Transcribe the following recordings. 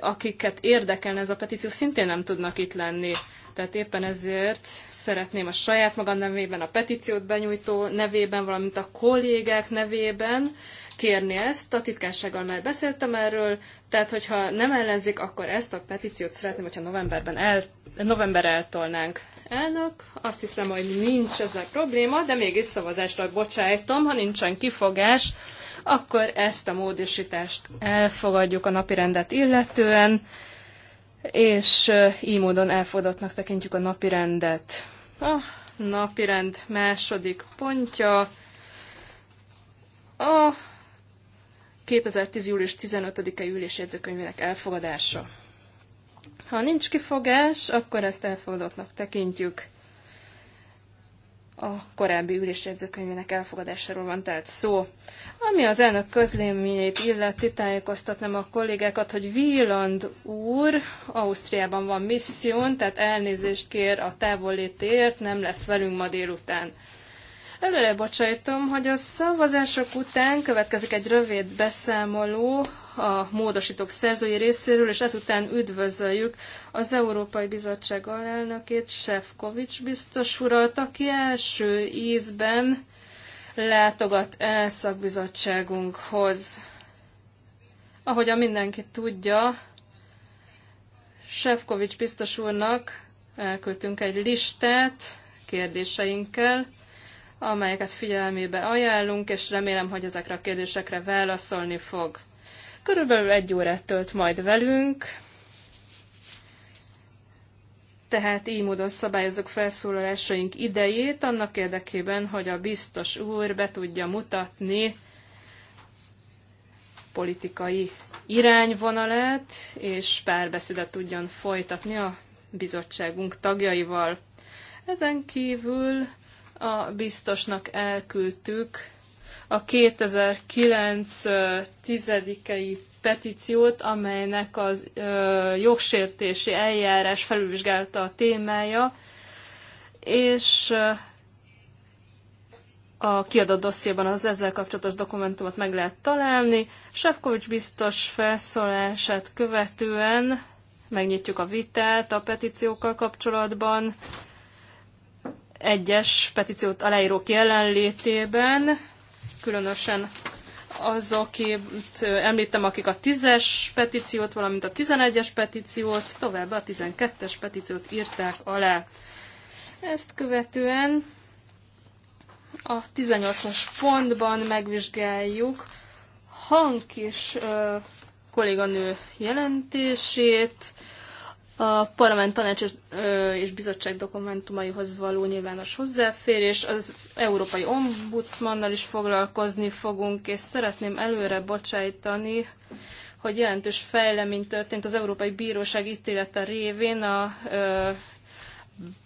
akiket érdekelne ez a petíció, szintén nem tudnak itt lenni. Tehát éppen ezért szeretném a saját magam nevében, a petíciót benyújtó nevében, valamint a kollégák nevében kérni ezt. A titkársággal már beszéltem erről, tehát hogyha nem ellenzik, akkor ezt a petíciót szeretném, hogyha novemberben el, november eltolnánk. Elnök, azt hiszem, hogy nincs ezzel probléma, de mégis szavazásra bocsájtom, ha nincsen kifogás akkor ezt a módosítást elfogadjuk a napirendet illetően, és így módon elfogadottnak tekintjük a napirendet. A napirend második pontja a 2010. július 15-e ülés jegyzőkönyvének elfogadása. Ha nincs kifogás, akkor ezt elfogadottnak tekintjük a korábbi ülésjegyzőkönyvének elfogadásáról van tehát szó. Ami az elnök közleményét illeti, tájékoztatnám a kollégákat, hogy Wieland úr Ausztriában van misszión, tehát elnézést kér a távollétért, nem lesz velünk ma délután. Előre bocsájtom, hogy a szavazások után következik egy rövid beszámoló a módosítók szerzői részéről, és ezután üdvözöljük az Európai Bizottság alelnökét, Sefkovics biztos urat, aki első ízben látogat el szakbizottságunkhoz. Ahogyan mindenki tudja, Sefkovics biztos úrnak elküldtünk egy listát kérdéseinkkel, amelyeket figyelmébe ajánlunk, és remélem, hogy ezekre a kérdésekre válaszolni fog. Körülbelül egy órát tölt majd velünk, tehát így módon szabályozok felszólalásaink idejét, annak érdekében, hogy a biztos úr be tudja mutatni politikai irányvonalát, és párbeszédet tudjon folytatni a bizottságunk tagjaival. Ezen kívül a biztosnak elküldtük a 2009 tizedikei petíciót, amelynek az jogsértési eljárás felülvizsgálta a témája, és a kiadott dossziéban az ezzel kapcsolatos dokumentumot meg lehet találni. Sefkovics biztos felszólását követően megnyitjuk a vitát a petíciókkal kapcsolatban, egyes petíciót aláírók jelenlétében különösen az, akit említem, akik a 10-es petíciót, valamint a 11-es petíciót, továbbá a 12-es petíciót írták alá. Ezt követően a 18-as pontban megvizsgáljuk Hank és kolléganő jelentését, a parlament tanács és, bizottság dokumentumaihoz való nyilvános hozzáférés, az európai ombudsmannal is foglalkozni fogunk, és szeretném előre bocsájtani, hogy jelentős fejlemény történt az Európai Bíróság ítélete révén a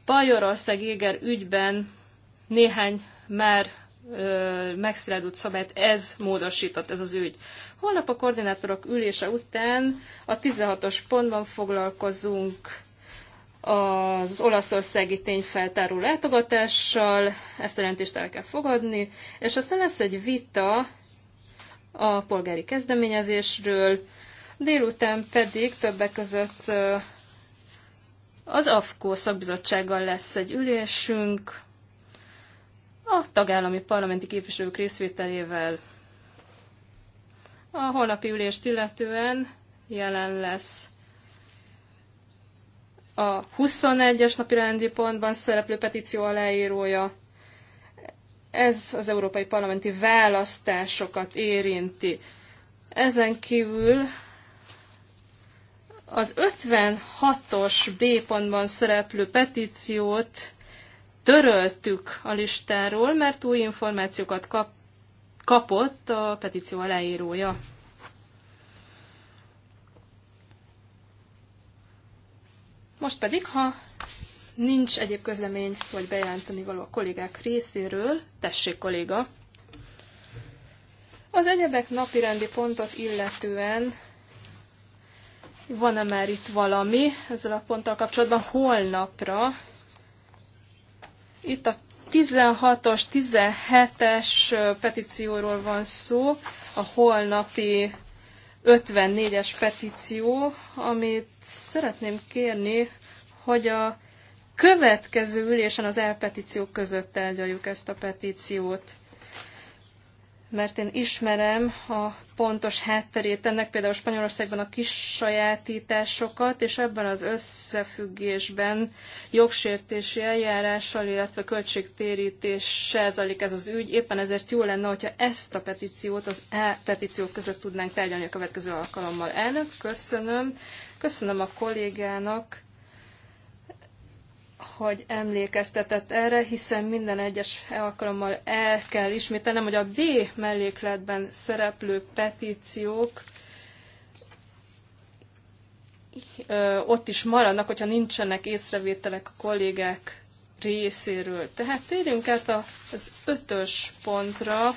Bajorország éger ügyben néhány már megsziládult szabályt ez módosított, ez az ügy. Holnap a koordinátorok ülése után a 16-os pontban foglalkozunk az olaszországi tényfeltáró látogatással, ezt a jelentést el kell fogadni, és aztán lesz egy vita a polgári kezdeményezésről, délután pedig többek között az AFKO szakbizottsággal lesz egy ülésünk, a tagállami parlamenti képviselők részvételével. A holnapi ülést illetően jelen lesz a 21-es napi rendi pontban szereplő petíció aláírója. Ez az európai parlamenti választásokat érinti. Ezen kívül az 56-os B pontban szereplő petíciót töröltük a listáról, mert új információkat kap, kapott a petíció aláírója. Most pedig, ha nincs egyéb közlemény vagy bejelenteni való a kollégák részéről, tessék kolléga! Az egyebek napirendi pontot illetően van-e már itt valami ezzel a ponttal kapcsolatban holnapra itt a 16-os, 17-es petícióról van szó, a holnapi 54-es petíció, amit szeretném kérni, hogy a következő ülésen az elpetíciók között tárgyaljuk ezt a petíciót mert én ismerem a pontos hátterét ennek, például Spanyolországban a kis sajátításokat, és ebben az összefüggésben jogsértési eljárással, illetve költségtérítéssel zajlik ez az ügy. Éppen ezért jó lenne, hogyha ezt a petíciót az E petíciók között tudnánk tárgyalni a következő alkalommal. Elnök, köszönöm. Köszönöm a kollégának hogy emlékeztetett erre, hiszen minden egyes alkalommal el kell ismételnem, hogy a B mellékletben szereplő petíciók ott is maradnak, hogyha nincsenek észrevételek a kollégák részéről. Tehát térjünk át az ötös pontra.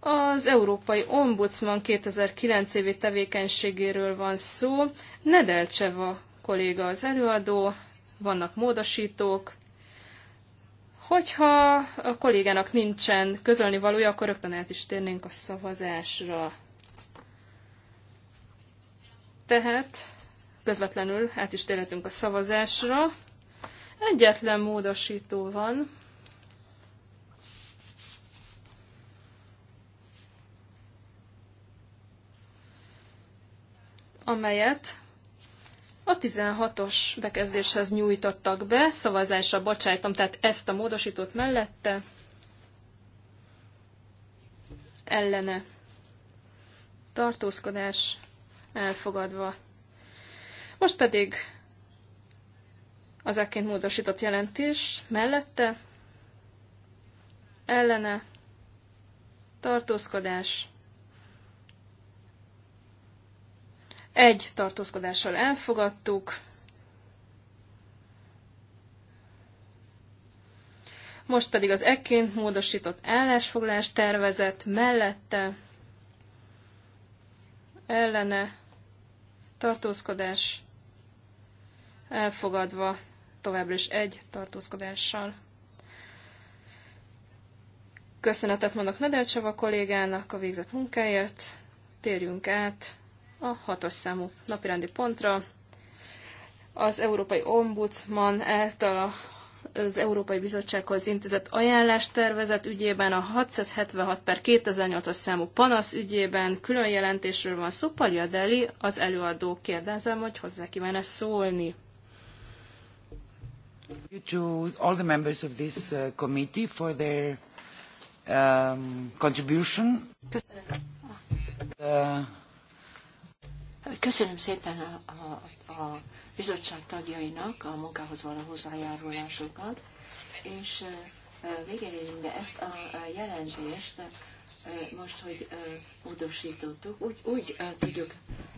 Az Európai Ombudsman 2009 évi tevékenységéről van szó. Nedelcseva kolléga az előadó, vannak módosítók. Hogyha a kollégának nincsen közölni valója, akkor rögtön át is térnénk a szavazásra. Tehát közvetlenül át is térhetünk a szavazásra. Egyetlen módosító van, amelyet a 16-os bekezdéshez nyújtottak be, szavazásra bocsájtom, tehát ezt a módosítót mellette, ellene, tartózkodás elfogadva. Most pedig az ekként módosított jelentés mellette, ellene, tartózkodás Egy tartózkodással elfogadtuk. Most pedig az ekként módosított állásfoglalás tervezet mellette ellene tartózkodás elfogadva továbbra is egy tartózkodással. Köszönetet mondok Nedelcsava kollégának a végzett munkáért, térjünk át a hatos számú napirendi pontra. Az Európai Ombudsman által az Európai Bizottsághoz intézett ajánlás tervezet ügyében, a 676 per 2008-as számú panasz ügyében külön jelentésről van szó. Palja Deli, az előadó kérdezem, hogy hozzá kíván -e szólni. To all the members of this uh, committee for their um, contribution. Köszönöm. Uh, Köszönöm szépen a, a, a bizottság tagjainak a munkához való hozzájárulásokat, és végeredményben ezt a jelentést most, hogy módosítottuk, úgy, úgy tudjuk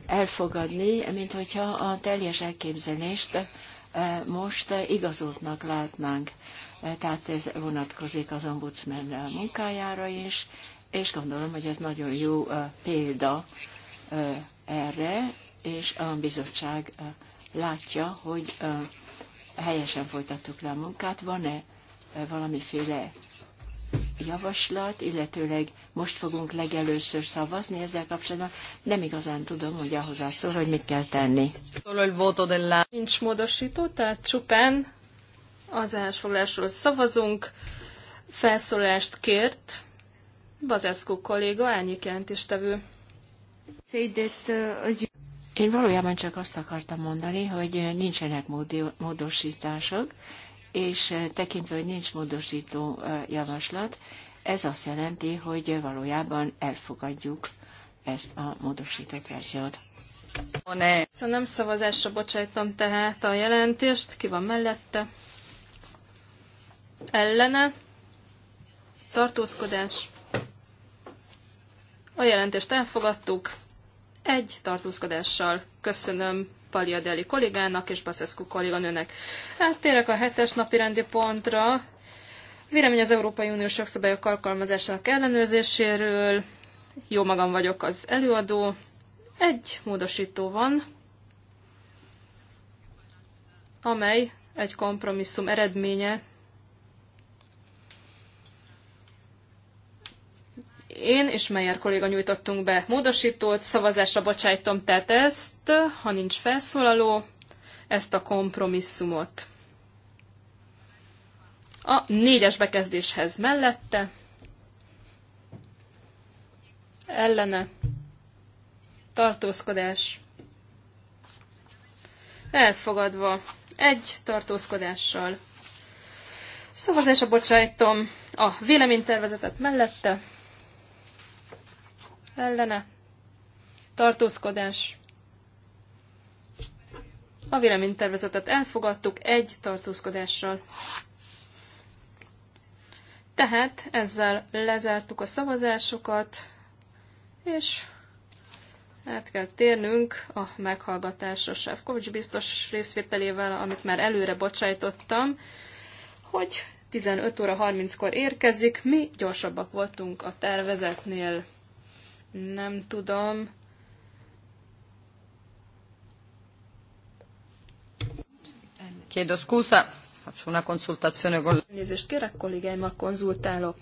elfogadni, mint hogyha a teljes elképzelést most igazoltnak látnánk. Tehát ez vonatkozik az ombudsman munkájára is, és gondolom, hogy ez nagyon jó példa erre, és a bizottság látja, hogy helyesen folytattuk le a munkát. Van-e valamiféle javaslat, illetőleg most fogunk legelőször szavazni ezzel kapcsolatban. Nem igazán tudom, hogy ahhoz szól, hogy mit kell tenni. Nincs módosító, tehát csupán az elsőlásról szavazunk. Felszólást kért Bazeszkó kolléga, elnyik jelentéstevő. Uh, Én valójában csak azt akartam mondani, hogy nincsenek módosítások, és uh, tekintve, hogy nincs módosító uh, javaslat, ez azt jelenti, hogy valójában elfogadjuk ezt a módosított verziót. Szóval nem szavazásra bocsájtom tehát a jelentést. Ki van mellette? Ellene? Tartózkodás? A jelentést elfogadtuk egy tartózkodással. Köszönöm Paliadeli kollégának és Baszeszku kolléganőnek. Áttérek a hetes napi rendi pontra. Vélemény az Európai Uniós jogszabályok alkalmazásának ellenőrzéséről. Jó magam vagyok az előadó. Egy módosító van, amely egy kompromisszum eredménye, én és Meyer kolléga nyújtottunk be módosítót, szavazásra bocsájtom tehát ezt, ha nincs felszólaló, ezt a kompromisszumot. A négyes bekezdéshez mellette, ellene, tartózkodás, elfogadva, egy tartózkodással. Szavazásra bocsájtom a véleménytervezetet mellette, ellene, tartózkodás. A véleménytervezetet elfogadtuk egy tartózkodással. Tehát ezzel lezártuk a szavazásokat, és át kell térnünk a meghallgatásra Sávkovics biztos részvételével, amit már előre bocsájtottam, hogy 15 óra 30-kor érkezik, mi gyorsabbak voltunk a tervezetnél. Nem tudom. Chiedo scusa, faccio una consultazione con... Elnézést kérek, kollégáim, a konzultálok.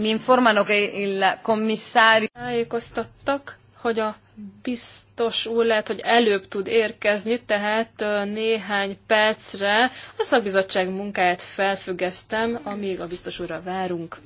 Mi informano che il commissario... Tájékoztattak, hogy a biztos úr lehet, hogy előbb tud érkezni, tehát néhány percre a szakbizottság munkáját felfüggesztem, amíg a biztos úrra várunk.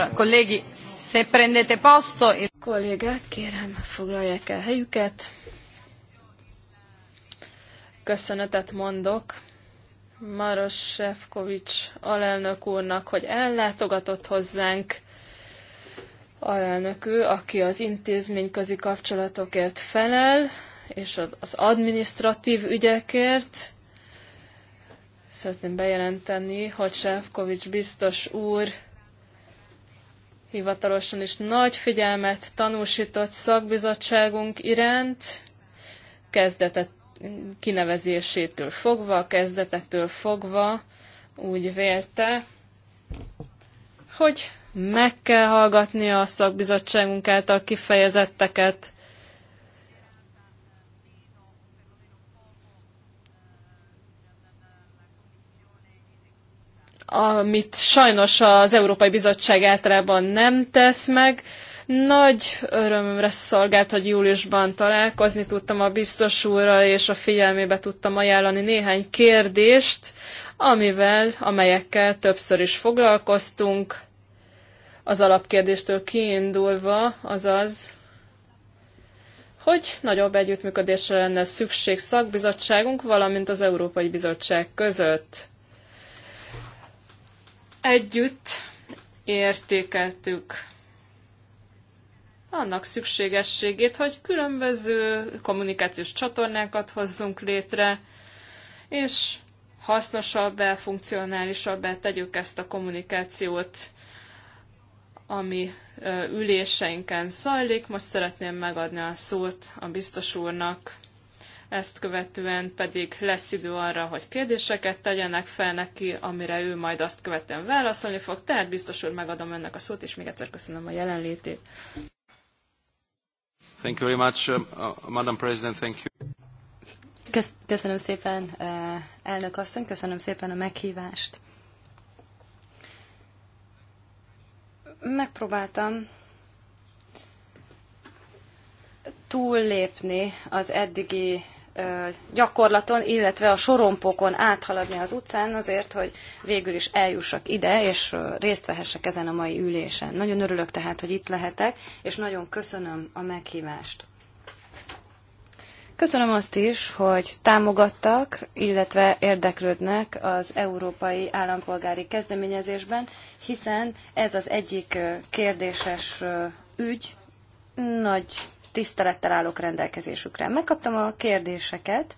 Allora, colleghi, se prendete posto... Kollégák, kérem, foglalják el helyüket. Köszönetet mondok Maros Sefkovics alelnök úrnak, hogy ellátogatott hozzánk alelnökő, aki az intézményközi kapcsolatokért felel, és az administratív ügyekért. Szeretném bejelenteni, hogy Sefkovics biztos úr hivatalosan is nagy figyelmet tanúsított szakbizottságunk iránt, kezdetet kinevezésétől fogva, kezdetektől fogva úgy vélte, hogy meg kell hallgatnia a szakbizottságunk által kifejezetteket, amit sajnos az Európai Bizottság általában nem tesz meg. Nagy örömömre szolgált, hogy júliusban találkozni tudtam a biztos úrral, és a figyelmébe tudtam ajánlani néhány kérdést, amivel, amelyekkel többször is foglalkoztunk, az alapkérdéstől kiindulva, azaz, hogy nagyobb együttműködésre lenne szükség szakbizottságunk, valamint az Európai Bizottság között együtt értékeltük annak szükségességét, hogy különböző kommunikációs csatornákat hozzunk létre, és hasznosabbá, funkcionálisabbá tegyük ezt a kommunikációt, ami üléseinken zajlik. Most szeretném megadni a szót a biztos úrnak, ezt követően pedig lesz idő arra, hogy kérdéseket tegyenek fel neki, amire ő majd azt követően válaszolni fog, tehát biztos úr megadom önnek a szót, és még egyszer köszönöm a jelenlétét. Thank you very much, um, uh, Madam President, thank you. Köszönöm szépen, uh, elnök asszony, köszönöm szépen a meghívást. Megpróbáltam túllépni az eddigi gyakorlaton, illetve a sorompokon áthaladni az utcán azért, hogy végül is eljussak ide, és részt vehessek ezen a mai ülésen. Nagyon örülök tehát, hogy itt lehetek, és nagyon köszönöm a meghívást. Köszönöm azt is, hogy támogattak, illetve érdeklődnek az európai állampolgári kezdeményezésben, hiszen ez az egyik kérdéses ügy, nagy tisztelettel állok rendelkezésükre. Megkaptam a kérdéseket,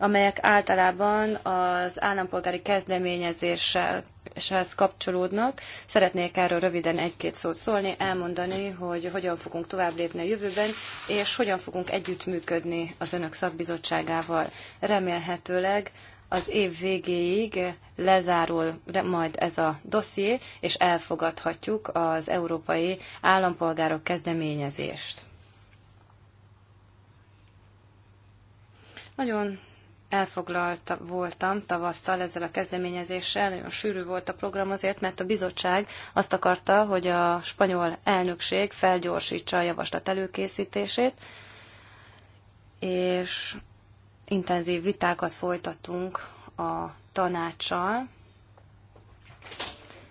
amelyek általában az állampolgári kezdeményezéshez kapcsolódnak. Szeretnék erről röviden egy-két szót szólni, elmondani, hogy hogyan fogunk tovább lépni a jövőben, és hogyan fogunk együttműködni az Önök szakbizottságával. Remélhetőleg az év végéig lezárul majd ez a dosszié, és elfogadhatjuk az európai állampolgárok kezdeményezést. Nagyon elfoglalt voltam tavasszal ezzel a kezdeményezéssel, nagyon sűrű volt a program azért, mert a bizottság azt akarta, hogy a spanyol elnökség felgyorsítsa a javaslat előkészítését, és intenzív vitákat folytattunk a tanácssal.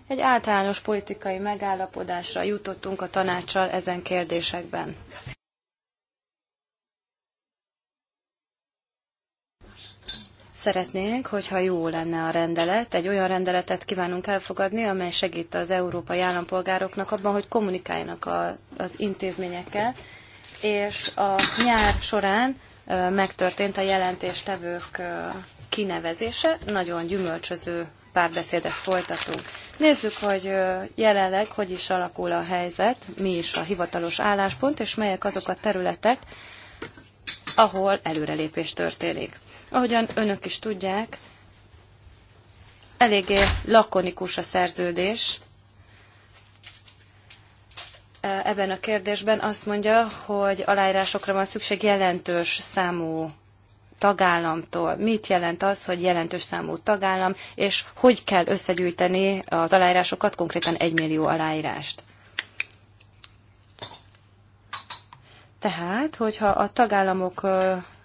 Egy általános politikai megállapodásra jutottunk a tanácssal ezen kérdésekben. Szeretnénk, hogyha jó lenne a rendelet, egy olyan rendeletet kívánunk elfogadni, amely segít az európai állampolgároknak abban, hogy kommunikáljanak a, az intézményekkel, és a nyár során megtörtént a jelentéstevők kinevezése, nagyon gyümölcsöző párbeszédet folytatunk. Nézzük, hogy jelenleg hogy is alakul a helyzet, mi is a hivatalos álláspont, és melyek azok a területek, ahol előrelépés történik. Ahogyan önök is tudják, eléggé lakonikus a szerződés. E, ebben a kérdésben azt mondja, hogy aláírásokra van szükség jelentős számú tagállamtól. Mit jelent az, hogy jelentős számú tagállam, és hogy kell összegyűjteni az aláírásokat, konkrétan egy millió aláírást? Tehát, hogyha a tagállamok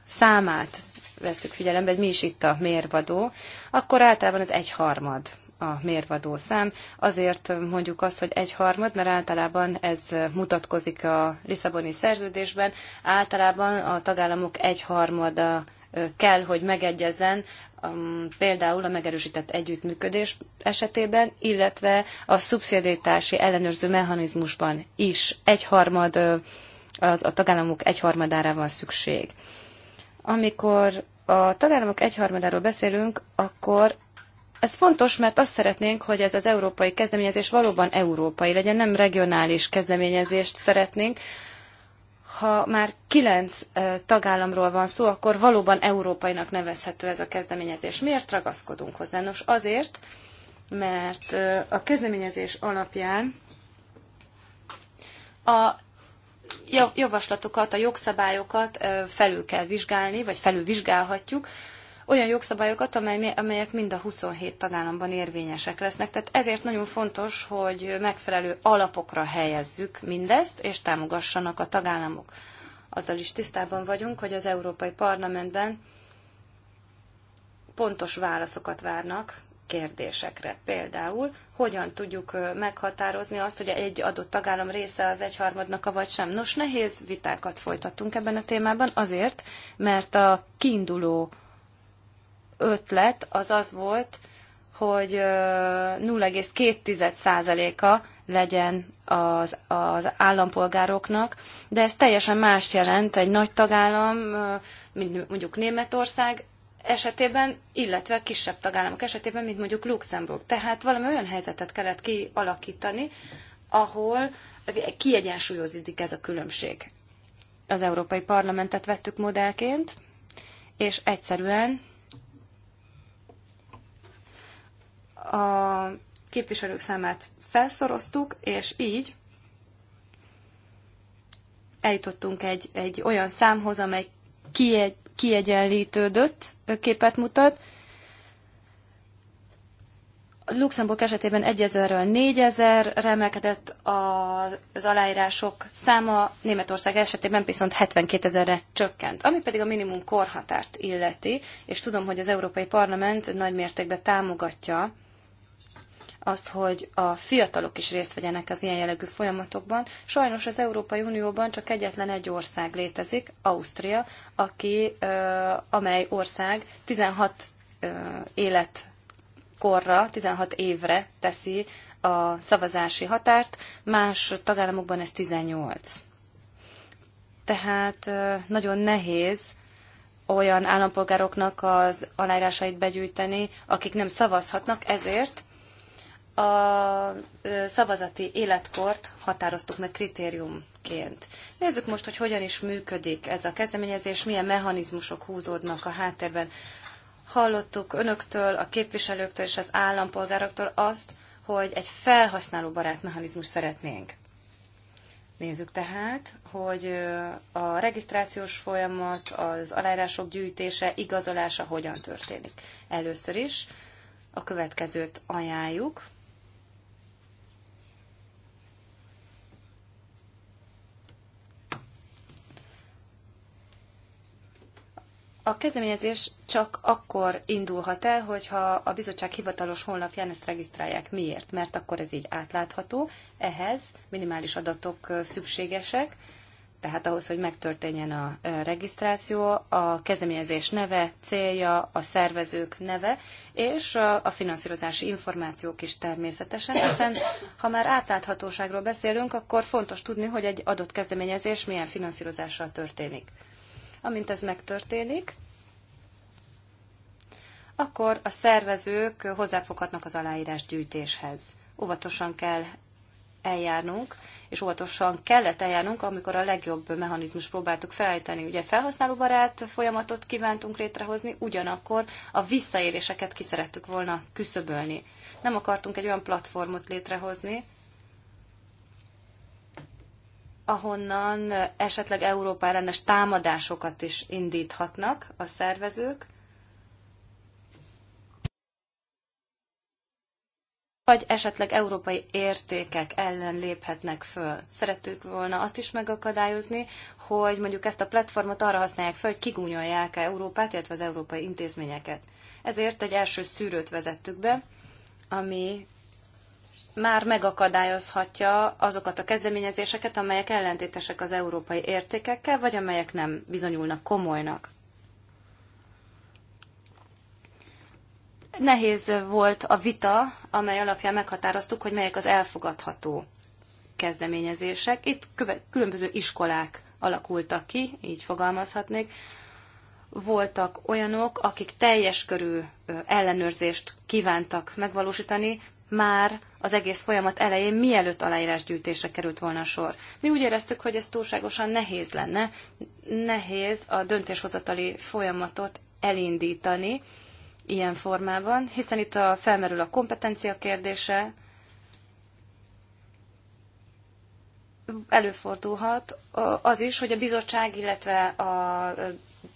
számát veszük figyelembe, hogy mi is itt a mérvadó, akkor általában ez egyharmad a mérvadó szám. Azért mondjuk azt, hogy egyharmad, mert általában ez mutatkozik a Lisszaboni szerződésben, általában a tagállamok egyharmada kell, hogy megegyezzen um, például a megerősített együttműködés esetében, illetve a szubszidiátási ellenőrző mechanizmusban is egyharmad, a tagállamok egyharmadára van szükség. Amikor a tagállamok egyharmadáról beszélünk, akkor ez fontos, mert azt szeretnénk, hogy ez az európai kezdeményezés valóban európai legyen, nem regionális kezdeményezést szeretnénk. Ha már kilenc tagállamról van szó, akkor valóban európainak nevezhető ez a kezdeményezés. Miért ragaszkodunk hozzá? Nos, azért, mert a kezdeményezés alapján a javaslatokat, a jogszabályokat felül kell vizsgálni, vagy felül vizsgálhatjuk, olyan jogszabályokat, amely, amelyek mind a 27 tagállamban érvényesek lesznek. Tehát ezért nagyon fontos, hogy megfelelő alapokra helyezzük mindezt, és támogassanak a tagállamok. Azzal is tisztában vagyunk, hogy az Európai Parlamentben pontos válaszokat várnak kérdésekre. Például, hogyan tudjuk meghatározni azt, hogy egy adott tagállam része az egyharmadnak, vagy sem. Nos, nehéz vitákat folytattunk ebben a témában azért, mert a kiinduló ötlet az az volt, hogy 0,2%-a legyen az, az állampolgároknak, de ez teljesen más jelent egy nagy tagállam, mint mondjuk Németország, esetében, illetve kisebb tagállamok esetében, mint mondjuk Luxemburg. Tehát valami olyan helyzetet kellett kialakítani, ahol kiegyensúlyozódik ez a különbség. Az Európai Parlamentet vettük modellként, és egyszerűen a képviselők számát felszoroztuk, és így eljutottunk egy, egy olyan számhoz, amely kiegy, kiegyenlítődött képet mutat. Luxemburg esetében 1000-ről 4000-re emelkedett az aláírások száma, Németország esetében viszont 72.000-re csökkent. Ami pedig a minimum korhatárt illeti, és tudom, hogy az Európai Parlament nagy mértékben támogatja azt, hogy a fiatalok is részt vegyenek az ilyen jellegű folyamatokban. Sajnos az Európai Unióban csak egyetlen egy ország létezik, Ausztria, aki, amely ország 16 életkorra, 16 évre teszi a szavazási határt, más tagállamokban ez 18. Tehát nagyon nehéz olyan állampolgároknak az aláírásait begyűjteni, akik nem szavazhatnak, ezért a szavazati életkort határoztuk meg kritériumként. Nézzük most, hogy hogyan is működik ez a kezdeményezés, milyen mechanizmusok húzódnak a háttérben. Hallottuk önöktől, a képviselőktől és az állampolgároktól azt, hogy egy felhasználóbarát mechanizmus szeretnénk. Nézzük tehát, hogy a regisztrációs folyamat, az aláírások gyűjtése, igazolása hogyan történik. Először is a következőt ajánljuk. A kezdeményezés csak akkor indulhat el, hogyha a bizottság hivatalos honlapján ezt regisztrálják. Miért? Mert akkor ez így átlátható, ehhez minimális adatok szükségesek, tehát ahhoz, hogy megtörténjen a regisztráció, a kezdeményezés neve, célja, a szervezők neve, és a finanszírozási információk is természetesen, hiszen ha már átláthatóságról beszélünk, akkor fontos tudni, hogy egy adott kezdeményezés milyen finanszírozással történik. Amint ez megtörténik, akkor a szervezők hozzáfoghatnak az aláírás gyűjtéshez. Óvatosan kell eljárnunk, és óvatosan kellett eljárnunk, amikor a legjobb mechanizmus próbáltuk felállítani. Ugye felhasználóbarát folyamatot kívántunk létrehozni, ugyanakkor a visszaéléseket ki szerettük volna küszöbölni. Nem akartunk egy olyan platformot létrehozni, ahonnan esetleg Európa ellenes támadásokat is indíthatnak a szervezők, vagy esetleg európai értékek ellen léphetnek föl. Szerettük volna azt is megakadályozni, hogy mondjuk ezt a platformot arra használják fel, hogy kigúnyolják -e Európát, illetve az európai intézményeket. Ezért egy első szűrőt vezettük be, ami már megakadályozhatja azokat a kezdeményezéseket, amelyek ellentétesek az európai értékekkel, vagy amelyek nem bizonyulnak komolynak. Nehéz volt a vita, amely alapján meghatároztuk, hogy melyek az elfogadható kezdeményezések. Itt különböző iskolák alakultak ki, így fogalmazhatnék. Voltak olyanok, akik teljes körű ellenőrzést kívántak megvalósítani, már az egész folyamat elején, mielőtt aláírásgyűjtésre került volna sor. Mi úgy éreztük, hogy ez túlságosan nehéz lenne, nehéz a döntéshozatali folyamatot elindítani ilyen formában, hiszen itt a, felmerül a kompetencia kérdése, előfordulhat az is, hogy a bizottság, illetve a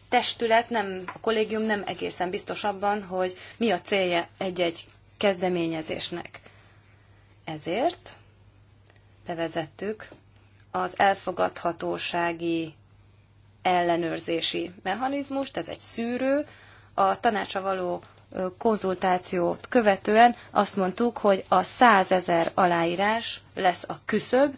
testület, nem, a kollégium nem egészen biztos abban, hogy mi a célja egy-egy kezdeményezésnek. Ezért bevezettük az elfogadhatósági ellenőrzési mechanizmust, ez egy szűrő, a tanácsa való konzultációt követően azt mondtuk, hogy a 100 aláírás lesz a küszöb,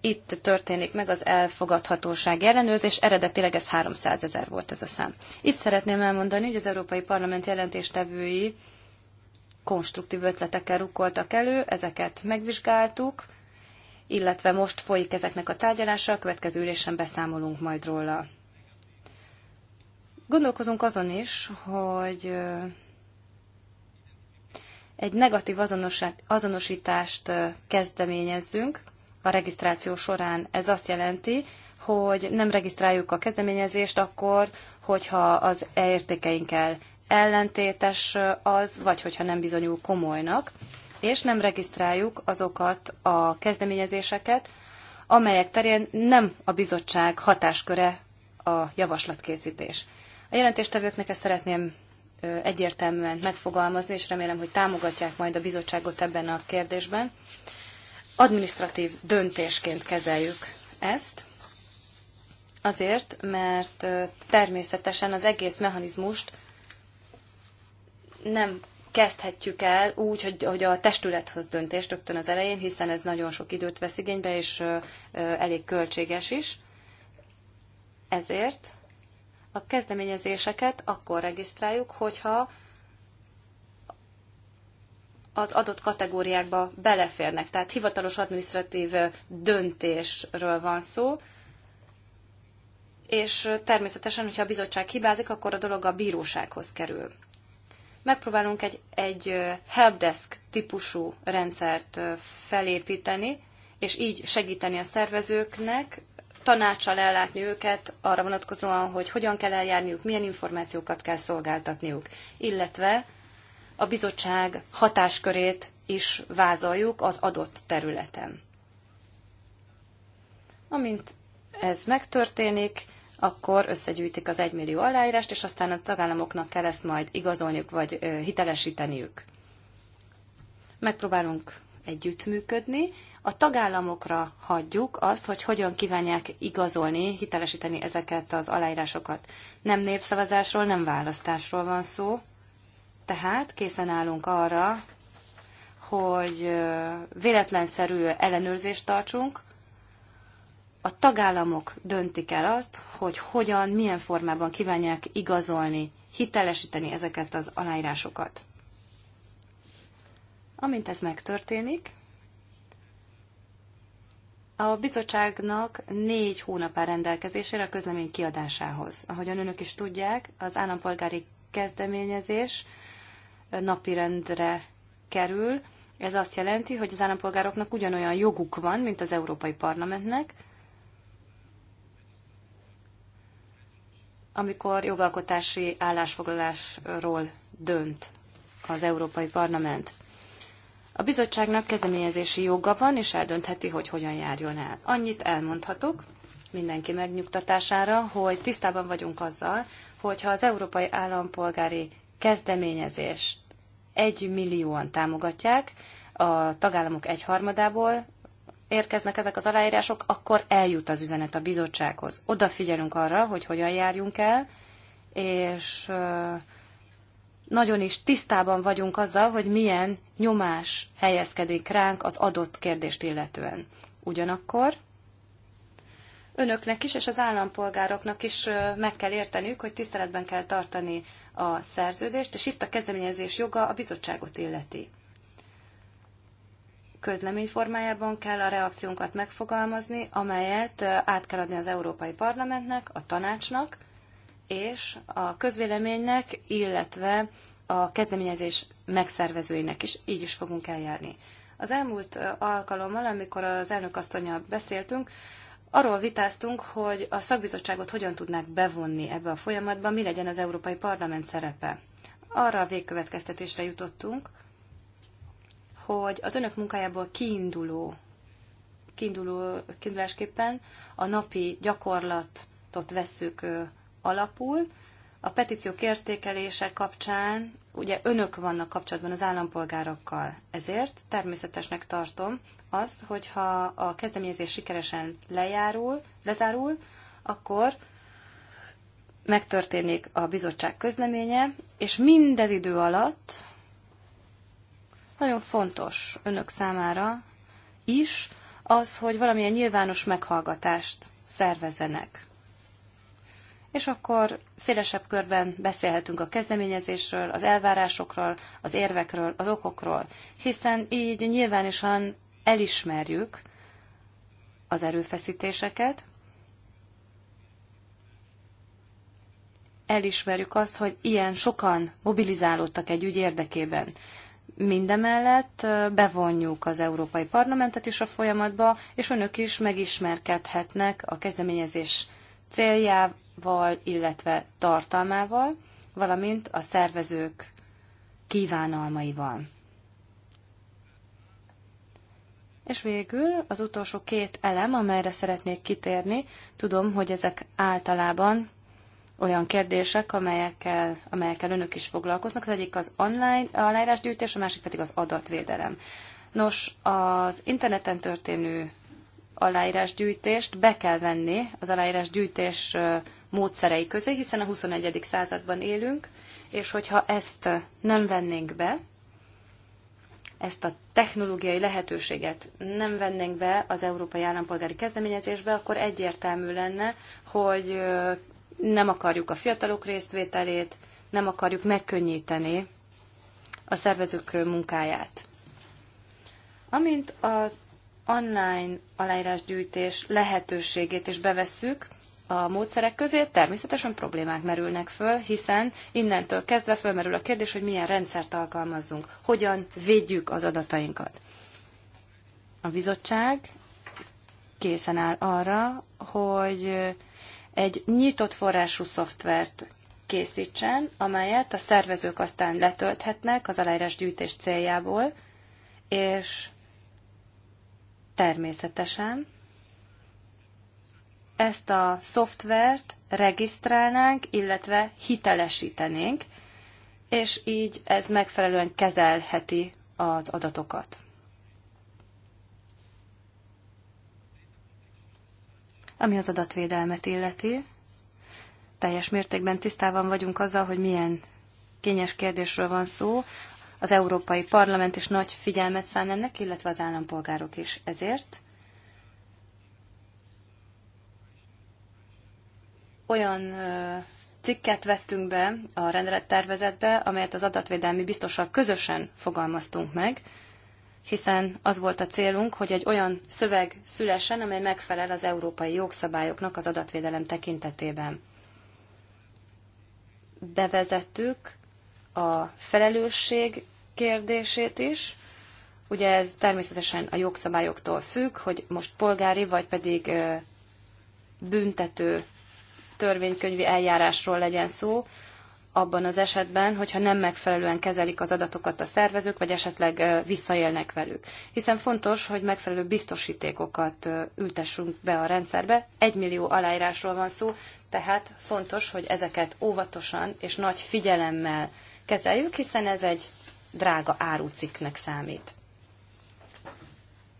itt történik meg az elfogadhatóság ellenőrzés, eredetileg ez 300 ezer volt ez a szám. Itt szeretném elmondani, hogy az Európai Parlament jelentéstevői konstruktív ötletekkel rukkoltak elő, ezeket megvizsgáltuk, illetve most folyik ezeknek a tárgyalása, a következő ülésen beszámolunk majd róla. Gondolkozunk azon is, hogy egy negatív azonosítást kezdeményezzünk a regisztráció során. Ez azt jelenti, hogy nem regisztráljuk a kezdeményezést akkor, hogyha az e értékeinkkel ellentétes az, vagy hogyha nem bizonyul komolynak, és nem regisztráljuk azokat a kezdeményezéseket, amelyek terén nem a bizottság hatásköre a javaslatkészítés. A jelentéstevőknek ezt szeretném egyértelműen megfogalmazni, és remélem, hogy támogatják majd a bizottságot ebben a kérdésben. Administratív döntésként kezeljük ezt, azért, mert természetesen az egész mechanizmust nem kezdhetjük el úgy, hogy, hogy a testület hoz döntést rögtön az elején, hiszen ez nagyon sok időt vesz igénybe, és ö, ö, elég költséges is. Ezért a kezdeményezéseket akkor regisztráljuk, hogyha az adott kategóriákba beleférnek. Tehát hivatalos administratív döntésről van szó, és természetesen, hogyha a bizottság hibázik, akkor a dolog a bírósághoz kerül megpróbálunk egy, egy helpdesk típusú rendszert felépíteni, és így segíteni a szervezőknek, tanácsal ellátni őket arra vonatkozóan, hogy hogyan kell eljárniuk, milyen információkat kell szolgáltatniuk, illetve a bizottság hatáskörét is vázoljuk az adott területen. Amint ez megtörténik, akkor összegyűjtik az egymillió aláírást, és aztán a tagállamoknak kell ezt majd igazolniuk vagy hitelesíteniük. Megpróbálunk együttműködni. A tagállamokra hagyjuk azt, hogy hogyan kívánják igazolni, hitelesíteni ezeket az aláírásokat. Nem népszavazásról, nem választásról van szó. Tehát készen állunk arra, hogy véletlenszerű ellenőrzést tartsunk, a tagállamok döntik el azt, hogy hogyan, milyen formában kívánják igazolni, hitelesíteni ezeket az aláírásokat. Amint ez megtörténik, a bizottságnak négy hónap áll rendelkezésére a közlemény kiadásához. Ahogyan önök is tudják, az állampolgári kezdeményezés napirendre kerül. Ez azt jelenti, hogy az állampolgároknak ugyanolyan joguk van, mint az Európai Parlamentnek, amikor jogalkotási állásfoglalásról dönt az Európai Parlament. A bizottságnak kezdeményezési joga van, és eldöntheti, hogy hogyan járjon el. Annyit elmondhatok mindenki megnyugtatására, hogy tisztában vagyunk azzal, hogyha az európai állampolgári kezdeményezést egy millióan támogatják, a tagállamok egyharmadából, érkeznek ezek az aláírások, akkor eljut az üzenet a bizottsághoz. Odafigyelünk arra, hogy hogyan járjunk el, és nagyon is tisztában vagyunk azzal, hogy milyen nyomás helyezkedik ránk az adott kérdést illetően. Ugyanakkor önöknek is és az állampolgároknak is meg kell érteniük, hogy tiszteletben kell tartani a szerződést, és itt a kezdeményezés joga a bizottságot illeti közlemény formájában kell a reakciónkat megfogalmazni, amelyet át kell adni az Európai Parlamentnek, a tanácsnak és a közvéleménynek, illetve a kezdeményezés megszervezőinek is. Így is fogunk eljárni. Az elmúlt alkalommal, amikor az elnök asszonyjal beszéltünk, arról vitáztunk, hogy a szakbizottságot hogyan tudnák bevonni ebbe a folyamatba, mi legyen az Európai Parlament szerepe. Arra a végkövetkeztetésre jutottunk, hogy az önök munkájából kiinduló, kiinduló kiindulásképpen a napi gyakorlatot vesszük alapul. A petíciók értékelése kapcsán ugye önök vannak kapcsolatban az állampolgárokkal. Ezért természetesnek tartom azt, hogyha a kezdeményezés sikeresen lejárul, lezárul, akkor megtörténik a bizottság közleménye, és mindez idő alatt nagyon fontos önök számára is az, hogy valamilyen nyilvános meghallgatást szervezenek. És akkor szélesebb körben beszélhetünk a kezdeményezésről, az elvárásokról, az érvekről, az okokról, hiszen így nyilvánosan elismerjük az erőfeszítéseket, elismerjük azt, hogy ilyen sokan mobilizálódtak egy ügy érdekében. Mindemellett bevonjuk az Európai Parlamentet is a folyamatba, és önök is megismerkedhetnek a kezdeményezés céljával, illetve tartalmával, valamint a szervezők kívánalmaival. És végül az utolsó két elem, amelyre szeretnék kitérni, tudom, hogy ezek általában olyan kérdések, amelyekkel, amelyekkel önök is foglalkoznak. Az egyik az online aláírásgyűjtés, a másik pedig az adatvédelem. Nos, az interneten történő aláírásgyűjtést be kell venni az aláírásgyűjtés módszerei közé, hiszen a 21. században élünk, és hogyha ezt nem vennénk be, ezt a technológiai lehetőséget nem vennénk be az európai állampolgári kezdeményezésbe, akkor egyértelmű lenne, hogy nem akarjuk a fiatalok résztvételét, nem akarjuk megkönnyíteni a szervezők munkáját. Amint az online aláírásgyűjtés lehetőségét is bevesszük a módszerek közé, természetesen problémák merülnek föl, hiszen innentől kezdve fölmerül a kérdés, hogy milyen rendszert alkalmazzunk, hogyan védjük az adatainkat. A bizottság készen áll arra, hogy egy nyitott forrású szoftvert készítsen, amelyet a szervezők aztán letölthetnek az aláírás gyűjtés céljából, és természetesen ezt a szoftvert regisztrálnánk, illetve hitelesítenénk, és így ez megfelelően kezelheti az adatokat. Ami az adatvédelmet illeti, teljes mértékben tisztában vagyunk azzal, hogy milyen kényes kérdésről van szó. Az Európai Parlament is nagy figyelmet szán ennek, illetve az állampolgárok is ezért. Olyan cikket vettünk be a rendelettervezetbe, amelyet az adatvédelmi biztossal közösen fogalmaztunk meg, hiszen az volt a célunk, hogy egy olyan szöveg szülessen, amely megfelel az európai jogszabályoknak az adatvédelem tekintetében. Bevezettük a felelősség kérdését is, Ugye ez természetesen a jogszabályoktól függ, hogy most polgári vagy pedig büntető törvénykönyvi eljárásról legyen szó abban az esetben, hogyha nem megfelelően kezelik az adatokat a szervezők, vagy esetleg visszaélnek velük. Hiszen fontos, hogy megfelelő biztosítékokat ültessünk be a rendszerbe. Egy millió aláírásról van szó, tehát fontos, hogy ezeket óvatosan és nagy figyelemmel kezeljük, hiszen ez egy drága árucikknek számít.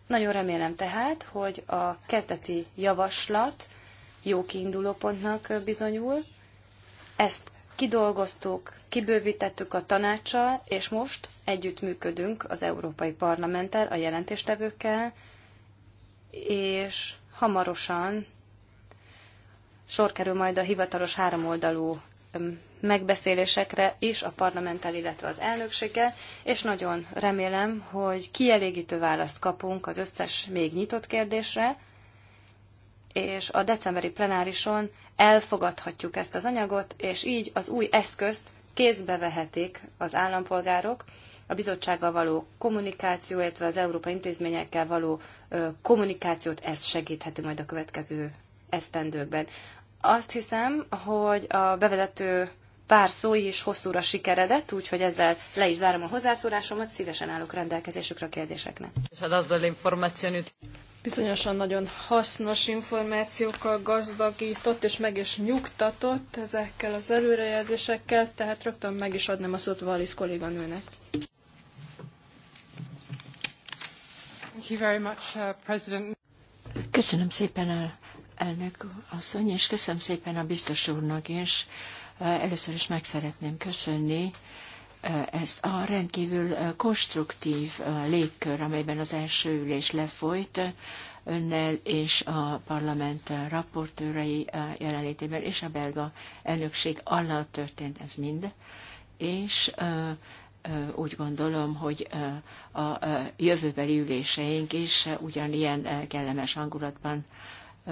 Nagyon remélem tehát, hogy a kezdeti javaslat jó kiindulópontnak bizonyul, ezt kidolgoztuk, kibővítettük a tanácssal, és most együttműködünk az Európai Parlamenttel, a jelentéstevőkkel, és hamarosan sor kerül majd a hivatalos háromoldalú megbeszélésekre is a parlamenttel, illetve az elnökséggel, és nagyon remélem, hogy kielégítő választ kapunk az összes még nyitott kérdésre, és a decemberi plenárison elfogadhatjuk ezt az anyagot, és így az új eszközt kézbe vehetik az állampolgárok, a bizottsággal való kommunikáció, illetve az európai intézményekkel való kommunikációt ez segítheti majd a következő esztendőkben. Azt hiszem, hogy a bevezető pár szó is hosszúra sikeredett, úgyhogy ezzel le is zárom a hozzászólásomat, szívesen állok rendelkezésükre a kérdéseknek bizonyosan nagyon hasznos információkkal gazdagított, és meg is nyugtatott ezekkel az előrejelzésekkel, tehát rögtön meg is adnám a szót Valisz kolléganőnek. Uh, köszönöm szépen el, elnök asszony, és köszönöm szépen a biztos úrnak is. Uh, először is meg szeretném köszönni ezt a rendkívül konstruktív légkör, amelyben az első ülés lefolyt, önnel és a parlament raportőrei jelenlétében és a belga elnökség alatt történt ez mind, és úgy gondolom, hogy a jövőbeli üléseink is ugyanilyen kellemes hangulatban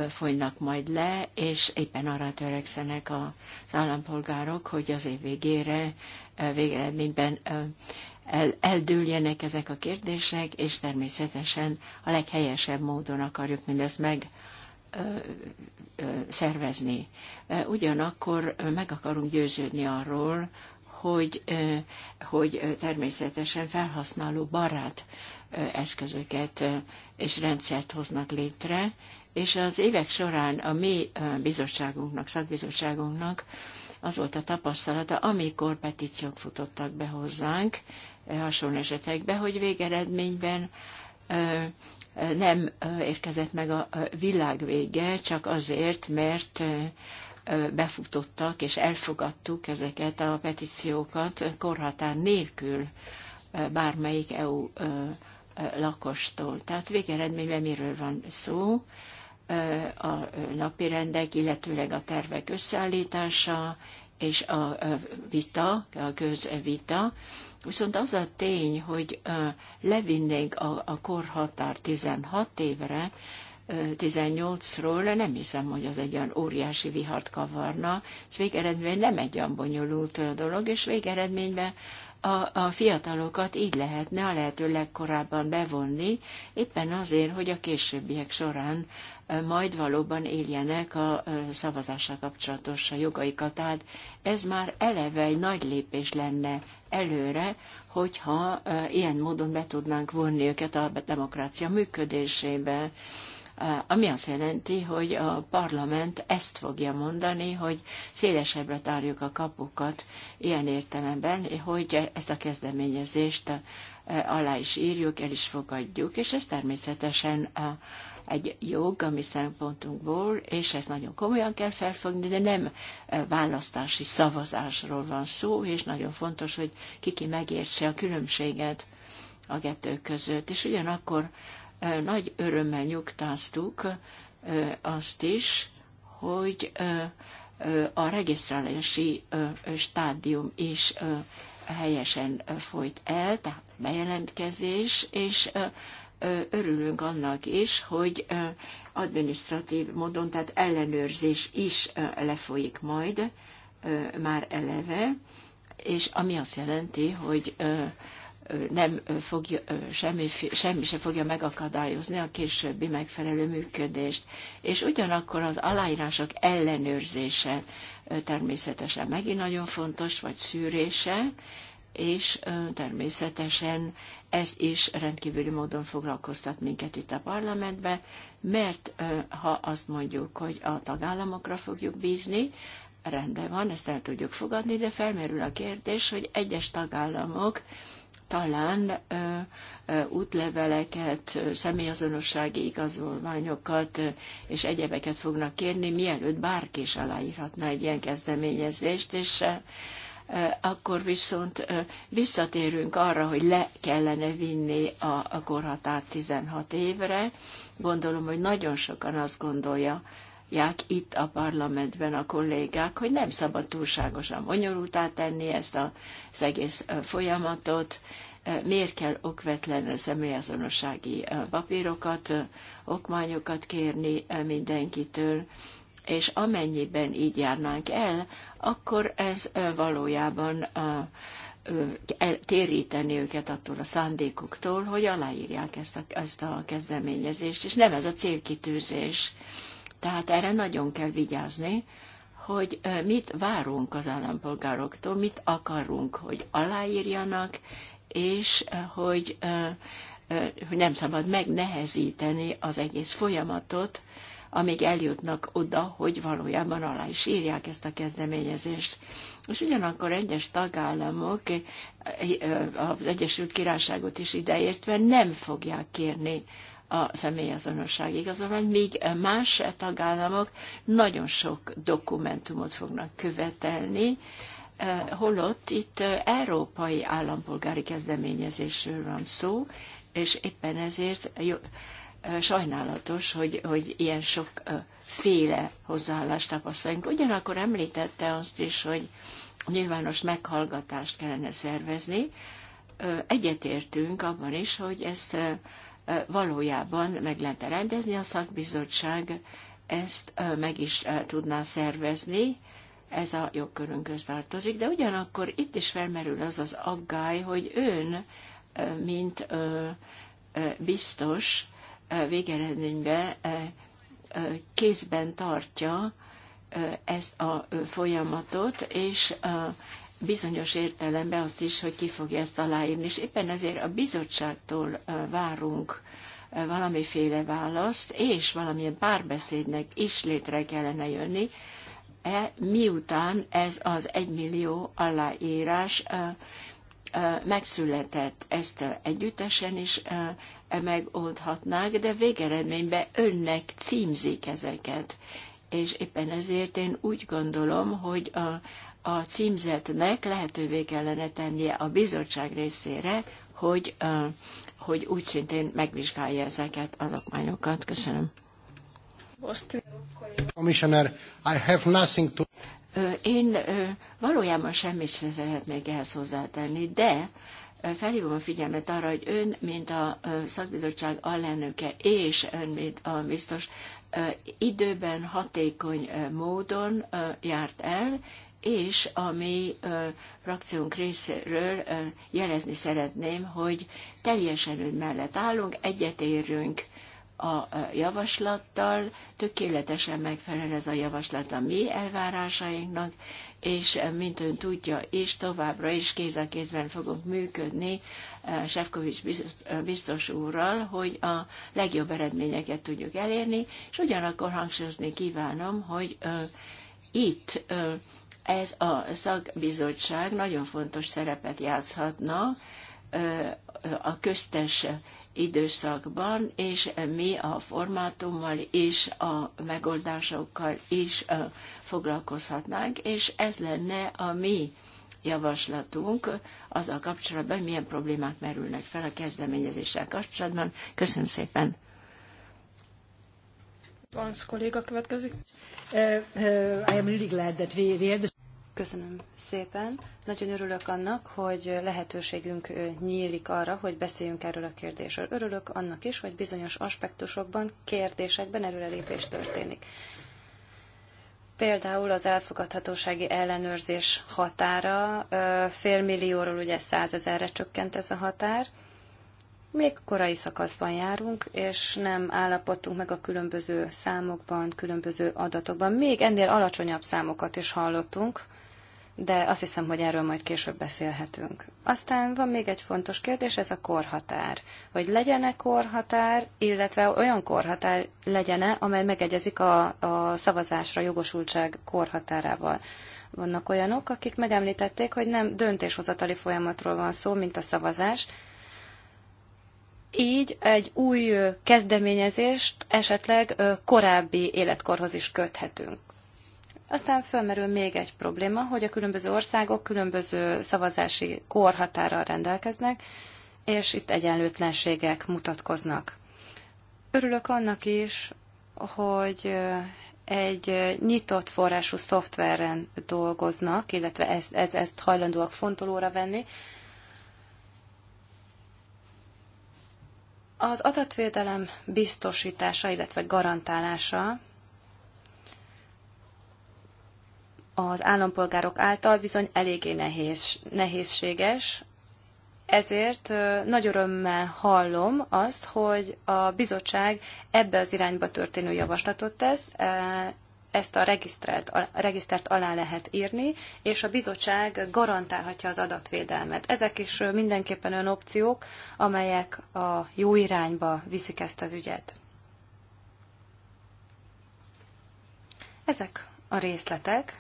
folynak majd le, és éppen arra törekszenek az állampolgárok, hogy az év végére, végeredményben el, eldőljenek ezek a kérdések, és természetesen a leghelyesebb módon akarjuk mindezt meg szervezni. Ugyanakkor meg akarunk győződni arról, hogy, hogy természetesen felhasználó barát eszközöket és rendszert hoznak létre, és az évek során a mi bizottságunknak, szakbizottságunknak az volt a tapasztalata, amikor petíciók futottak be hozzánk hasonló esetekbe, hogy végeredményben nem érkezett meg a világ vége, csak azért, mert befutottak és elfogadtuk ezeket a petíciókat korhatár nélkül bármelyik EU lakostól. Tehát végeredményben miről van szó? a napi rendek, illetőleg a tervek összeállítása és a vita, a közvita. Viszont az a tény, hogy levinnénk a, a korhatár 16 évre, 18-ról, nem hiszem, hogy az egy olyan óriási vihart kavarna. Ez végeredményben nem egy olyan bonyolult dolog, és végeredményben a, a fiatalokat így lehetne a lehető legkorábban bevonni, éppen azért, hogy a későbbiek során majd valóban éljenek a szavazással kapcsolatos jogaikat. Tehát ez már eleve egy nagy lépés lenne előre, hogyha ilyen módon be tudnánk vonni őket a demokrácia működésébe ami azt jelenti, hogy a parlament ezt fogja mondani, hogy szélesebbre tárjuk a kapukat ilyen értelemben, hogy ezt a kezdeményezést e, alá is írjuk, el is fogadjuk, és ez természetesen egy jog a mi szempontunkból, és ezt nagyon komolyan kell felfogni, de nem e, választási szavazásról van szó, és nagyon fontos, hogy kiki megértse a különbséget a kettő között. És ugyanakkor nagy örömmel nyugtáztuk azt is, hogy a regisztrálási stádium is helyesen folyt el, tehát bejelentkezés, és örülünk annak is, hogy administratív módon, tehát ellenőrzés is lefolyik majd már eleve, és ami azt jelenti, hogy nem fogja, semmi, semmi se fogja megakadályozni a későbbi megfelelő működést. És ugyanakkor az aláírások ellenőrzése természetesen megint nagyon fontos, vagy szűrése, és természetesen ez is rendkívüli módon foglalkoztat minket itt a parlamentben, mert ha azt mondjuk, hogy a tagállamokra fogjuk bízni, rendben van, ezt el tudjuk fogadni, de felmerül a kérdés, hogy egyes tagállamok talán útleveleket, személyazonossági igazolványokat és egyebeket fognak kérni, mielőtt bárki is aláírhatna egy ilyen kezdeményezést, és akkor viszont visszatérünk arra, hogy le kellene vinni a, a korhatárt 16 évre. Gondolom, hogy nagyon sokan azt gondolja, mondják itt a parlamentben a kollégák, hogy nem szabad túlságosan bonyolultá tenni ezt a, az egész folyamatot, miért kell okvetlen személyazonossági papírokat, okmányokat kérni mindenkitől, és amennyiben így járnánk el, akkor ez valójában a, téríteni őket attól a szándékuktól, hogy aláírják ezt a, ezt a kezdeményezést, és nem ez a célkitűzés. Tehát erre nagyon kell vigyázni, hogy mit várunk az állampolgároktól, mit akarunk, hogy aláírjanak, és hogy, hogy nem szabad megnehezíteni az egész folyamatot, amíg eljutnak oda, hogy valójában alá is írják ezt a kezdeményezést. És ugyanakkor egyes tagállamok, az Egyesült Királyságot is ideértve nem fogják kérni a személyazonosság igazolvány, míg más tagállamok nagyon sok dokumentumot fognak követelni, e, holott itt európai állampolgári kezdeményezésről van szó, és éppen ezért jó, e, sajnálatos, hogy, hogy ilyen sok e, féle hozzáállást tapasztalunk. Ugyanakkor említette azt is, hogy nyilvános meghallgatást kellene szervezni. Egyetértünk abban is, hogy ezt valójában meg lehetne rendezni, a szakbizottság ezt meg is tudná szervezni, ez a jogkörünkhöz tartozik, de ugyanakkor itt is felmerül az az aggály, hogy ön, mint biztos, végeredményben kézben tartja ezt a folyamatot, és bizonyos értelemben azt is, hogy ki fogja ezt aláírni. És éppen ezért a bizottságtól várunk valamiféle választ, és valamilyen párbeszédnek is létre kellene jönni, e, miután ez az egymillió aláírás e, e, megszületett. Ezt együttesen is e, megoldhatnák, de végeredményben önnek címzik ezeket. És éppen ezért én úgy gondolom, hogy a, a címzetnek lehetővé kellene tennie a bizottság részére, hogy, hogy úgy szintén megvizsgálja ezeket az okmányokat. Köszönöm. Commissioner, I have nothing to... Én valójában semmit sem szeretnék ehhez hozzátenni, de felhívom a figyelmet arra, hogy ön, mint a szakbizottság alelnöke, és ön, mint a biztos, időben hatékony módon járt el, és a mi ö, frakciónk részéről ö, jelezni szeretném, hogy teljesen ön mellett állunk, egyetérünk a javaslattal, tökéletesen megfelel ez a javaslat a mi elvárásainknak, és mint ön tudja, és továbbra is kéz a kézben fogunk működni Sefkovics biztos úrral, hogy a legjobb eredményeket tudjuk elérni, és ugyanakkor hangsúlyozni kívánom, hogy ö, itt ö, ez a szakbizottság nagyon fontos szerepet játszhatna a köztes időszakban, és mi a formátummal és a megoldásokkal is foglalkozhatnánk, és ez lenne a mi javaslatunk azzal kapcsolatban, milyen problémák merülnek fel a kezdeményezéssel kapcsolatban. Köszönöm szépen! Bansz kolléga következik. Uh, uh, I am really glad that we, we had Köszönöm szépen. Nagyon örülök annak, hogy lehetőségünk nyílik arra, hogy beszéljünk erről a kérdésről. Örülök annak is, hogy bizonyos aspektusokban, kérdésekben előrelépés történik. Például az elfogadhatósági ellenőrzés határa félmillióról ugye százezerre csökkent ez a határ. Még korai szakaszban járunk, és nem állapodtunk meg a különböző számokban, különböző adatokban. Még ennél alacsonyabb számokat is hallottunk de azt hiszem, hogy erről majd később beszélhetünk. Aztán van még egy fontos kérdés, ez a korhatár. Hogy legyen-e korhatár, illetve olyan korhatár legyen-e, amely megegyezik a, a szavazásra jogosultság korhatárával. Vannak olyanok, akik megemlítették, hogy nem döntéshozatali folyamatról van szó, mint a szavazás, így egy új kezdeményezést esetleg korábbi életkorhoz is köthetünk. Aztán felmerül még egy probléma, hogy a különböző országok különböző szavazási korhatárral rendelkeznek, és itt egyenlőtlenségek mutatkoznak. Örülök annak is, hogy eh, egy eh, nyitott forrású szoftveren dolgoznak, illetve ez, ez, ezt hajlandóak fontolóra venni. Az adatvédelem biztosítása, illetve garantálása az állampolgárok által bizony eléggé nehéz, nehézséges, ezért nagy örömmel hallom azt, hogy a bizottság ebbe az irányba történő javaslatot tesz, e, ezt a regisztrált, a regisztert alá lehet írni, és a bizottság garantálhatja az adatvédelmet. Ezek is mindenképpen olyan opciók, amelyek a jó irányba viszik ezt az ügyet. Ezek a részletek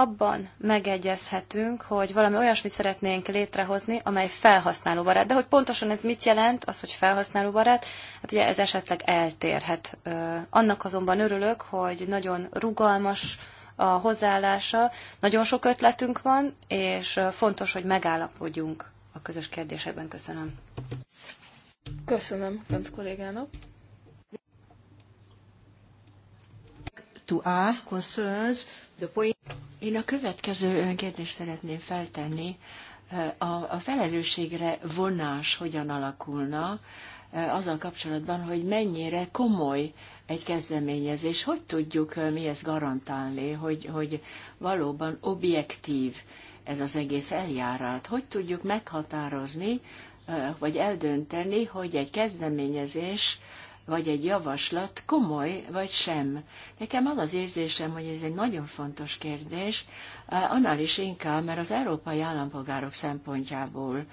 abban megegyezhetünk, hogy valami olyasmit szeretnénk létrehozni, amely felhasználóbarát. De hogy pontosan ez mit jelent, az, hogy felhasználóbarát, hát ugye ez esetleg eltérhet. Annak azonban örülök, hogy nagyon rugalmas a hozzáállása, nagyon sok ötletünk van, és fontos, hogy megállapodjunk a közös kérdésekben. Köszönöm. Köszönöm, Könc kollégának. to ask concerns the point. Én a következő kérdést szeretném feltenni. A, a felelősségre vonás hogyan alakulna azzal kapcsolatban, hogy mennyire komoly egy kezdeményezés, hogy tudjuk mi ezt garantálni, hogy, hogy valóban objektív ez az egész eljárat, hogy tudjuk meghatározni, vagy eldönteni, hogy egy kezdeményezés vagy egy javaslat komoly, vagy sem. Nekem az az érzésem, hogy ez egy nagyon fontos kérdés, eh, annál is inkább, mert az európai állampolgárok szempontjából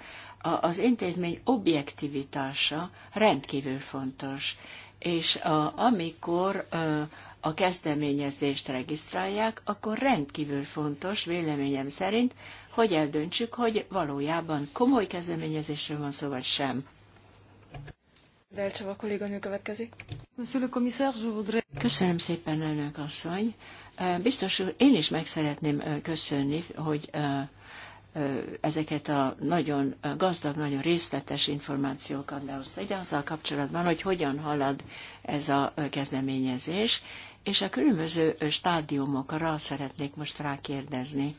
az intézmény objektivitása rendkívül fontos. És a, amikor eh, a kezdeményezést regisztrálják, akkor rendkívül fontos, véleményem szerint, hogy eldöntsük, hogy valójában komoly kezdeményezésről van szó, vagy sem. Delcsava kolléganő következik. Köszönöm szépen, elnök asszony. Biztos úr, én is meg szeretném köszönni, hogy ezeket a nagyon gazdag, nagyon részletes információkat behozta ide azzal kapcsolatban, hogy hogyan halad ez a kezdeményezés, és a különböző stádiumokra szeretnék most rákérdezni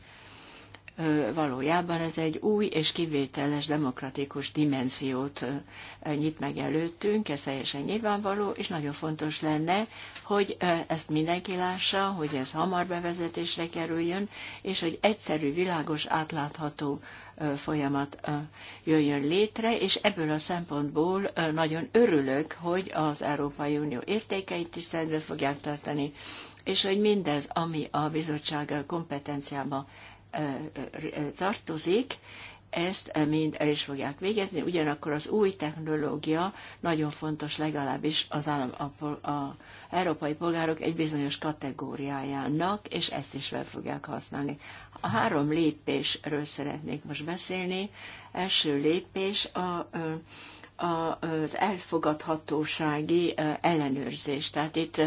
valójában ez egy új és kivételes demokratikus dimenziót nyit meg előttünk, ez teljesen nyilvánvaló, és nagyon fontos lenne, hogy ezt mindenki lássa, hogy ez hamar bevezetésre kerüljön, és hogy egyszerű, világos, átlátható folyamat jöjjön létre, és ebből a szempontból nagyon örülök, hogy az Európai Unió értékeit tiszteletbe fogják tartani, és hogy mindez, ami a bizottság kompetenciába tartozik, ezt mind el is fogják végezni, ugyanakkor az új technológia nagyon fontos legalábbis az állam, a, a, a európai polgárok egy bizonyos kategóriájának, és ezt is fel fogják használni. A három lépésről szeretnék most beszélni. Első lépés a, a az elfogadhatósági ellenőrzés. Tehát itt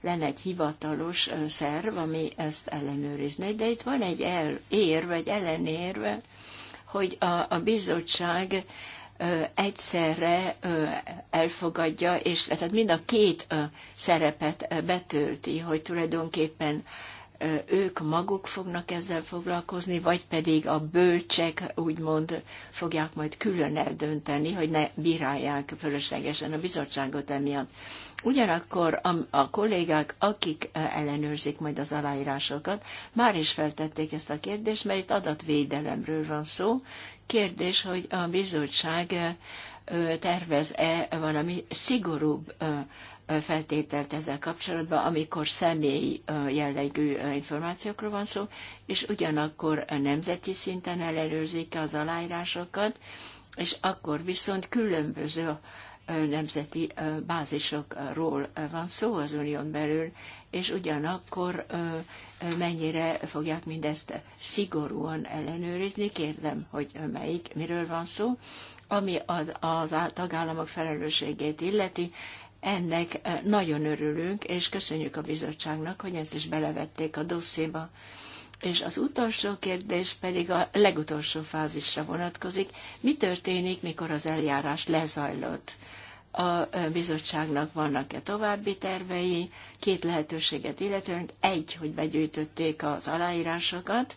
lenne egy hivatalos szerv, ami ezt ellenőrizne. De itt van egy el, érv, egy ellenérve, hogy a, a bizottság egyszerre elfogadja, és tehát mind a két szerepet betölti, hogy tulajdonképpen ők maguk fognak ezzel foglalkozni, vagy pedig a bölcsek úgymond fogják majd külön eldönteni, hogy ne bírálják fölöslegesen a bizottságot emiatt. Ugyanakkor a, a kollégák, akik ellenőrzik majd az aláírásokat, már is feltették ezt a kérdést, mert itt adatvédelemről van szó. Kérdés, hogy a bizottság tervez-e valami szigorúbb feltételt ezzel kapcsolatban, amikor személyi jellegű információkról van szó, és ugyanakkor a nemzeti szinten ellenőrzik az aláírásokat, és akkor viszont különböző nemzeti bázisokról van szó az unión belül, és ugyanakkor mennyire fogják mindezt szigorúan ellenőrizni, kérdem, hogy melyik, miről van szó, ami az a tagállamok felelősségét illeti, ennek nagyon örülünk, és köszönjük a bizottságnak, hogy ezt is belevették a dosszéba. És az utolsó kérdés pedig a legutolsó fázisra vonatkozik. Mi történik, mikor az eljárás lezajlott? a bizottságnak vannak-e további tervei, két lehetőséget illetően, egy, hogy begyűjtötték az aláírásokat,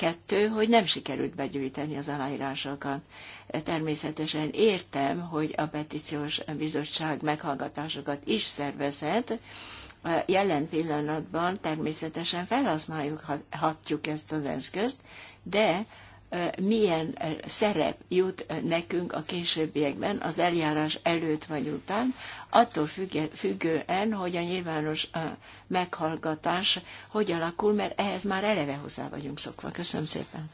kettő, hogy nem sikerült begyűjteni az aláírásokat. Természetesen értem, hogy a petíciós bizottság meghallgatásokat is szervezett, jelen pillanatban természetesen felhasználjuk, ezt az eszközt, de milyen szerep jut nekünk a későbbiekben, az eljárás előtt vagy után, attól függően, hogy a nyilvános meghallgatás hogy alakul, mert ehhez már eleve hozzá vagyunk szokva. Köszönöm szépen.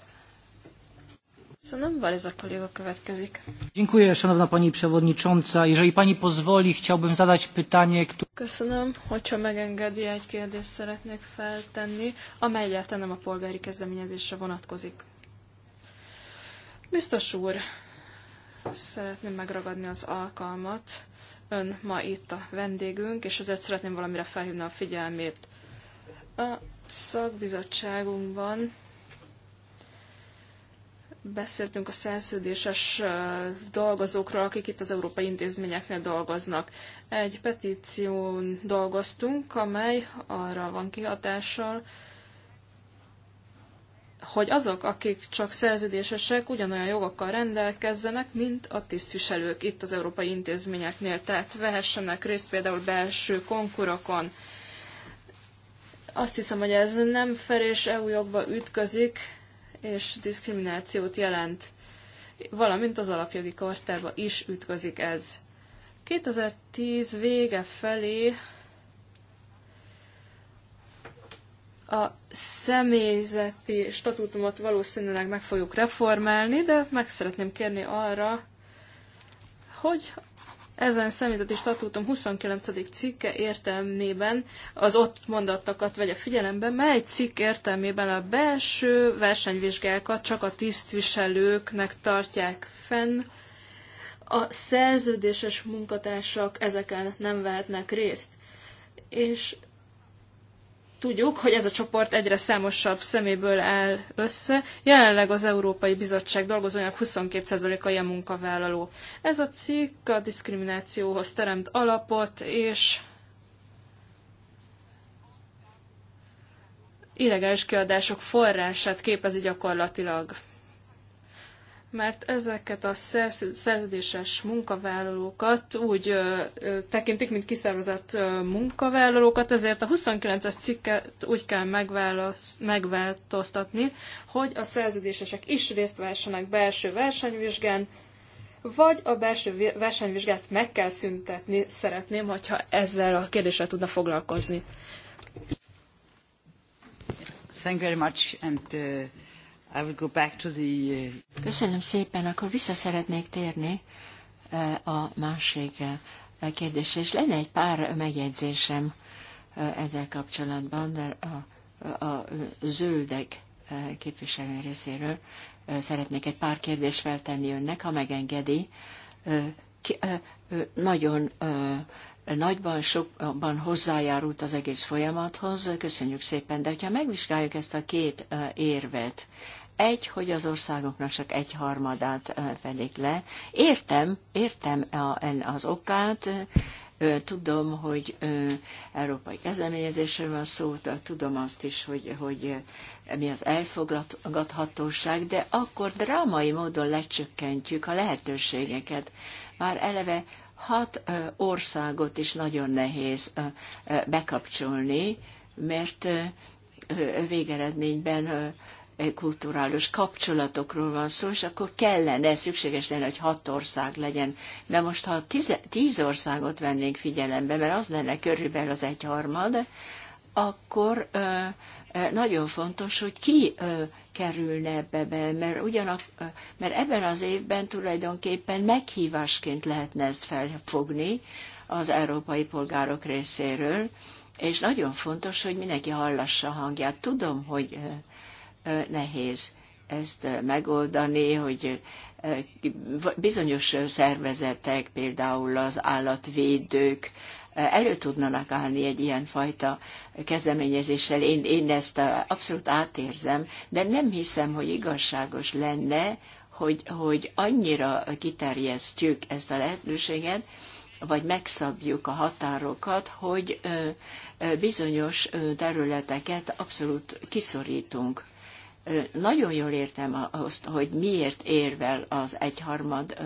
Köszönöm, Baryza kolléga következik. Dziękuję, szanowna pani przewodnicząca. Jeżeli pani pozwoli, chciałbym zadać pytanie, które... Köszönöm, hogyha megengedi, egy kérdést szeretnék feltenni, amely egyáltalán nem a polgári kezdeményezésre vonatkozik. Biztos úr, szeretném megragadni az alkalmat. Ön ma itt a vendégünk, és ezért szeretném valamire felhívni a figyelmét. A szakbizottságunkban beszéltünk a szerződéses dolgozókról, akik itt az európai intézményeknél dolgoznak. Egy petíción dolgoztunk, amely arra van kihatással, hogy azok, akik csak szerződésesek, ugyanolyan jogokkal rendelkezzenek, mint a tisztviselők itt az európai intézményeknél, tehát vehessenek részt például belső konkurokon. Azt hiszem, hogy ez nem fel és EU jogba ütközik, és diszkriminációt jelent, valamint az alapjogi kortába is ütközik ez. 2010 vége felé A személyzeti statútumot valószínűleg meg fogjuk reformálni, de meg szeretném kérni arra, hogy ezen személyzeti statútum 29. cikke értelmében az ott mondattakat vegye figyelembe, mely cikk értelmében a belső versenyvizsgákat csak a tisztviselőknek tartják fenn, a szerződéses munkatársak ezeken nem vehetnek részt. És tudjuk, hogy ez a csoport egyre számosabb szeméből áll össze. Jelenleg az Európai Bizottság dolgozóinak 22%-a ilyen munkavállaló. Ez a cikk a diszkriminációhoz teremt alapot, és illegális kiadások forrását képezi gyakorlatilag mert ezeket a szerződéses munkavállalókat úgy ö, ö, tekintik, mint kiszervezett ö, munkavállalókat, ezért a 29-es cikket úgy kell megváltoztatni, hogy a szerződésesek is részt vessenek belső versenyvizsgán, vagy a belső versenyvizsgát meg kell szüntetni, szeretném, hogyha ezzel a kérdéssel tudna foglalkozni. Thank you very much, and, uh... Uh, Köszönöm szépen, akkor vissza szeretnék térni uh, a másik uh, kérdésre, és lenne egy pár megjegyzésem ezzel kapcsolatban, de a, a zöldek képviselő részéről szeretnék egy pár kérdést feltenni önnek, ha megengedi. Ki, nagyon nagyban, sokban hozzájárult az egész folyamathoz. Köszönjük szépen, de ha megvizsgáljuk ezt a két érvet, egy, hogy az országoknak csak egy harmadát fedik le. Értem, értem az okát, tudom, hogy európai kezdeményezésről van szó, tudom azt is, hogy, hogy mi az elfogadhatóság, de akkor drámai módon lecsökkentjük a lehetőségeket. Már eleve hat országot is nagyon nehéz bekapcsolni, mert végeredményben kulturális kapcsolatokról van szó, és akkor kellene, szükséges lenne, hogy hat ország legyen. De most, ha tíz, tíz országot vennénk figyelembe, mert az lenne körülbelül az egyharmad, akkor ö, ö, nagyon fontos, hogy ki ö, kerülne ebbe be, mert, ugyanak, mert ebben az évben tulajdonképpen meghívásként lehetne ezt felfogni az európai polgárok részéről, és nagyon fontos, hogy mindenki hallassa a hangját. Tudom, hogy nehéz ezt megoldani, hogy bizonyos szervezetek, például az állatvédők elő tudnának állni egy ilyen fajta kezdeményezéssel. Én, én ezt abszolút átérzem, de nem hiszem, hogy igazságos lenne, hogy, hogy annyira kiterjesztjük ezt a lehetőséget, vagy megszabjuk a határokat, hogy bizonyos területeket abszolút kiszorítunk nagyon jól értem azt, hogy miért érvel az egyharmad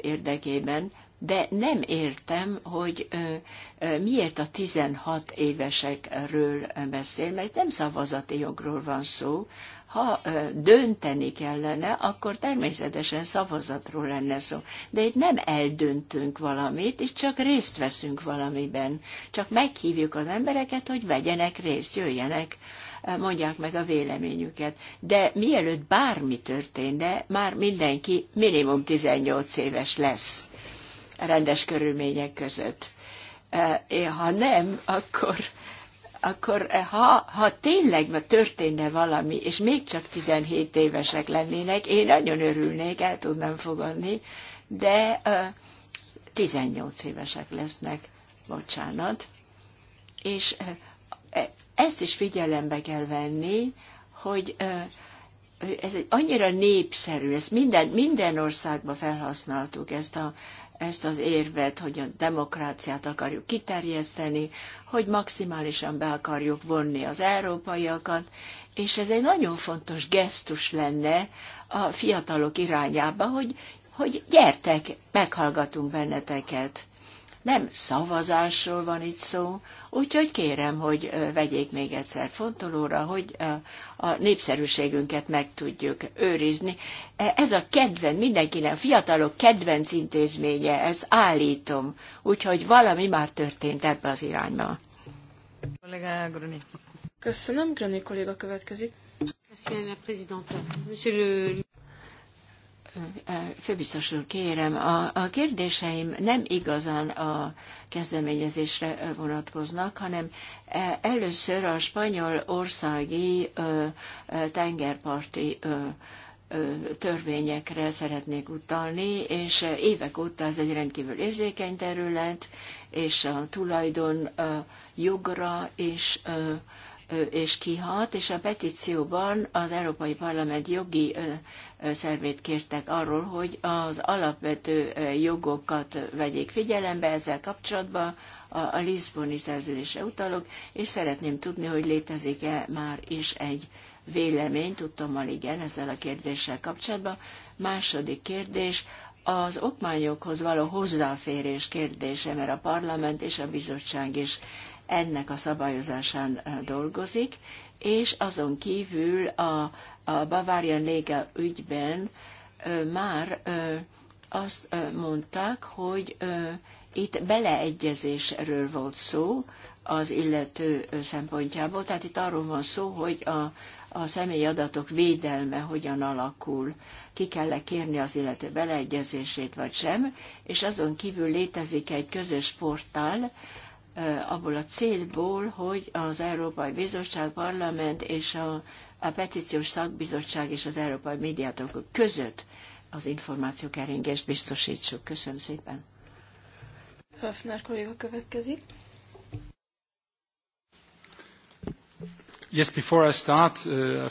érdekében, de nem értem, hogy miért a 16 évesekről beszél, mert nem szavazati jogról van szó. Ha dönteni kellene, akkor természetesen szavazatról lenne szó. De itt nem eldöntünk valamit, itt csak részt veszünk valamiben. Csak meghívjuk az embereket, hogy vegyenek részt, jöjjenek mondják meg a véleményüket. De mielőtt bármi történne, már mindenki minimum 18 éves lesz rendes körülmények között. E, ha nem, akkor, akkor ha, ha tényleg ma történne valami, és még csak 17 évesek lennének, én nagyon örülnék, el tudnám fogadni, de 18 e, évesek lesznek, bocsánat. És e, ezt is figyelembe kell venni, hogy ez egy annyira népszerű, ez minden, minden országban felhasználtuk ezt, a, ezt az érvet, hogy a demokráciát akarjuk kiterjeszteni, hogy maximálisan be akarjuk vonni az európaiakat, és ez egy nagyon fontos gesztus lenne a fiatalok irányába, hogy, hogy gyertek, meghallgatunk benneteket. Nem szavazásról van itt szó, úgyhogy kérem, hogy vegyék még egyszer fontolóra, hogy a népszerűségünket meg tudjuk őrizni. E, ez a kedven, mindenkinek, fiatalok kedvenc intézménye, ez állítom, úgyhogy valami már történt ebbe az irányba. Köszönöm, Gröni kolléga következik. Főbiztos úr, kérem, a, a kérdéseim nem igazán a kezdeményezésre vonatkoznak, hanem először a spanyol országi ö, tengerparti ö, törvényekre szeretnék utalni, és évek óta ez egy rendkívül érzékeny terület, és a tulajdon jogra is és kihat, és a petícióban az Európai Parlament jogi szervét kértek arról, hogy az alapvető jogokat vegyék figyelembe ezzel kapcsolatban, a, Lisboni szerződésre utalok, és szeretném tudni, hogy létezik-e már is egy vélemény, tudtommal igen, ezzel a kérdéssel kapcsolatban. Második kérdés, az okmányokhoz való hozzáférés kérdése, mert a parlament és a bizottság is ennek a szabályozásán eh, dolgozik, és azon kívül a, a Bavarian Legal ügyben eh, már eh, azt mondták, hogy itt beleegyezésről volt szó az illető szempontjából, tehát itt arról van szó, hogy a, a személyi adatok védelme hogyan alakul, ki kell -e kérni az illető beleegyezését vagy sem, és azon kívül létezik egy közös portál, Eh, abból a célból, hogy az Európai Bizottság, Parlament és a, a Petíciós Szakbizottság és az Európai Médiátok között az információkeringést biztosítsuk. Köszönöm szépen. Höfner kolléga következik. Yes, before I start, uh...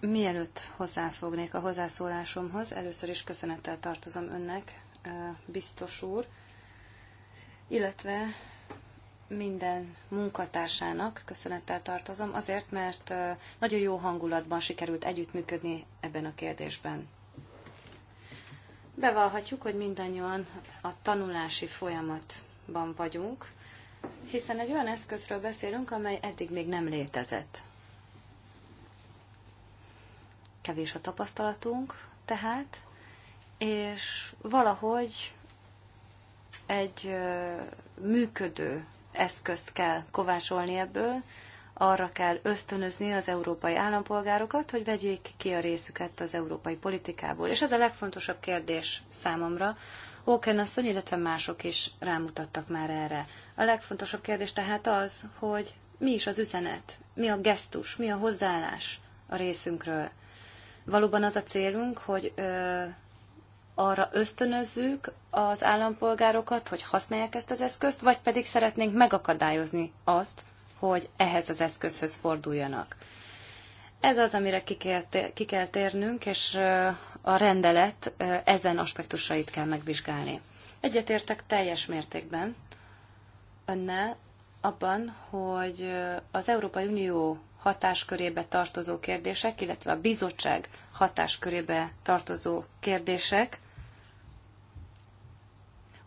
Mielőtt hozzáfognék a hozzászólásomhoz, először is köszönettel tartozom önnek, eh, biztos úr, illetve minden munkatársának köszönettel tartozom, azért, mert nagyon jó hangulatban sikerült együttműködni ebben a kérdésben. Bevallhatjuk, hogy mindannyian a tanulási folyamatban vagyunk, hiszen egy olyan eszközről beszélünk, amely eddig még nem létezett. Kevés a tapasztalatunk, tehát, és valahogy egy működő eszközt kell kovácsolni ebből, arra kell ösztönözni az európai állampolgárokat, hogy vegyék ki a részüket az európai politikából. És ez a legfontosabb kérdés számomra. Oken asszony, illetve mások is rámutattak már erre. A legfontosabb kérdés tehát az, hogy mi is az üzenet, mi a gesztus, mi a hozzáállás a részünkről. Valóban az a célunk, hogy ö, arra ösztönözzük az állampolgárokat, hogy használják ezt az eszközt, vagy pedig szeretnénk megakadályozni azt, hogy ehhez az eszközhöz forduljanak. Ez az, amire ki kell, ki kell térnünk, és a rendelet ezen aspektusait kell megvizsgálni. Egyetértek teljes mértékben önnel abban, hogy az Európai Unió hatáskörébe tartozó kérdések, illetve a bizottság hatáskörébe tartozó kérdések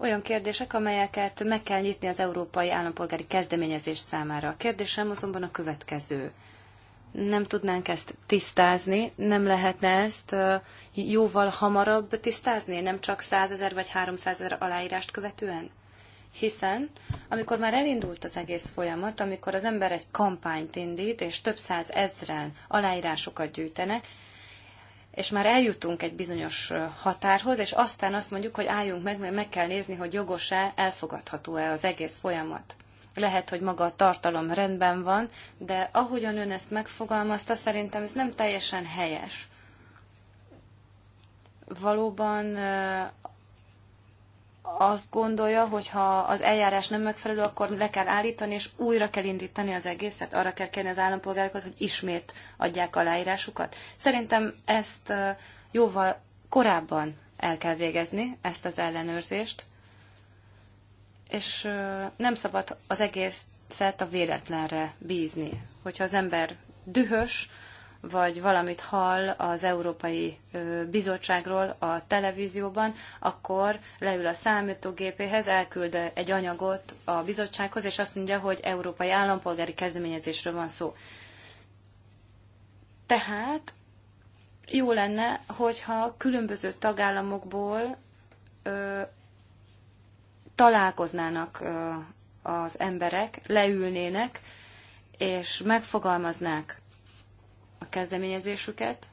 olyan kérdések, amelyeket meg kell nyitni az európai állampolgári kezdeményezés számára. A kérdésem azonban a következő. Nem tudnánk ezt tisztázni, nem lehetne ezt jóval hamarabb tisztázni, nem csak 100 ezer vagy 300 ezer aláírást követően? hiszen amikor már elindult az egész folyamat, amikor az ember egy kampányt indít, és több száz ezren aláírásokat gyűjtenek, és már eljutunk egy bizonyos határhoz, és aztán azt mondjuk, hogy álljunk meg, mert meg kell nézni, hogy jogos-e, elfogadható-e az egész folyamat. Lehet, hogy maga a tartalom rendben van, de ahogyan ön ezt megfogalmazta, szerintem ez nem teljesen helyes. Valóban azt gondolja, hogy ha az eljárás nem megfelelő, akkor le kell állítani, és újra kell indítani az egészet, arra kell kérni az állampolgárokat, hogy ismét adják aláírásukat. Szerintem ezt jóval korábban el kell végezni, ezt az ellenőrzést, és nem szabad az egészet a véletlenre bízni. Hogyha az ember dühös, vagy valamit hall az Európai Bizottságról a televízióban, akkor leül a számítógépéhez, elküld egy anyagot a bizottsághoz, és azt mondja, hogy európai állampolgári kezdeményezésről van szó. Tehát jó lenne, hogyha különböző tagállamokból ö, találkoznának ö, az emberek, leülnének, és megfogalmaznák a kezdeményezésüket,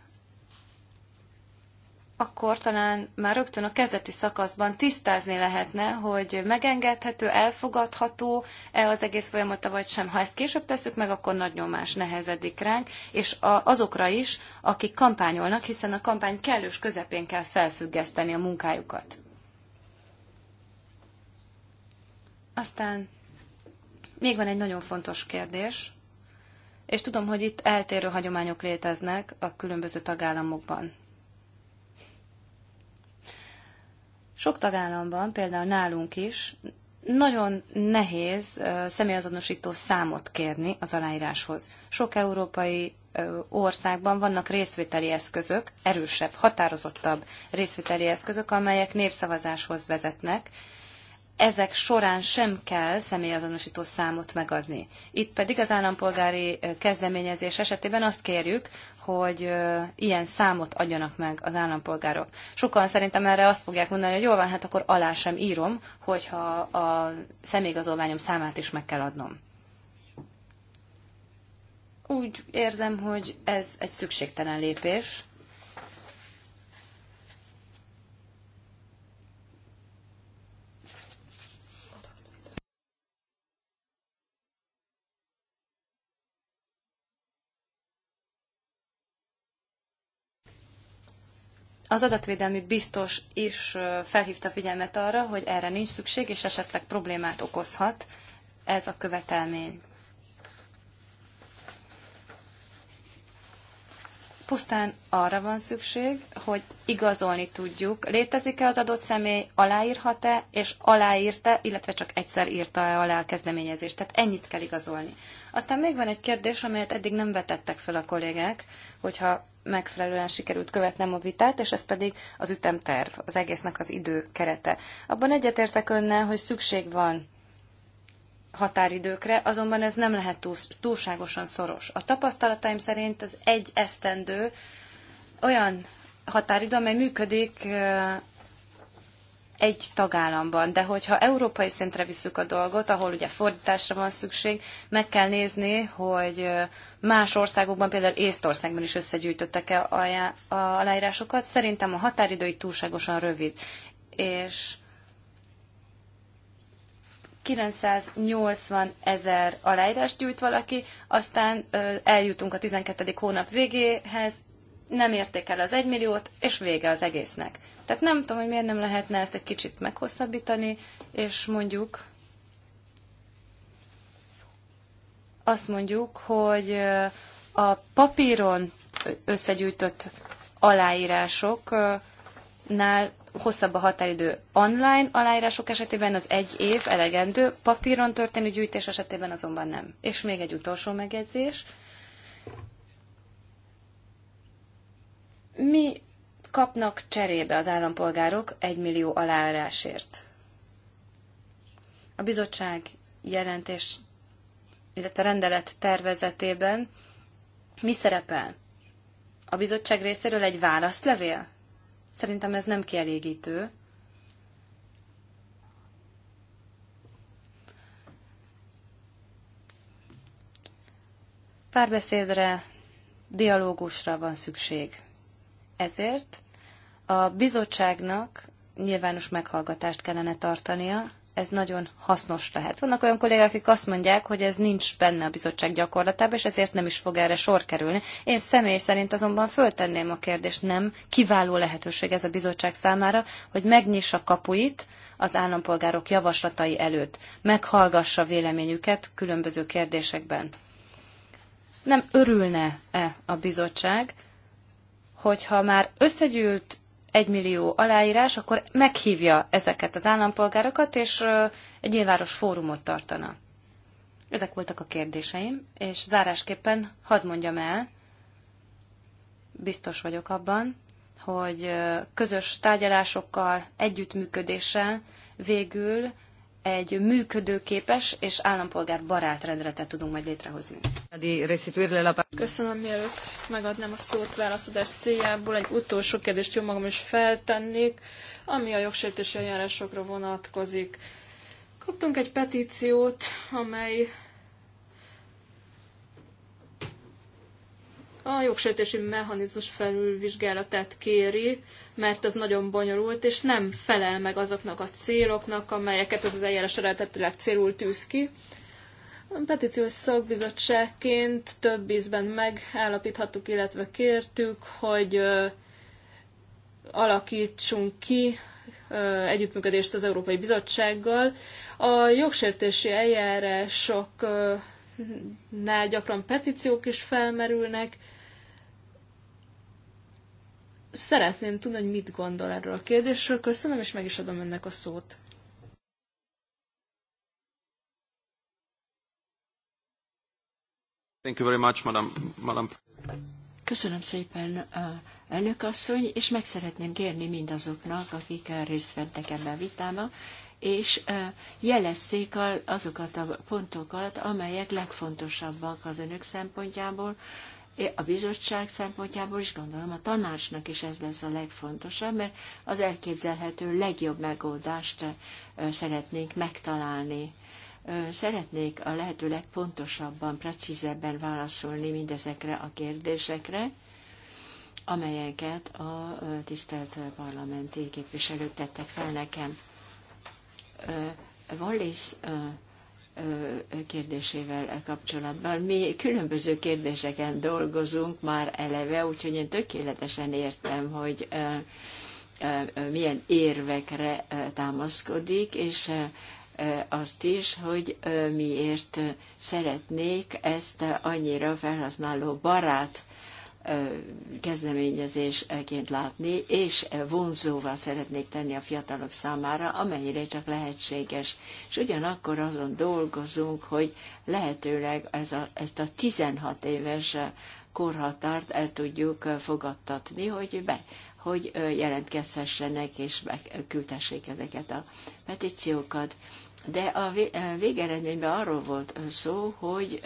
akkor talán már rögtön a kezdeti szakaszban tisztázni lehetne, hogy megengedhető, elfogadható-e az egész folyamata, vagy sem. Ha ezt később tesszük meg, akkor nagy nyomás nehezedik ránk, és azokra is, akik kampányolnak, hiszen a kampány kellős közepén kell felfüggeszteni a munkájukat. Aztán még van egy nagyon fontos kérdés, és tudom, hogy itt eltérő hagyományok léteznek a különböző tagállamokban. Sok tagállamban, például nálunk is, nagyon nehéz személyazonosító számot kérni az aláíráshoz. Sok európai országban vannak részvételi eszközök, erősebb, határozottabb részvételi eszközök, amelyek népszavazáshoz vezetnek, ezek során sem kell személyazonosító számot megadni. Itt pedig az állampolgári kezdeményezés esetében azt kérjük, hogy ilyen számot adjanak meg az állampolgárok. Sokan szerintem erre azt fogják mondani, hogy jól van, hát akkor alá sem írom, hogyha a személyigazolványom számát is meg kell adnom. Úgy érzem, hogy ez egy szükségtelen lépés, Az adatvédelmi biztos is felhívta figyelmet arra, hogy erre nincs szükség, és esetleg problémát okozhat ez a követelmény. Pusztán arra van szükség, hogy igazolni tudjuk, létezik-e az adott személy, aláírhat-e, és aláírta, illetve csak egyszer írta-e alá a kezdeményezést. Tehát ennyit kell igazolni. Aztán még van egy kérdés, amelyet eddig nem vetettek fel a kollégák, hogyha megfelelően sikerült követnem a vitát, és ez pedig az ütemterv, az egésznek az idő kerete. Abban egyetértek önnel, hogy szükség van határidőkre, azonban ez nem lehet túlságosan szoros. A tapasztalataim szerint az egy esztendő olyan határidő, amely működik egy tagállamban, de hogyha európai szintre visszük a dolgot, ahol ugye fordításra van szükség, meg kell nézni, hogy más országokban, például Észtországban is összegyűjtöttek-e aláírásokat. Szerintem a határidői túlságosan rövid, és 980 ezer aláírást gyűjt valaki, aztán eljutunk a 12. hónap végéhez, nem érték el az egymilliót, és vége az egésznek. Tehát nem tudom, hogy miért nem lehetne ezt egy kicsit meghosszabbítani, és mondjuk azt mondjuk, hogy a papíron összegyűjtött aláírásoknál hosszabb a határidő online aláírások esetében az egy év elegendő, papíron történő gyűjtés esetében azonban nem. És még egy utolsó megjegyzés. Mi kapnak cserébe az állampolgárok egy millió aláírásért? A bizottság jelentés, illetve rendelet tervezetében mi szerepel? A bizottság részéről egy válaszlevél? Szerintem ez nem kielégítő. Párbeszédre, dialógusra van szükség. Ezért a bizottságnak nyilvános meghallgatást kellene tartania, ez nagyon hasznos lehet. Vannak olyan kollégák, akik azt mondják, hogy ez nincs benne a bizottság gyakorlatában, és ezért nem is fog erre sor kerülni. Én személy szerint azonban föltenném a kérdést, nem kiváló lehetőség ez a bizottság számára, hogy megnyissa kapuit az állampolgárok javaslatai előtt, meghallgassa véleményüket különböző kérdésekben. Nem örülne-e a bizottság, hogyha már összegyűlt egy millió aláírás, akkor meghívja ezeket az állampolgárokat, és egy nyilvános fórumot tartana. Ezek voltak a kérdéseim, és zárásképpen hadd mondjam el, biztos vagyok abban, hogy közös tárgyalásokkal, együttműködéssel végül egy működőképes és állampolgár barát rendeletet tudunk majd létrehozni. Köszönöm, mielőtt megadnám a szót válaszadás céljából, egy utolsó kérdést jó magam is feltennék, ami a jogsértési eljárásokra vonatkozik. Kaptunk egy petíciót, amely a jogsértési mechanizmus felülvizsgálatát kéri, mert ez nagyon bonyolult, és nem felel meg azoknak a céloknak, amelyeket ez az eljárás eredetileg célul tűz ki. A petíciós szakbizottságként több ízben megállapíthattuk, illetve kértük, hogy alakítsunk ki együttműködést az Európai Bizottsággal. A jogsértési Nál gyakran petíciók is felmerülnek, Szeretném tudni, hogy mit gondol erről a kérdésről. Köszönöm, és meg is adom ennek a szót. Thank you very much, madam, madam. Köszönöm szépen, elnök asszony, és meg szeretném kérni mindazoknak, akik részt vettek ebben a vitába, és jelezték azokat a pontokat, amelyek legfontosabbak az önök szempontjából, a bizottság szempontjából is gondolom a tanácsnak is ez lesz a legfontosabb, mert az elképzelhető legjobb megoldást szeretnénk megtalálni. Szeretnék a lehető legpontosabban, precízebben válaszolni mindezekre a kérdésekre, amelyeket a tisztelt parlamenti képviselők tettek fel nekem. Wallis kérdésével kapcsolatban. Mi különböző kérdéseken dolgozunk már eleve, úgyhogy én tökéletesen értem, hogy milyen érvekre támaszkodik, és azt is, hogy miért szeretnék ezt annyira felhasználó barát kezdeményezésként látni, és vonzóvá szeretnék tenni a fiatalok számára, amennyire csak lehetséges. És ugyanakkor azon dolgozunk, hogy lehetőleg ez a, ezt a 16 éves korhatárt el tudjuk fogadtatni, hogy be, hogy jelentkezhessenek és küldhessék ezeket a petíciókat. De a végeredményben arról volt szó, hogy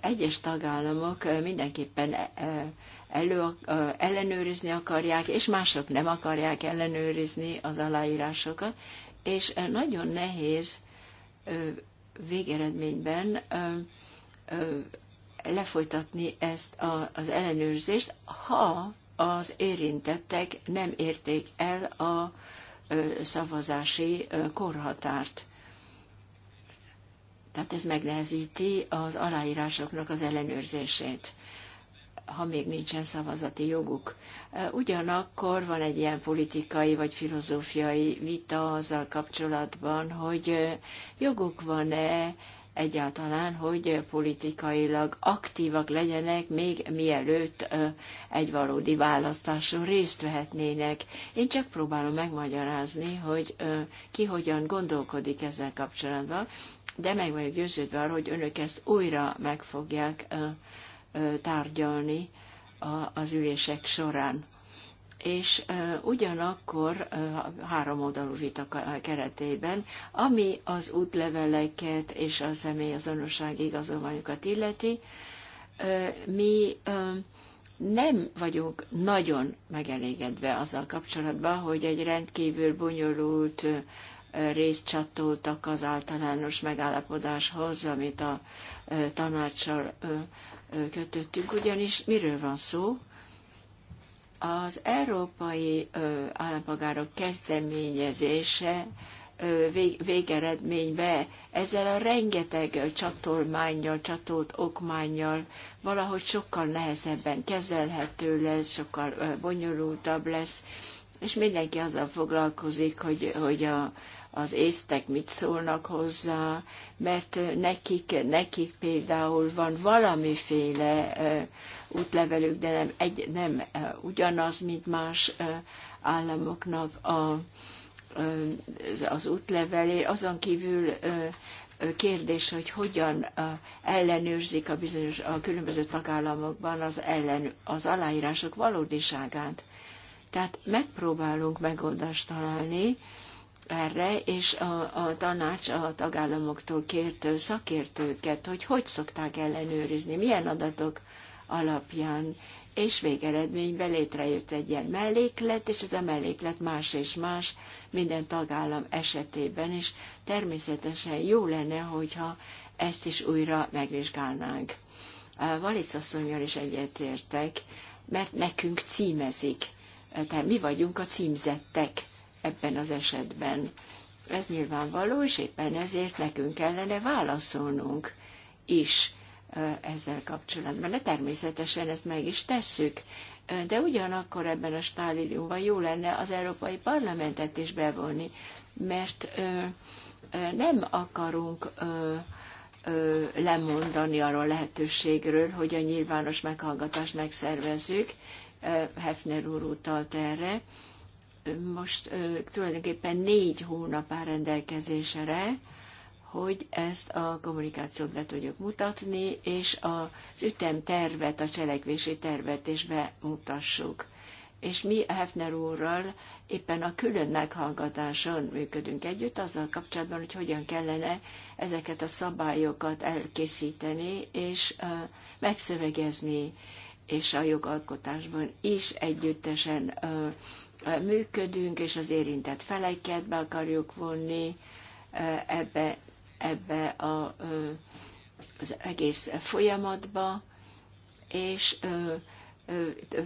egyes tagállamok mindenképpen e, e, elő, ellenőrizni akarják, és mások nem akarják ellenőrizni az aláírásokat, és nagyon nehéz végeredményben lefolytatni ezt az ellenőrzést, ha az érintettek nem érték el a szavazási korhatárt. Tehát ez megnehezíti az aláírásoknak az ellenőrzését, ha még nincsen szavazati joguk. Ugyanakkor van egy ilyen politikai vagy filozófiai vita azzal kapcsolatban, hogy joguk van-e egyáltalán, hogy politikailag aktívak legyenek, még mielőtt egy valódi választáson részt vehetnének. Én csak próbálom megmagyarázni, hogy ki hogyan gondolkodik ezzel kapcsolatban, de meg vagyok győződve arról, hogy önök ezt újra meg fogják tárgyalni az ülések során. És ugyanakkor három oldalú vita keretében, ami az útleveleket és a személyazonossági igazolványokat illeti, mi nem vagyunk nagyon megelégedve azzal kapcsolatban, hogy egy rendkívül bonyolult részt csatoltak az általános megállapodáshoz, amit a tanácssal kötöttünk. Ugyanis miről van szó? Az európai állampolgárok kezdeményezése végeredménybe ezzel a rengeteg csatolmányjal, csatolt okmányjal valahogy sokkal nehezebben kezelhető lesz, sokkal bonyolultabb lesz, és mindenki azzal foglalkozik, hogy, hogy a, az észtek mit szólnak hozzá, mert nekik, nekik például van valamiféle útlevelük, de nem, egy, nem ugyanaz, mint más államoknak a, az útlevelé. Azon kívül kérdés, hogy hogyan ellenőrzik a, bizonyos, a különböző tagállamokban az, ellen, az aláírások valódiságát. Tehát megpróbálunk megoldást találni, erre, és a, a tanács a tagállamoktól kért szakértőket, hogy hogy szokták ellenőrizni, milyen adatok alapján, és végeredményben létrejött egy ilyen melléklet, és ez a melléklet más és más minden tagállam esetében, és természetesen jó lenne, hogyha ezt is újra megvizsgálnánk. Valic asszonyjal is egyetértek, mert nekünk címezik. Tehát mi vagyunk a címzettek ebben az esetben. Ez nyilvánvaló, és éppen ezért nekünk kellene válaszolnunk is ezzel kapcsolatban. De természetesen ezt meg is tesszük. De ugyanakkor ebben a stádiumban jó lenne az Európai Parlamentet is bevonni, mert nem akarunk lemondani arról a lehetőségről, hogy a nyilvános meghallgatást megszervezzük, Hefner úr utalt erre, most tulajdonképpen négy hónap áll rendelkezésre, hogy ezt a kommunikációt be tudjuk mutatni, és az ütemtervet, a cselekvési tervet is bemutassuk. És mi Hefner úrral éppen a külön meghallgatáson működünk együtt, azzal kapcsolatban, hogy hogyan kellene ezeket a szabályokat elkészíteni és megszövegezni, és a jogalkotásban is együttesen működünk, és az érintett feleket be akarjuk vonni ebbe, ebbe a, az egész folyamatba, és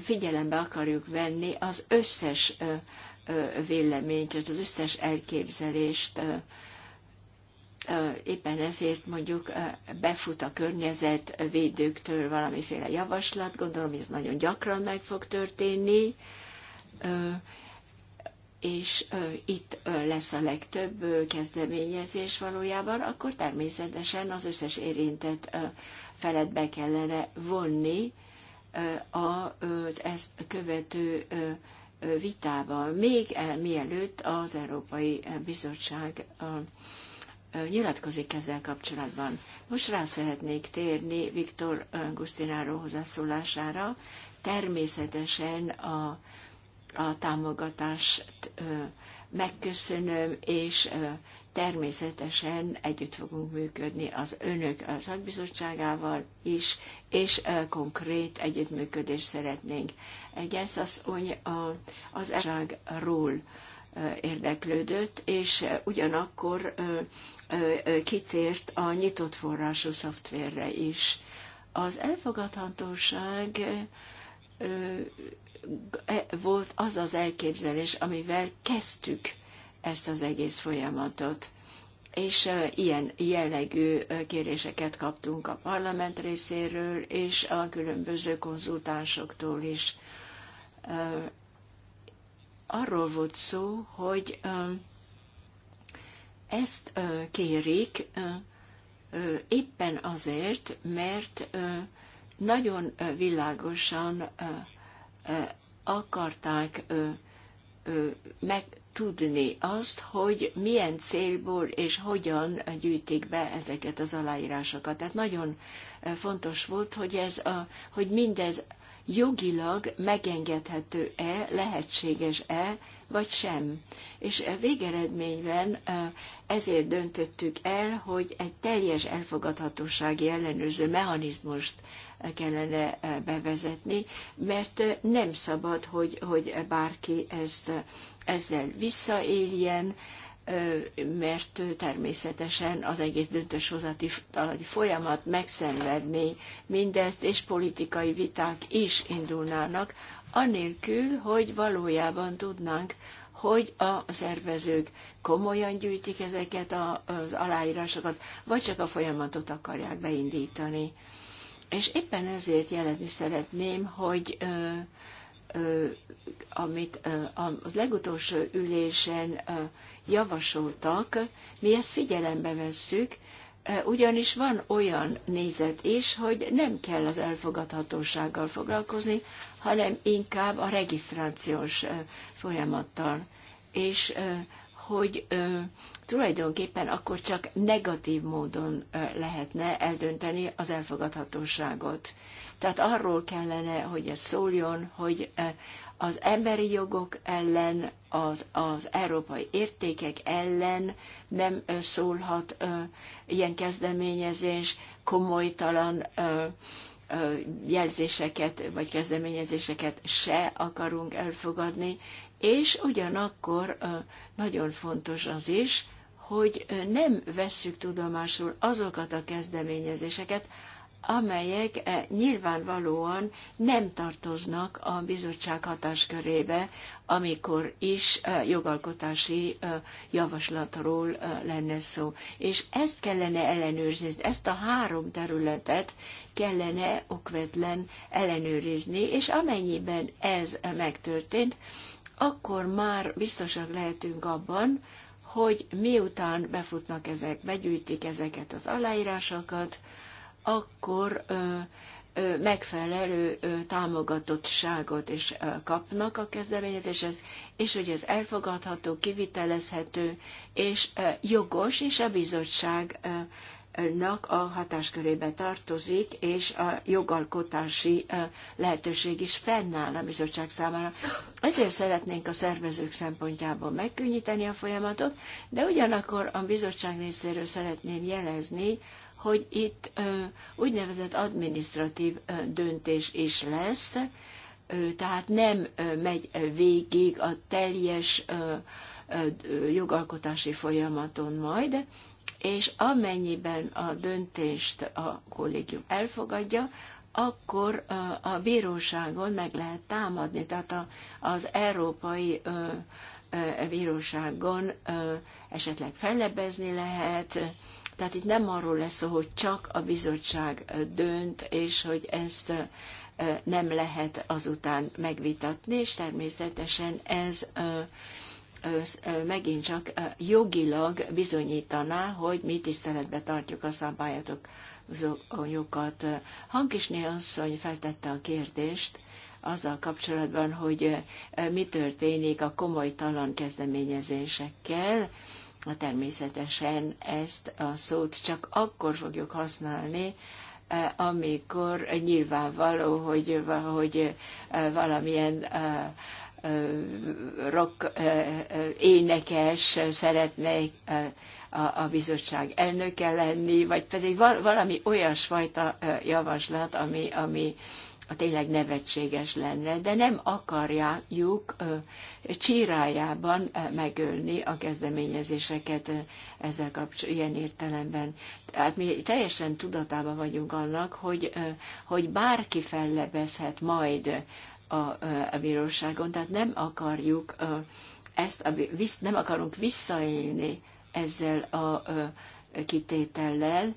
figyelembe akarjuk venni az összes véleményt, az összes elképzelést, éppen ezért mondjuk befut a környezet védőktől valamiféle javaslat, gondolom, hogy ez nagyon gyakran meg fog történni, és itt lesz a legtöbb kezdeményezés valójában, akkor természetesen az összes érintett felet be kellene vonni az ezt követő vitával, még mielőtt az Európai Bizottság nyilatkozik ezzel kapcsolatban. Most rá szeretnék térni Viktor Gusztináról hozzászólására. Természetesen a a támogatást megköszönöm, és természetesen együtt fogunk működni az önök szakbizottságával is, és konkrét együttműködést szeretnénk. Egy ez az, hogy az ról érdeklődött, és ugyanakkor kitért a nyitott forrású szoftverre is. Az elfogadhatóság E, volt az az elképzelés, amivel kezdtük ezt az egész folyamatot. És e, ilyen jellegű e, kéréseket kaptunk a parlament részéről, és a különböző konzultánsoktól is. Arról volt szó, hogy ezt kérik éppen azért, mert nagyon világosan akarták megtudni azt, hogy milyen célból és hogyan gyűjtik be ezeket az aláírásokat. Tehát nagyon fontos volt, hogy, ez a, hogy mindez jogilag megengedhető-e, lehetséges-e, vagy sem. És eh, végeredményben eh, ezért döntöttük el, hogy egy teljes elfogadhatósági ellenőrző mechanizmust eh, kellene bevezetni, mert nem szabad, hogy, hogy bárki ezt, ezzel visszaéljen, mert természetesen az egész döntéshozatali folyamat megszenvedné mindezt, és politikai viták is indulnának, anélkül, hogy valójában tudnánk, hogy a szervezők komolyan gyűjtik ezeket az aláírásokat, vagy csak a folyamatot akarják beindítani. És éppen ezért jelezni szeretném, hogy ö, ö, amit ö, a legutolsó ülésen ö, javasoltak, mi ezt figyelembe vesszük, e, ugyanis van olyan nézet is, hogy nem kell az elfogadhatósággal foglalkozni, hanem inkább a regisztrációs e, folyamattal. És e, hogy tulajdonképpen akkor csak negatív módon lehetne eldönteni az elfogadhatóságot. Tehát arról kellene, hogy ez szóljon, hogy az emberi jogok ellen, az, az európai értékek ellen nem szólhat ö, ilyen kezdeményezés, komolytalan ö, ö, jelzéseket vagy kezdeményezéseket se akarunk elfogadni, és ugyanakkor ö, nagyon fontos az is, hogy nem vesszük tudomásul azokat a kezdeményezéseket, amelyek eh, nyilvánvalóan nem tartoznak a bizottság hatáskörébe, amikor is eh, jogalkotási eh, javaslatról lenne szó. És ezt kellene ellenőrizni, ezt a három területet kellene okvetlen ellenőrizni, és amennyiben ez megtörtént, akkor már biztosak lehetünk abban, hogy miután befutnak ezek, begyűjtik ezeket az aláírásokat, akkor megfelelő támogatottságot is kapnak a kezdeményezéshez, és hogy ez elfogadható, kivitelezhető, és jogos, és a bizottságnak a hatáskörébe tartozik, és a jogalkotási lehetőség is fennáll a bizottság számára. Ezért szeretnénk a szervezők szempontjából megkönnyíteni a folyamatot, de ugyanakkor a bizottság részéről szeretném jelezni, hogy itt úgynevezett administratív döntés is lesz, tehát nem megy végig a teljes jogalkotási folyamaton majd, és amennyiben a döntést a kollégium elfogadja, akkor a bíróságon meg lehet támadni, tehát az európai bíróságon esetleg fellebezni lehet, tehát itt nem arról lesz szó, hogy csak a bizottság dönt, és hogy ezt nem lehet azután megvitatni, és természetesen ez megint csak jogilag bizonyítaná, hogy mi tiszteletbe tartjuk a szabályokat. Hankisné asszony feltette a kérdést azzal kapcsolatban, hogy mi történik a komoly talan kezdeményezésekkel, Természetesen ezt a szót csak akkor fogjuk használni, eh, amikor nyilvánvaló, hogy, hogy eh, valamilyen eh, rock énekes szeretnék a bizottság elnöke lenni, vagy pedig valami olyasfajta javaslat, ami, ami tényleg nevetséges lenne, de nem akarjuk csírájában megölni a kezdeményezéseket ezzel kapcsolatban, ilyen értelemben. Tehát mi teljesen tudatában vagyunk annak, hogy, hogy bárki fellebezhet majd a, a bíróságon, tehát nem akarjuk ezt, a, nem akarunk visszaélni ezzel a, a kitétellel,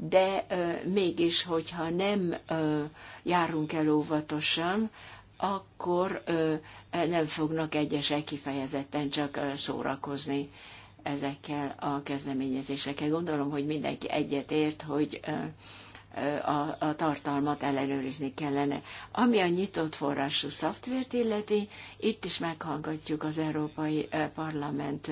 de mégis, hogyha nem járunk el óvatosan, akkor nem fognak egyesek kifejezetten csak szórakozni ezekkel a kezdeményezésekkel. Gondolom, hogy mindenki ért, hogy a, a tartalmat ellenőrizni kellene. Ami a nyitott forrású szoftvert illeti, itt is meghallgatjuk az Európai Parlament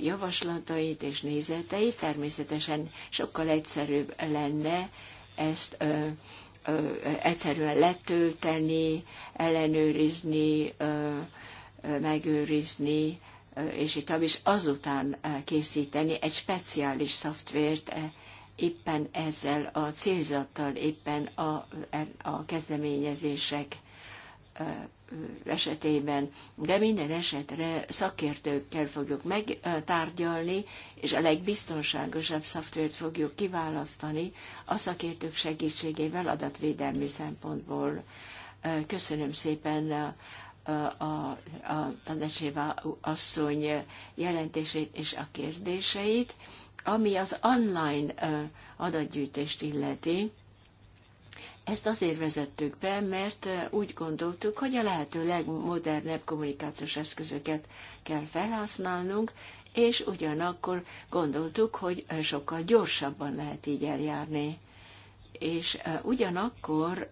javaslatait és nézeteit. Természetesen sokkal egyszerűbb lenne ezt ö, ö, egyszerűen letölteni, ellenőrizni, ö, megőrizni, és itt is azután készíteni egy speciális szoftvért éppen ezzel a célzattal, éppen a, a kezdeményezések esetében, de minden esetre szakértőkkel fogjuk megtárgyalni, és a legbiztonságosabb szoftvert fogjuk kiválasztani a szakértők segítségével adatvédelmi szempontból. Köszönöm szépen a, a, a, a asszony jelentését és a kérdéseit, ami az online adatgyűjtést illeti ezt azért vezettük be, mert eh, úgy gondoltuk, hogy a lehető legmodernebb kommunikációs eszközöket kell felhasználnunk, és ugyanakkor gondoltuk, hogy eh, sokkal gyorsabban lehet így eljárni. És eh, ugyanakkor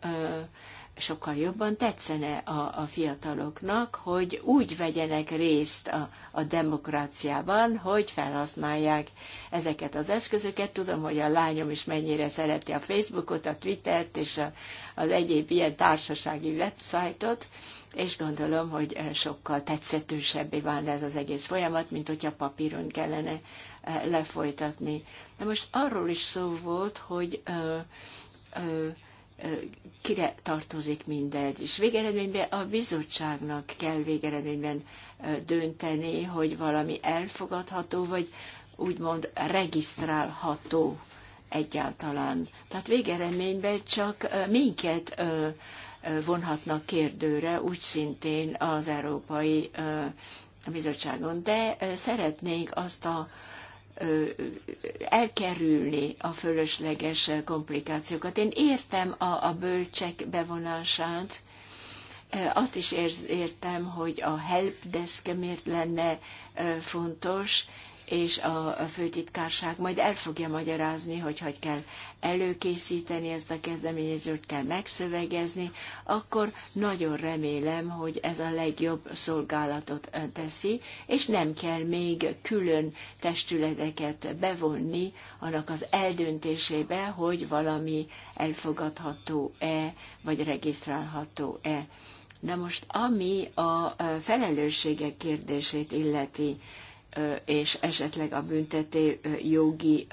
sokkal jobban tetszene a, a fiataloknak, hogy úgy vegyenek részt a, a demokráciában, hogy felhasználják ezeket az eszközöket. Tudom, hogy a lányom is mennyire szereti a Facebookot, a Twittert és a, az egyéb ilyen társasági websájtot, és gondolom, hogy eh, sokkal tetszetősebbé válna ez az egész folyamat, mint hogyha papíron kellene eh, lefolytatni. Na most arról is szó volt, hogy ö, eh, ö, kire tartozik mindegy. És végeredményben a bizottságnak kell végeredményben dönteni, hogy valami elfogadható, vagy úgymond regisztrálható egyáltalán. Tehát végeredményben csak minket vonhatnak kérdőre, úgy szintén az Európai Bizottságon. De szeretnénk azt a elkerülni a fölösleges komplikációkat. Én értem a, a bölcsek bevonását, azt is értem, hogy a helpdesk miért lenne fontos, és a főtitkárság majd el fogja magyarázni, hogy hogy kell előkészíteni ezt a kezdeményezőt, kell megszövegezni, akkor nagyon remélem, hogy ez a legjobb szolgálatot teszi, és nem kell még külön testületeket bevonni annak az eldöntésébe, hogy valami elfogadható-e, vagy regisztrálható-e. Na most, ami a felelősségek kérdését illeti, és esetleg a büntető jogi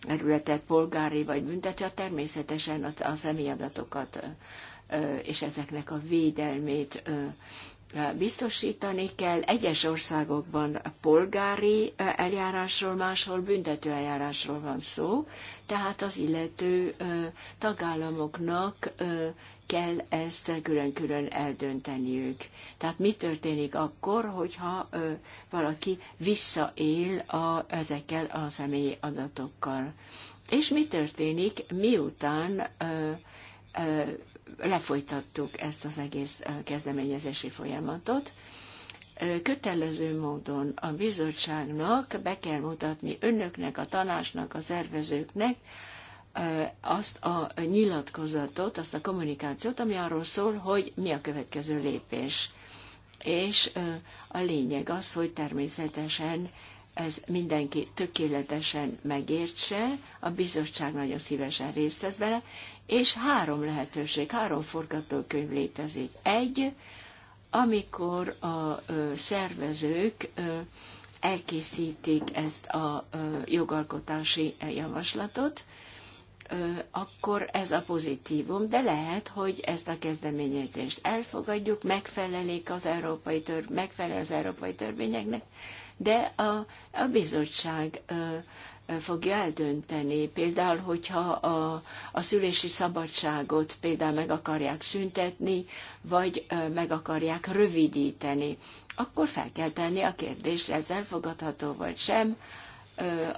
területet polgári vagy büntető, természetesen a személyadatokat és ezeknek a védelmét biztosítani kell. Egyes országokban polgári eljárásról, máshol büntető eljárásról van szó, tehát az illető tagállamoknak kell ezt külön-külön eldönteniük. Tehát mi történik akkor, hogyha ö, valaki visszaél a, ezekkel a személyi adatokkal? És mi történik, miután ö, ö, lefolytattuk ezt az egész kezdeményezési folyamatot? kötelező módon a bizottságnak be kell mutatni önöknek, a tanácsnak, a szervezőknek, azt a nyilatkozatot, azt a kommunikációt, ami arról szól, hogy mi a következő lépés. És a lényeg az, hogy természetesen ez mindenki tökéletesen megértse, a bizottság nagyon szívesen részt vesz bele, és három lehetőség, három forgatókönyv létezik. Egy, amikor a szervezők elkészítik ezt a jogalkotási javaslatot, akkor ez a pozitívum, de lehet, hogy ezt a kezdeményezést elfogadjuk, megfelelik az európai tör, megfelel az európai törvényeknek, de a, a bizottság fogja eldönteni. Például, hogyha a, a szülési szabadságot például meg akarják szüntetni, vagy meg akarják rövidíteni, akkor fel kell tenni a kérdést, ez elfogadható vagy sem,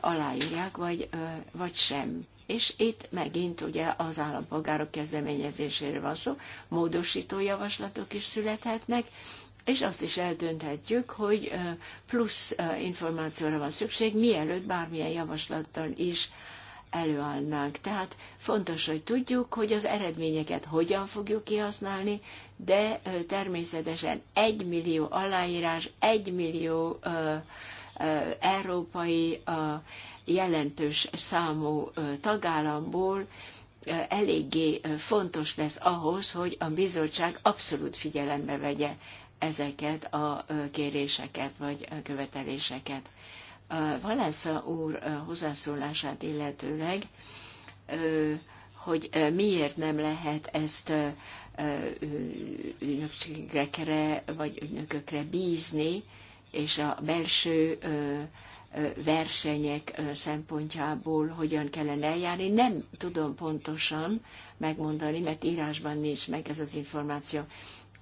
aláírják, vagy, vagy sem és itt megint ugye az állampolgárok kezdeményezéséről van szó, módosító javaslatok is születhetnek, és azt is eldönthetjük, hogy plusz információra van szükség, mielőtt bármilyen javaslattal is előállnánk. Tehát fontos, hogy tudjuk, hogy az eredményeket hogyan fogjuk kihasználni, de természetesen egy millió aláírás, egy millió uh, uh, európai uh, jelentős számú tagállamból eléggé fontos lesz ahhoz, hogy a bizottság abszolút figyelembe vegye ezeket a kéréseket vagy követeléseket. Valensza úr hozzászólását illetőleg, hogy miért nem lehet ezt ügynökségekre vagy ügynökökre bízni, és a belső versenyek szempontjából hogyan kellene eljárni. Nem tudom pontosan megmondani, mert írásban nincs meg ez az információ.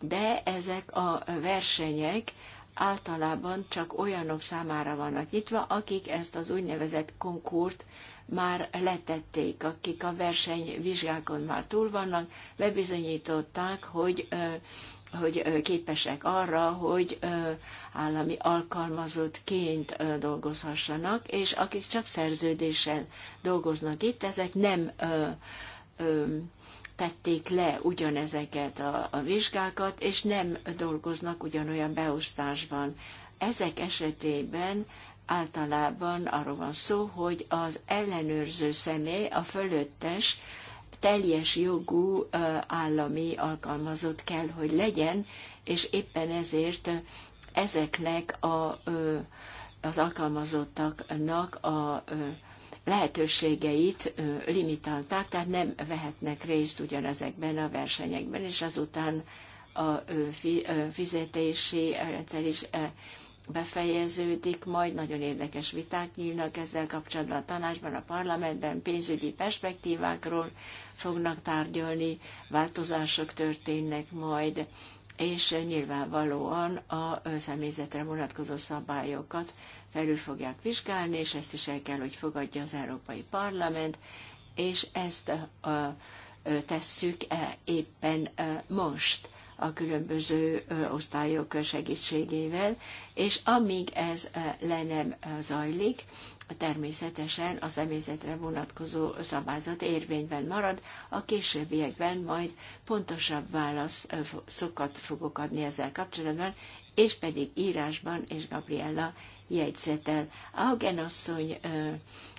De ezek a versenyek általában csak olyanok számára vannak nyitva, akik ezt az úgynevezett konkurt már letették, akik a versenyvizsgákon már túl vannak, bebizonyították, hogy hogy képesek arra, hogy állami alkalmazottként dolgozhassanak, és akik csak szerződéssel dolgoznak itt, ezek nem tették le ugyanezeket a, a vizsgákat, és nem dolgoznak ugyanolyan beosztásban. Ezek esetében általában arról van szó, hogy az ellenőrző személy, a fölöttes, teljes jogú állami alkalmazott kell, hogy legyen, és éppen ezért ezeknek a, az alkalmazottaknak a lehetőségeit limitálták, tehát nem vehetnek részt ugyanezekben a versenyekben, és azután a fizetési rendszer is befejeződik, majd nagyon érdekes viták nyílnak ezzel kapcsolatban a tanácsban, a parlamentben, pénzügyi perspektívákról, fognak tárgyalni, változások történnek majd, és nyilvánvalóan a személyzetre vonatkozó szabályokat felül fogják vizsgálni, és ezt is el kell, hogy fogadja az Európai Parlament, és ezt a, tesszük e, éppen most a különböző osztályok segítségével, és amíg ez le nem zajlik, természetesen a személyzetre vonatkozó szabályzat érvényben marad, a későbbiekben majd pontosabb szokat fogok adni ezzel kapcsolatban, és pedig írásban, és Gabriella jegyzetel. A genasszony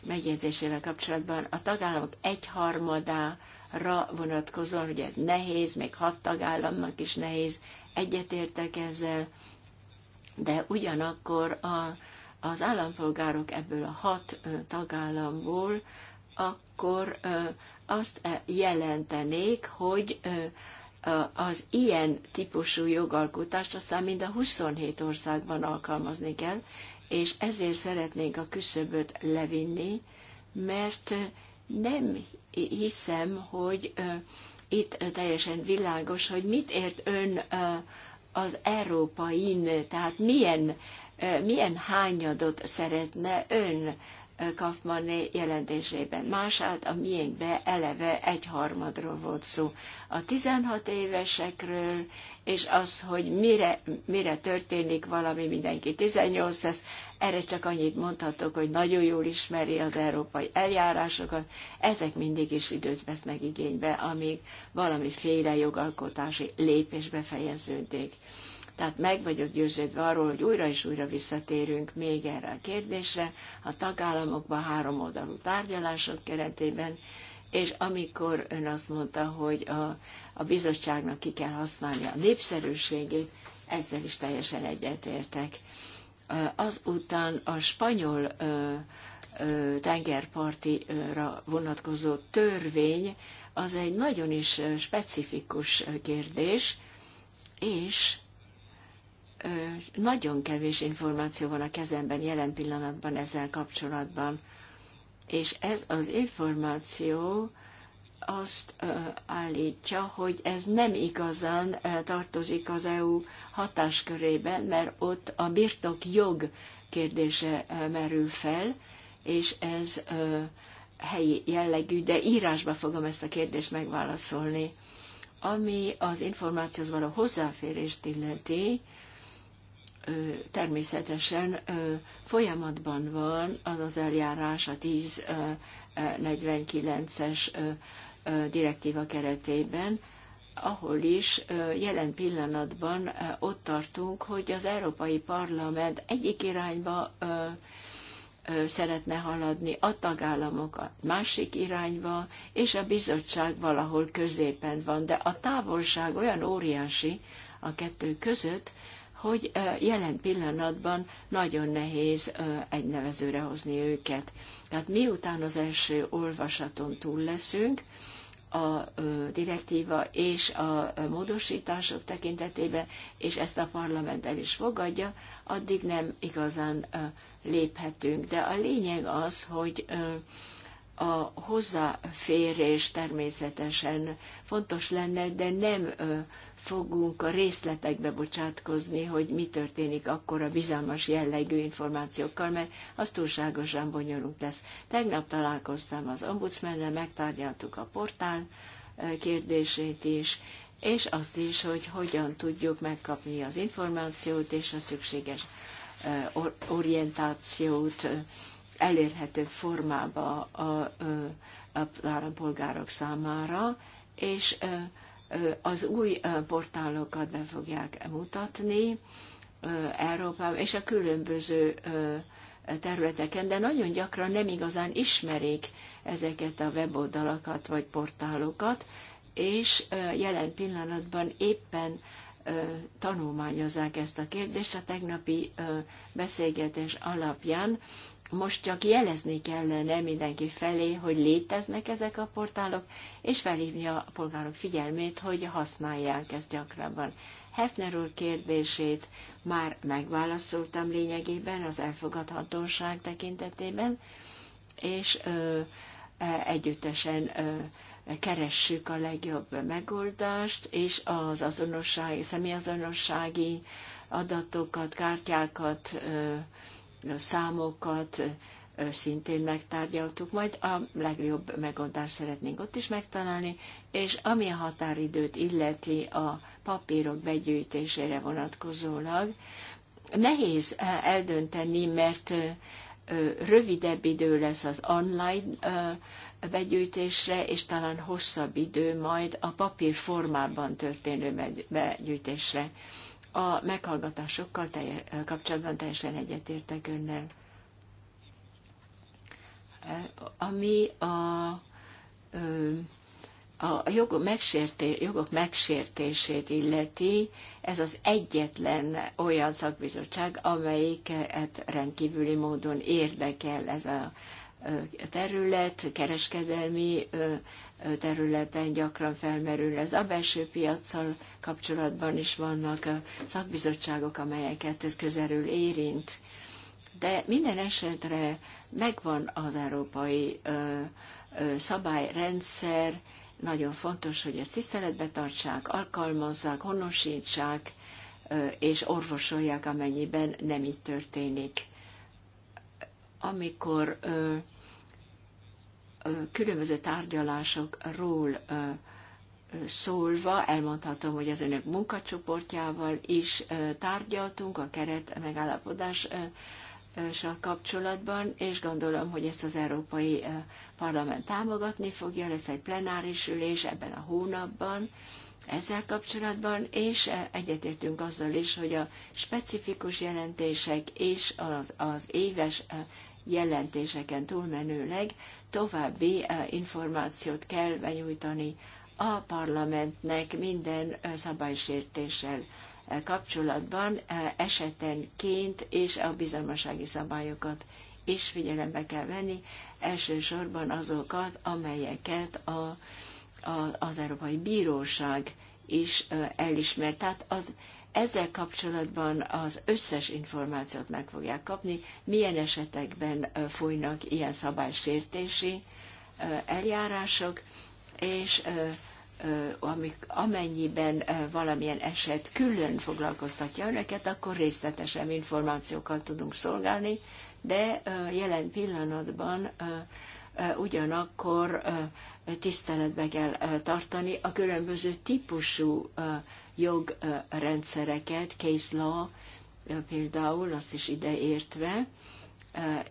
megjegyzésével kapcsolatban a tagállamok egyharmadára vonatkozóan, hogy ez nehéz, még hat tagállamnak is nehéz, egyetértek ezzel, de ugyanakkor a, az állampolgárok ebből a hat tagállamból, akkor azt jelentenék, hogy az ilyen típusú jogalkotást aztán mind a 27 országban alkalmazni kell, és ezért szeretnénk a küszöböt levinni, mert nem hiszem, hogy itt teljesen világos, hogy mit ért ön az európai, tehát milyen milyen hányadot szeretne ön Kaufmanné jelentésében. Másált a miénkbe eleve egyharmadról volt szó. A 16 évesekről, és az, hogy mire, mire történik valami, mindenki 18 lesz, erre csak annyit mondhatok, hogy nagyon jól ismeri az európai eljárásokat, ezek mindig is időt vesznek igénybe, amíg valamiféle jogalkotási lépésbe fejeződik. Tehát meg vagyok győződve arról, hogy újra és újra visszatérünk még erre a kérdésre a tagállamokban három oldalú tárgyalások keretében, és amikor ön azt mondta, hogy a, a bizottságnak ki kell használnia a népszerűségét, ezzel is teljesen egyetértek. Azután a spanyol tengerpartira vonatkozó törvény az egy nagyon is specifikus kérdés, és nagyon kevés információ van a kezemben jelen pillanatban ezzel kapcsolatban. És ez az információ azt állítja, hogy ez nem igazán tartozik az EU hatáskörében, mert ott a birtok jog kérdése merül fel, és ez helyi jellegű, de írásba fogom ezt a kérdést megválaszolni. Ami az információhoz való hozzáférést illeti, természetesen folyamatban van az az eljárás a 1049-es direktíva keretében, ahol is jelen pillanatban ott tartunk, hogy az Európai Parlament egyik irányba szeretne haladni, a tagállamok a másik irányba, és a bizottság valahol középen van, de a távolság olyan óriási a kettő között, hogy jelen pillanatban nagyon nehéz egy nevezőre hozni őket. Tehát miután az első olvasaton túl leszünk, a direktíva és a módosítások tekintetében, és ezt a parlament el is fogadja, addig nem igazán léphetünk. De a lényeg az, hogy a hozzáférés természetesen fontos lenne, de nem fogunk a részletekbe bocsátkozni, hogy mi történik akkor a bizalmas jellegű információkkal, mert az túlságosan bonyolult lesz. Tegnap találkoztam az ombudsmennel, megtárgyaltuk a portál kérdését is, és azt is, hogy hogyan tudjuk megkapni az információt és a szükséges orientációt elérhető formába a, a állampolgárok számára, és az új portálokat be fogják mutatni Európában és a különböző területeken, de nagyon gyakran nem igazán ismerik ezeket a weboldalakat vagy portálokat, és jelen pillanatban éppen tanulmányozzák ezt a kérdést a tegnapi beszélgetés alapján most csak jelezni kellene mindenki felé, hogy léteznek ezek a portálok, és felhívni a polgárok figyelmét, hogy használják ezt gyakrabban. Hefner úr kérdését már megválaszoltam lényegében az elfogadhatóság tekintetében, és ö, e, együttesen ö, keressük a legjobb megoldást, és az azonossági, személyazonossági adatokat, kártyákat ö, számokat szintén megtárgyaltuk, majd a legjobb megoldást szeretnénk ott is megtalálni, és ami a határidőt illeti a papírok begyűjtésére vonatkozólag, nehéz eldönteni, mert rövidebb idő lesz az online begyűjtésre, és talán hosszabb idő majd a papír formában történő begyűjtésre. A meghallgatásokkal telje, kapcsolatban teljesen egyetértek önnel. Ami a, a jog megsérté, jogok megsértését illeti, ez az egyetlen olyan szakbizottság, amelyiket rendkívüli módon érdekel ez a terület, kereskedelmi területen gyakran felmerül ez. A belső piacsal kapcsolatban is vannak szakbizottságok, amelyeket ez közelül érint. De minden esetre megvan az európai ö, ö, szabályrendszer, nagyon fontos, hogy ezt tiszteletbe tartsák, alkalmazzák, honosítsák, ö, és orvosolják, amennyiben nem így történik. Amikor ö, különböző tárgyalásokról szólva elmondhatom, hogy az önök munkacsoportjával is tárgyaltunk a keret megállapodással kapcsolatban, és gondolom, hogy ezt az Európai Parlament támogatni fogja, lesz egy plenáris ülés ebben a hónapban ezzel kapcsolatban, és egyetértünk azzal is, hogy a specifikus jelentések és az, az éves jelentéseken túlmenőleg további eh, információt kell benyújtani a parlamentnek minden eh, szabálysértéssel eh, kapcsolatban esetenként és a bizalmasági szabályokat is figyelembe kell venni, elsősorban azokat, amelyeket a, a, az Európai Bíróság is elismert. Tehát az ezzel kapcsolatban az összes információt meg fogják kapni, milyen esetekben folynak ilyen szabálysértési eljárások, és amik, amennyiben valamilyen eset külön foglalkoztatja önöket, akkor részletesebb információkkal tudunk szolgálni, de jelen pillanatban ugyanakkor tiszteletbe kell tartani a különböző típusú jogrendszereket, case law például, azt is ideértve,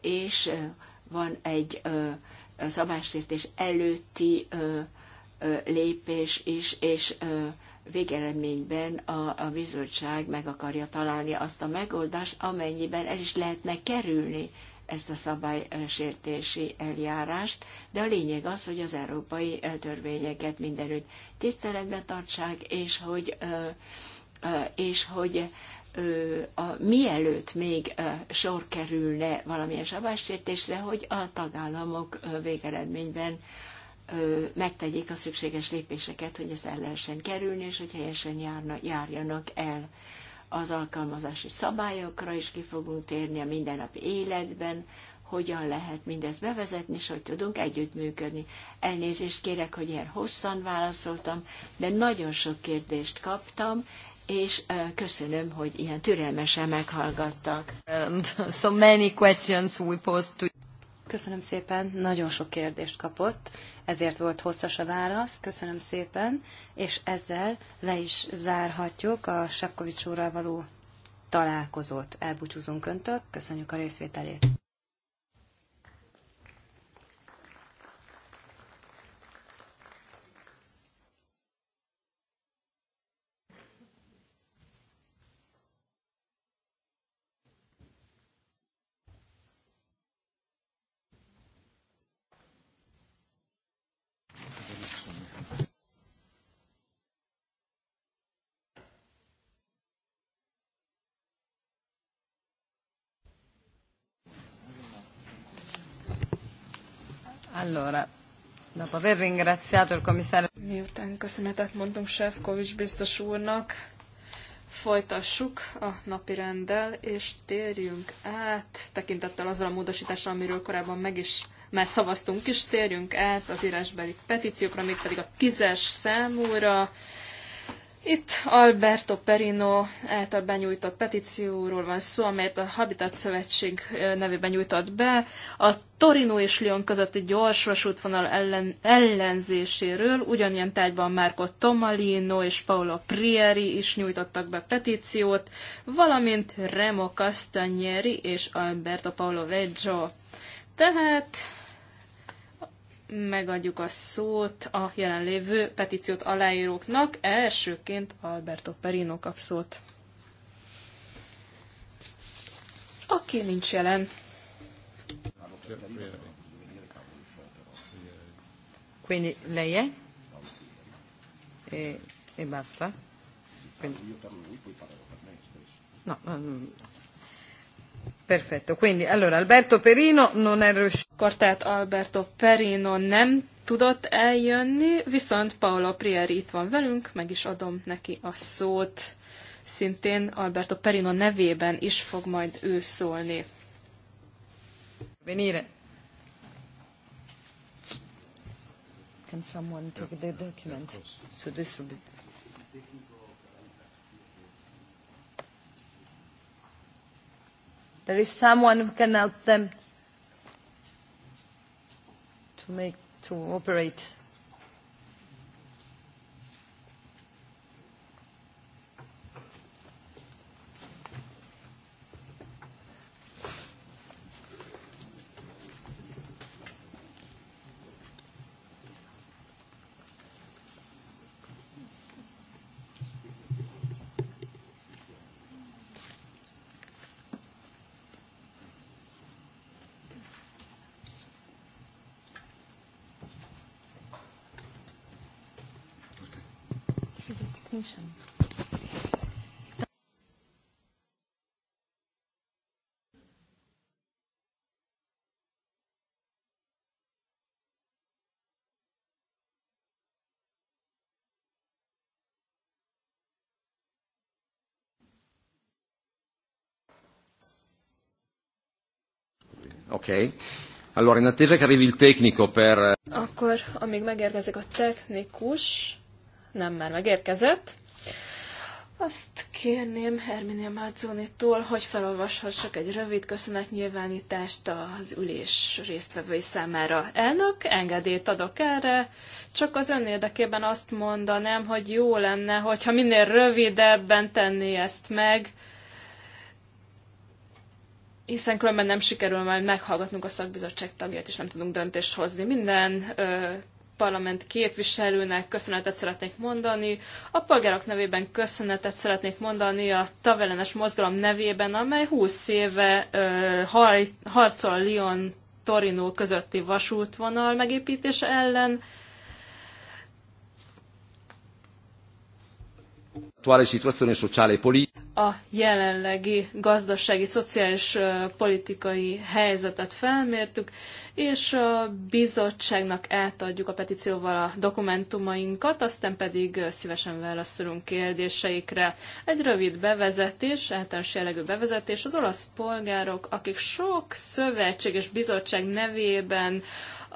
és van egy szabásértés előtti lépés is, és végeredményben a, a bizottság meg akarja találni azt a megoldást, amennyiben el is lehetne kerülni ezt a szabálysértési eljárást, de a lényeg az, hogy az európai törvényeket mindenütt tiszteletbe tartsák, és hogy, és hogy a, mielőtt még sor kerülne valamilyen szabálysértésre, hogy a tagállamok végeredményben megtegyék a szükséges lépéseket, hogy ezt el lehessen kerülni, és hogy helyesen járna, járjanak el az alkalmazási szabályokra is ki fogunk térni a mindennapi életben, hogyan lehet mindezt bevezetni, és hogy tudunk együttműködni. Elnézést kérek, hogy ilyen hosszan válaszoltam, de nagyon sok kérdést kaptam, és köszönöm, hogy ilyen türelmesen meghallgattak. Um, so many questions we posed to Köszönöm szépen, nagyon sok kérdést kapott, ezért volt hosszas a válasz. Köszönöm szépen, és ezzel le is zárhatjuk a Sepkovics úrral való találkozót. Elbúcsúzunk öntök, köszönjük a részvételét. Allora, dopo aver ringraziato il commissario... Miután köszönetet mondtunk Sefkovics biztos úrnak, folytassuk a napi rendel, és térjünk át, tekintettel azzal a módosításra, amiről korábban meg is már szavaztunk is, térjünk át az írásbeli petíciókra, mégpedig a tízes számúra, itt Alberto Perino által benyújtott petícióról van szó, amelyet a Habitat Szövetség nevében nyújtott be, a Torino és Lyon közötti gyors vasútvonal ellen, ellenzéséről, ugyanilyen tárgyban Márko Tomalino és Paolo Prieri is nyújtottak be petíciót, valamint Remo Castagneri és Alberto Paolo Veggio. Tehát megadjuk a szót a jelenlévő petíciót aláíróknak. Elsőként Alberto Perino kap szót. Aki nincs jelen. Quindi lei è? E, e basta? Quindi... No, ehm, Perfetto, quindi allora Alberto Perino non è riuscito. Alberto Perino nem tudott eljönni, viszont Paolo Prieri itt van velünk, meg is adom neki a szót. Szintén Alberto Perino nevében is fog majd ő szólni. Venire. Can someone take the document? So this will be... There is someone who can help them to make to operate presentation. Ok. Allora, in attesa che arrivi il tecnico per... Eh, Akkor, amíg megérkezik a technikus, nem már megérkezett. Azt kérném Herminia Mazzoni-tól, hogy felolvashassak egy rövid köszönetnyilvánítást az ülés résztvevői számára. Elnök, engedélyt adok erre, csak az ön érdekében azt mondanám, hogy jó lenne, hogyha minél rövidebben tenné ezt meg, hiszen különben nem sikerül majd meghallgatnunk a szakbizottság tagját, és nem tudunk döntést hozni. Minden ö, parlament képviselőnek köszönetet szeretnék mondani, a polgárok nevében köszönetet szeretnék mondani a tavellenes mozgalom nevében, amely 20 éve ö, harcol Lyon Torino közötti vasútvonal megépítése ellen. Attuale situazione sociale e politica a jelenlegi gazdasági, szociális, politikai helyzetet felmértük, és a bizottságnak átadjuk a petícióval a dokumentumainkat, aztán pedig szívesen válaszolunk kérdéseikre. Egy rövid bevezetés, általános jellegű bevezetés, az olasz polgárok, akik sok szövetség és bizottság nevében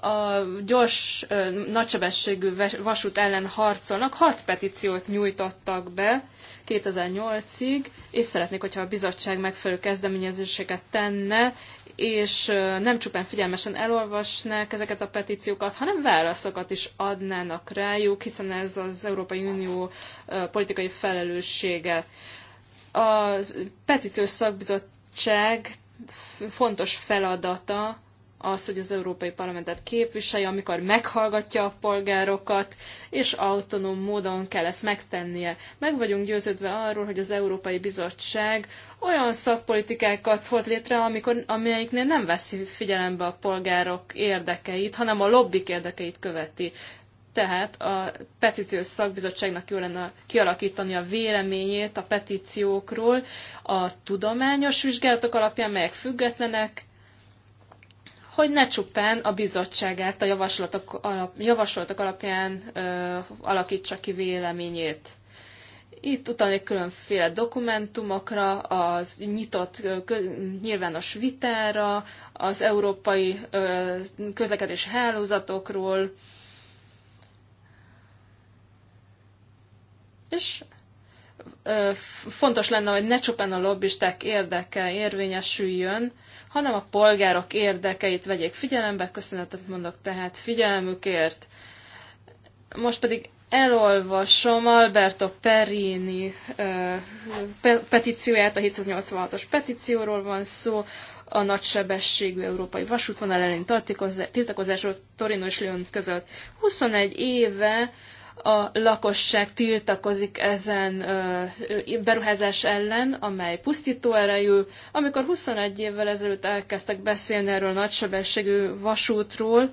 a gyors, nagysebességű vasút ellen harcolnak, hat petíciót nyújtottak be, 2008-ig, és szeretnék, hogyha a bizottság megfelelő kezdeményezéseket tenne, és nem csupán figyelmesen elolvasnák ezeket a petíciókat, hanem válaszokat is adnának rájuk, hiszen ez az Európai Unió politikai felelőssége. A petíciós szakbizottság fontos feladata az, hogy az Európai Parlamentet képviselje, amikor meghallgatja a polgárokat, és autonóm módon kell ezt megtennie. Meg vagyunk győződve arról, hogy az Európai Bizottság olyan szakpolitikákat hoz létre, amikor, amelyiknél nem veszi figyelembe a polgárok érdekeit, hanem a lobbik érdekeit követi. Tehát a petíciós szakbizottságnak jó lenne kialakítani a véleményét a petíciókról a tudományos vizsgálatok alapján, melyek függetlenek, hogy ne csupán a bizottság a javaslatok, alap, javaslatok alapján ö, alakítsa ki véleményét. Itt utalnék különféle dokumentumokra, az nyitott nyilvános vitára, az európai közlekedés hálózatokról, és fontos lenne, hogy ne csupán a lobbisták érdeke érvényesüljön, hanem a polgárok érdekeit vegyék figyelembe. Köszönetet mondok tehát figyelmükért. Most pedig elolvasom Alberto Perini pe petícióját, a 786-os petícióról van szó, a nagysebességű európai vasútvonal ellen tiltakozásról Torino és Lyon között. 21 éve a lakosság tiltakozik ezen beruházás ellen, amely pusztító erejű. Amikor 21 évvel ezelőtt elkezdtek beszélni erről a nagysebességű vasútról,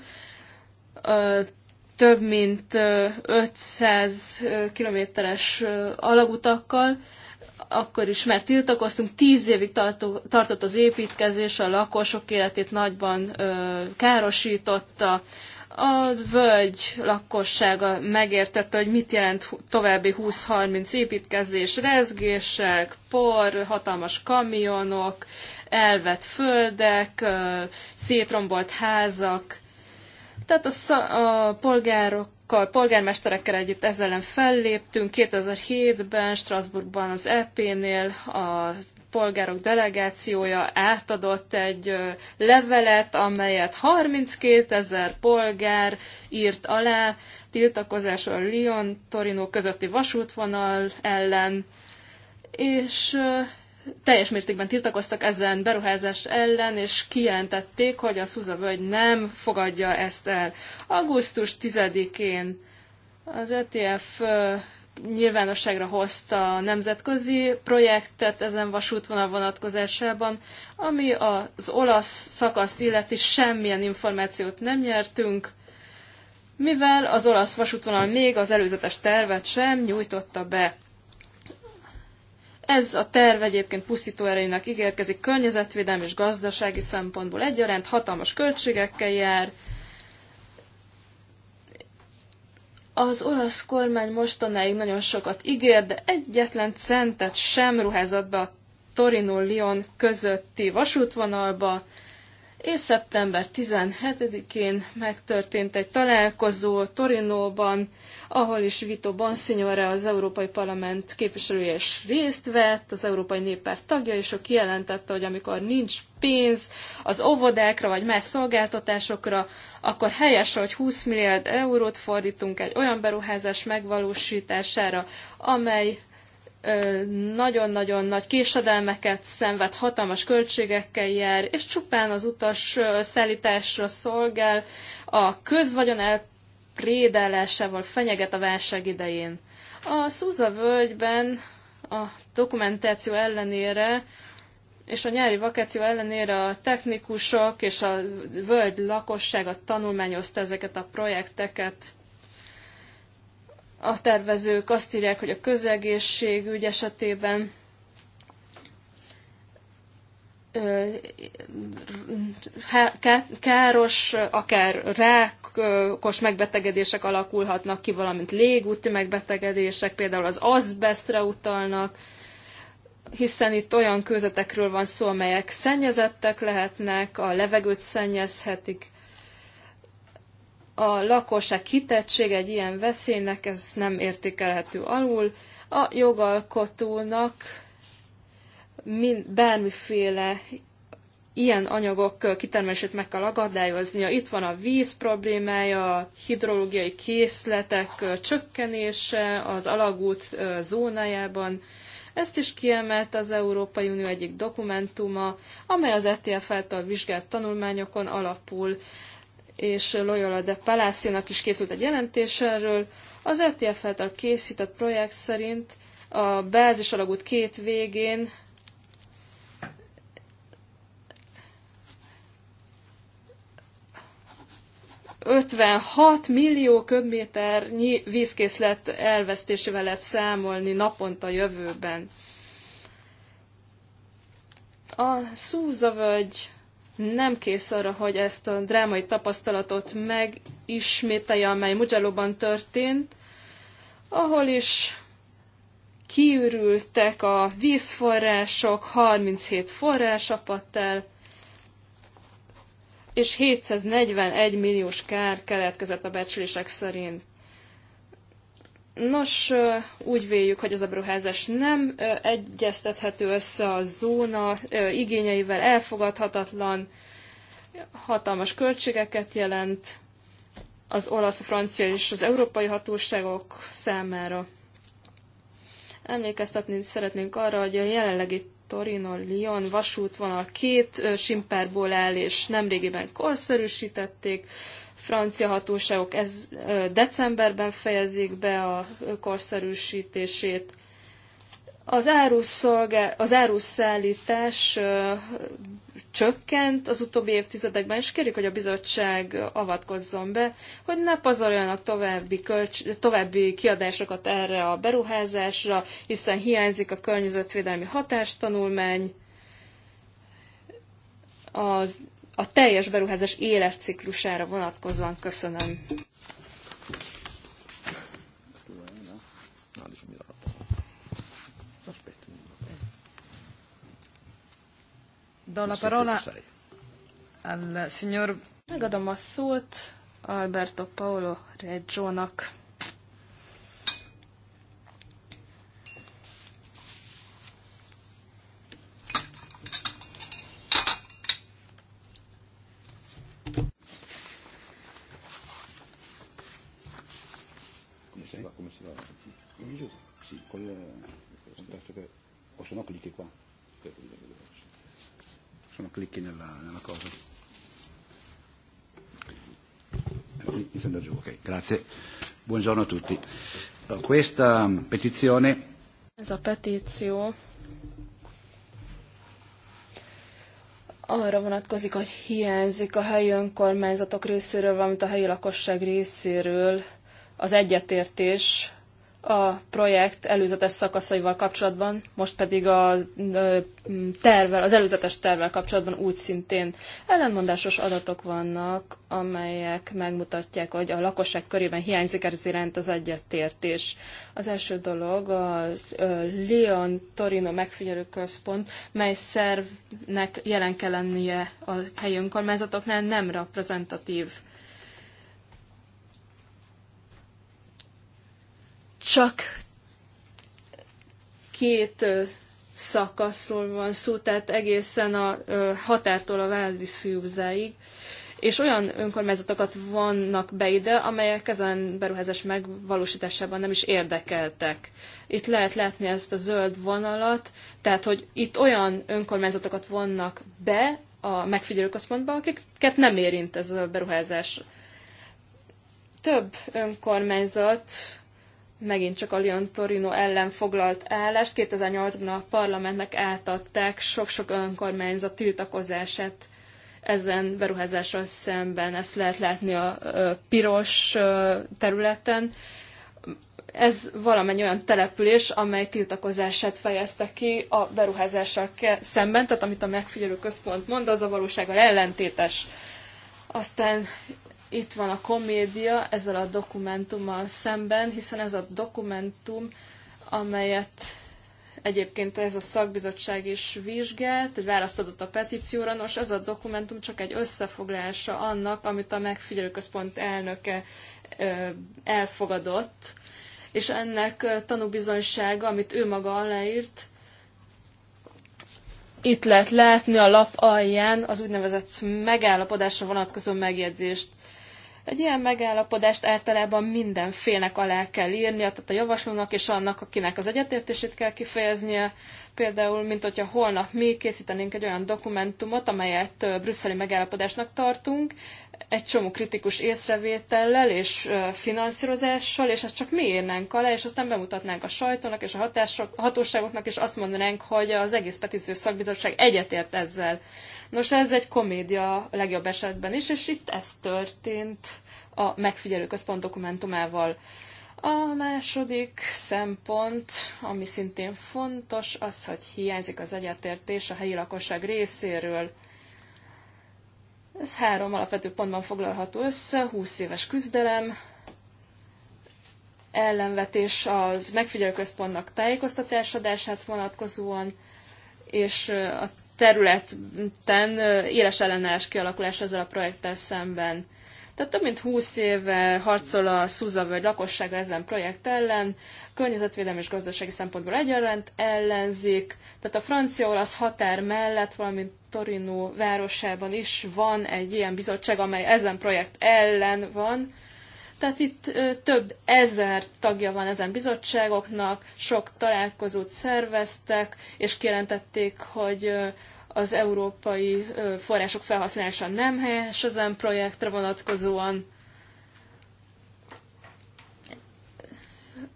több mint 500 kilométeres alagutakkal, akkor is már tiltakoztunk, tíz évig tartó, tartott az építkezés, a lakosok életét nagyban ö, károsította, a völgy lakossága megértette, hogy mit jelent további 20-30 építkezés, rezgések, por, hatalmas kamionok, elvett földek, szétrombolt házak. Tehát a, a polgárokkal, polgármesterekkel együtt ezzel ellen felléptünk. 2007-ben Strasbourgban az EP-nél a polgárok delegációja átadott egy levelet, amelyet 32 ezer polgár írt alá tiltakozásról Lyon-Torino közötti vasútvonal ellen, és teljes mértékben tiltakoztak ezen beruházás ellen, és kijelentették, hogy a Szuza völgy nem fogadja ezt el. Augusztus 10-én az ETF nyilvánosságra hozta a nemzetközi projektet ezen vasútvonal vonatkozásában, ami az olasz szakaszt illeti semmilyen információt nem nyertünk, mivel az olasz vasútvonal még az előzetes tervet sem nyújtotta be. Ez a terv egyébként pusztító erejének ígérkezik környezetvédelmi és gazdasági szempontból egyaránt, hatalmas költségekkel jár, Az olasz kormány mostanáig nagyon sokat ígér, de egyetlen centet sem ruházott be a Torino-Lyon közötti vasútvonalba, és szeptember 17-én megtörtént egy találkozó Torinóban, ahol is Vito Bonsignore, az Európai Parlament képviselője is részt vett, az Európai Néppárt tagja, és ő kijelentette, hogy amikor nincs pénz az óvodákra vagy más szolgáltatásokra, akkor helyes, hogy 20 milliárd eurót fordítunk egy olyan beruházás megvalósítására, amely nagyon-nagyon nagy késedelmeket szenved, hatalmas költségekkel jár, és csupán az utas szállításra szolgál, a közvagyon elprédálásával fenyeget a válság idején. A Szúza völgyben a dokumentáció ellenére és a nyári vakáció ellenére a technikusok és a völgy lakossága tanulmányozta ezeket a projekteket a tervezők azt írják, hogy a közegészségügy esetében káros, akár rákos megbetegedések alakulhatnak ki, valamint légúti megbetegedések, például az azbestre utalnak, hiszen itt olyan kőzetekről van szó, amelyek szennyezettek lehetnek, a levegőt szennyezhetik, a lakosság kitettség egy ilyen veszélynek, ez nem értékelhető alul. A jogalkotónak mind, bármiféle ilyen anyagok kitermelését meg kell akadályoznia. Itt van a víz problémája, a hidrológiai készletek csökkenése az alagút zónájában. Ezt is kiemelt az Európai Unió egyik dokumentuma, amely az ETF által vizsgált tanulmányokon alapul és Loyola de Palációnak is készült egy jelentés erről. Az ETF által készített projekt szerint a bázis alagút két végén ...56 millió köbméternyi vízkészlet elvesztésével lehet számolni naponta jövőben. A Szúzavölgy nem kész arra, hogy ezt a drámai tapasztalatot megismételje, amely Mugello-ban történt, ahol is kiürültek a vízforrások, 37 forrás apadt el, és 741 milliós kár keletkezett a becslések szerint. Nos, úgy véljük, hogy ez a beruházás nem egyeztethető össze a zóna igényeivel, elfogadhatatlan, hatalmas költségeket jelent az olasz, a francia és az európai hatóságok számára. Emlékeztetni szeretnénk arra, hogy a jelenlegi Torino-Lyon vasútvonal két simpárból áll, és nemrégiben korszerűsítették francia hatóságok ez decemberben fejezik be a korszerűsítését. Az, áruszolgá, az áruszállítás csökkent az utóbbi évtizedekben, és kérjük, hogy a bizottság avatkozzon be, hogy ne pazaroljanak további, kölcs, további kiadásokat erre a beruházásra, hiszen hiányzik a környezetvédelmi hatástanulmány, az a teljes beruházás életciklusára vonatkozóan. Köszönöm. Do parola al signor... Megadom a szót Alberto Paolo Reggio-nak. no clicchi qua. Sono clicchi nella, nella cosa. Iniziando giù, ok, grazie. Buongiorno a tutti. Questa petizione... Ez a arra vonatkozik, hogy hiányzik a helyi önkormányzatok részéről, valamint a helyi lakosság részéről az egyetértés a projekt előzetes szakaszaival kapcsolatban, most pedig a tervel, az előzetes tervvel kapcsolatban úgy szintén ellenmondásos adatok vannak, amelyek megmutatják, hogy a lakosság körében hiányzik ez iránt az egyetértés. Az első dolog az Leon Torino megfigyelő központ, mely szervnek jelen kell lennie a helyi önkormányzatoknál, nem reprezentatív Csak két szakaszról van szó, tehát egészen a határtól a Váldi Szűbzáig, és olyan önkormányzatokat vannak be ide, amelyek ezen beruházás megvalósításában nem is érdekeltek. Itt lehet látni ezt a zöld vonalat, tehát hogy itt olyan önkormányzatokat vannak be a megfigyelőközpontba, akiket nem érint ez a beruházás. Több önkormányzat megint csak a Lyon Torino ellen foglalt állást. 2008-ban a parlamentnek átadták sok-sok önkormányzat tiltakozását ezen beruházással szemben. Ezt lehet látni a piros területen. Ez valamennyi olyan település, amely tiltakozását fejezte ki a beruházással szemben, tehát amit a megfigyelő központ mond, az a valósággal ellentétes. Aztán itt van a komédia ezzel a dokumentummal szemben, hiszen ez a dokumentum, amelyet egyébként ez a szakbizottság is vizsgált, egy választ adott a petícióra, nos ez a dokumentum csak egy összefoglalása annak, amit a megfigyelőközpont elnöke elfogadott, és ennek tanúbizonysága, amit ő maga aláírt, itt lehet látni a lap alján az úgynevezett megállapodásra vonatkozó megjegyzést. Egy ilyen megállapodást általában minden félnek alá kell írnia, tehát a javaslónak és annak, akinek az egyetértését kell kifejeznie. Például, mint hogyha holnap mi készítenénk egy olyan dokumentumot, amelyet brüsszeli megállapodásnak tartunk, egy csomó kritikus észrevétellel és finanszírozással, és ezt csak mi írnánk alá, és aztán bemutatnánk a sajtónak és a hatások, hatóságoknak, és azt mondanánk, hogy az egész petíciós szakbizottság egyetért ezzel. Nos, ez egy komédia a legjobb esetben is, és itt ez történt a központ dokumentumával. A második szempont, ami szintén fontos, az, hogy hiányzik az egyetértés a helyi lakosság részéről ez három alapvető pontban foglalható össze, 20 éves küzdelem, ellenvetés az megfigyelőközpontnak adását vonatkozóan, és a területen éles ellenállás kialakulás ezzel a projekttel szemben. Tehát több mint 20 éve harcol a Szuza völgy lakossága ezen projekt ellen, környezetvédelmi és gazdasági szempontból egyaránt ellenzik, tehát a francia-olasz határ mellett, valamint Torino városában is van egy ilyen bizottság, amely ezen projekt ellen van. Tehát itt több ezer tagja van ezen bizottságoknak, sok találkozót szerveztek, és kijelentették, hogy az európai források felhasználása nem helyes ezen projektre vonatkozóan.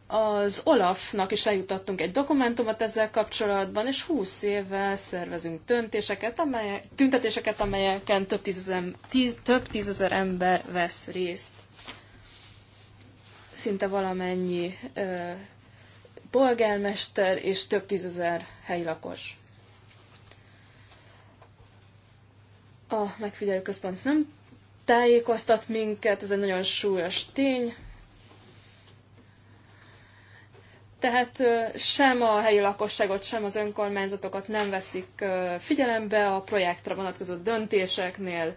Az Olafnak is eljutottunk egy dokumentumot ezzel kapcsolatban, és 20 éve szervezünk töntéseket, amelyek, tüntetéseket, amelyeken több tízezer, tíz, több tízezer ember vesz részt. Szinte valamennyi ö, polgármester és több tízezer lakos A központ nem tájékoztat minket, ez egy nagyon súlyos tény. Tehát sem a helyi lakosságot, sem az önkormányzatokat nem veszik figyelembe a projektre vonatkozó döntéseknél.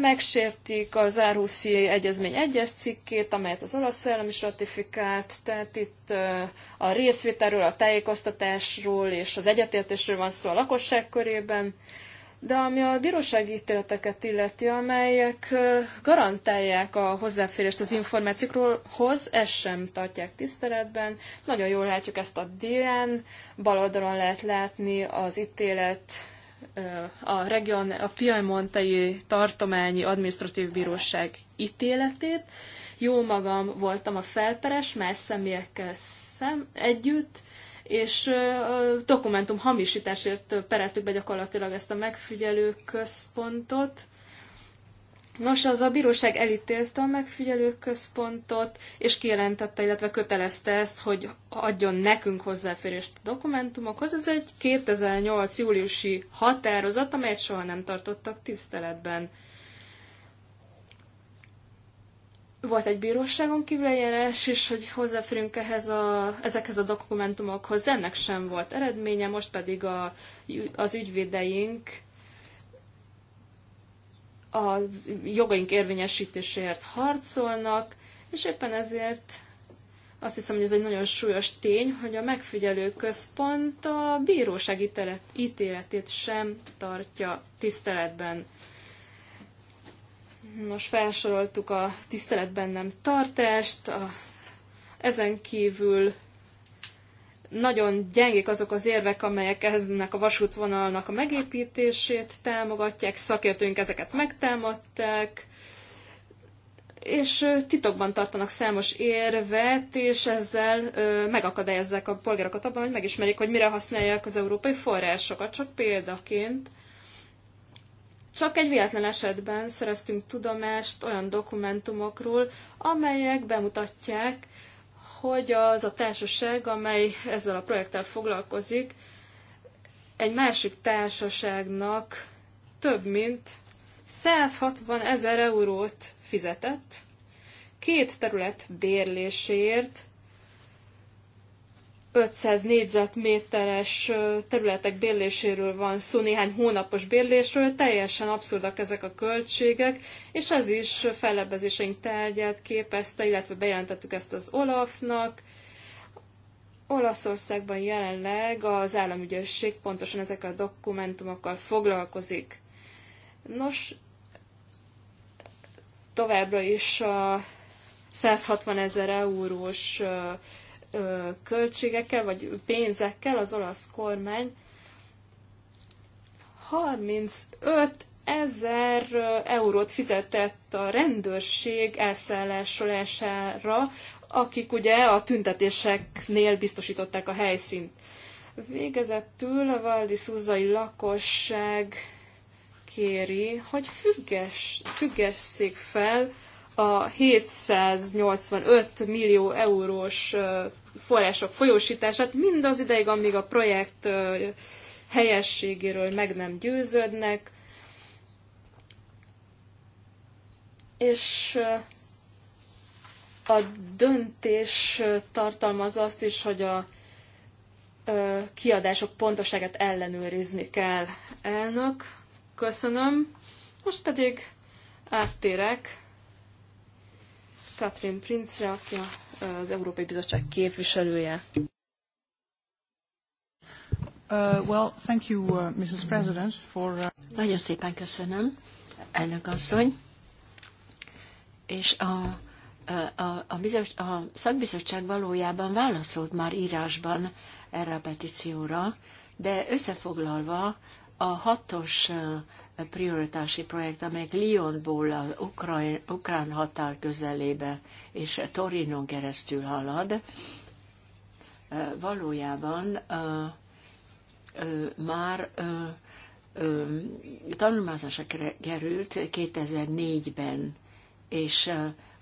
Megsértik az Árhuszi Egyezmény egyes cikkét, amelyet az olasz állam is ratifikált, tehát itt a részvételről, a tájékoztatásról és az egyetértésről van szó a lakosság körében de ami a bírósági ítéleteket illeti, amelyek garantálják a hozzáférést az információkhoz, ezt sem tartják tiszteletben. Nagyon jól látjuk ezt a DN, bal oldalon lehet látni az ítélet a region, a Piemontai Tartományi Administratív Bíróság ítéletét. Jó magam voltam a felperes, más személyekkel szem, együtt, és dokumentum hamisításért pereltük be gyakorlatilag ezt a megfigyelő központot. Nos, az a bíróság elítélte a megfigyelő központot, és kijelentette, illetve kötelezte ezt, hogy adjon nekünk hozzáférést a dokumentumokhoz. Ez egy 2008. júliusi határozat, amelyet soha nem tartottak tiszteletben. volt egy bíróságon kívül eljárás is, hogy hozzáférünk ehhez a, ezekhez a dokumentumokhoz, de ennek sem volt eredménye, most pedig a, az ügyvédeink a jogaink érvényesítéséért harcolnak, és éppen ezért azt hiszem, hogy ez egy nagyon súlyos tény, hogy a megfigyelő központ a bíróság ítéletét sem tartja tiszteletben. Nos, felsoroltuk a tiszteletben nem tartást, a, ezen kívül nagyon gyengék azok az érvek, amelyek ennek a vasútvonalnak a megépítését támogatják, szakértőink ezeket megtámadták, és titokban tartanak számos érvet, és ezzel ö, megakadályozzák a polgárokat abban, hogy megismerjék, hogy mire használják az európai forrásokat, csak példaként. Csak egy véletlen esetben szereztünk tudomást olyan dokumentumokról, amelyek bemutatják, hogy az a társaság, amely ezzel a projekttel foglalkozik, egy másik társaságnak több mint 160 ezer eurót fizetett két terület bérléséért, 500 négyzetméteres területek bérléséről van szó, néhány hónapos bérlésről, teljesen abszurdak ezek a költségek, és ez is fellebbezéseink tárgyát képezte, illetve bejelentettük ezt az Olafnak. Olaszországban jelenleg az államügyesség pontosan ezekkel a dokumentumokkal foglalkozik. Nos, továbbra is a 160 ezer eurós költségekkel vagy pénzekkel az olasz kormány 35 ezer eurót fizetett a rendőrség elszállásolására, akik ugye a tüntetéseknél biztosították a helyszínt. Végezetül a Valdi Szúzai lakosság kéri, hogy függes, függesszék fel a 785 millió eurós források folyósítását mindaz ideig, amíg a projekt helyességéről meg nem győződnek. És a döntés tartalmaz azt is, hogy a kiadások pontoságát ellenőrizni kell. Elnök, köszönöm. Most pedig áttérek Katrin Prince, aki az Európai Bizottság képviselője. Uh, well, thank you, uh, Mrs. President, for... Uh... Nagyon szépen köszönöm, elnök asszony. És a, a, a, a, szakbizottság valójában válaszolt már írásban erre a petícióra, de összefoglalva a hatos uh, prioritási projekt, amelyek Lyonból az Ukrajn, ukrán határ közelébe és Torinon keresztül halad, valójában már tanulmányozásra került 2004-ben, és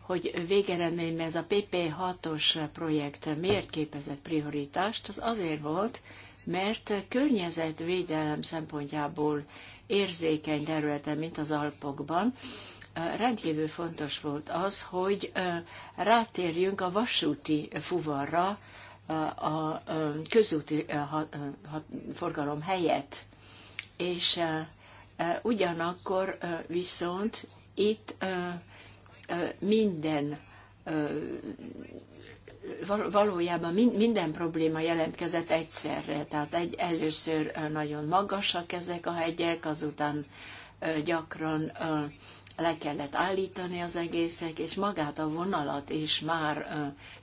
hogy végeredmény, ez a PP6-os projekt miért képezett prioritást, az azért volt, mert környezetvédelem szempontjából érzékeny területen, mint az Alpokban, rendkívül fontos volt az, hogy rátérjünk a vasúti fuvarra, a közúti forgalom helyett. És ugyanakkor viszont itt minden valójában minden probléma jelentkezett egyszerre. Tehát egy, először nagyon magasak ezek a hegyek, azután gyakran le kellett állítani az egészek, és magát a vonalat is már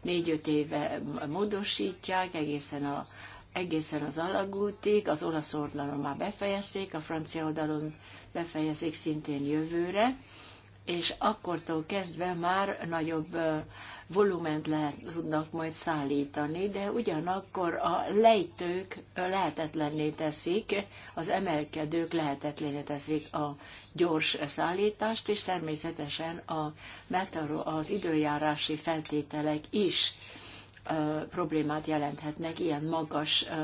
négy-öt éve módosítják, egészen, a, egészen az alagútig, az olasz oldalon már befejezték, a francia oldalon befejezik szintén jövőre, és akkortól kezdve már nagyobb volument lehet, tudnak majd szállítani, de ugyanakkor a lejtők lehetetlenné teszik, az emelkedők lehetetlenné teszik a gyors szállítást, és természetesen a metaro, az időjárási feltételek is ö, problémát jelenthetnek ilyen magas ö,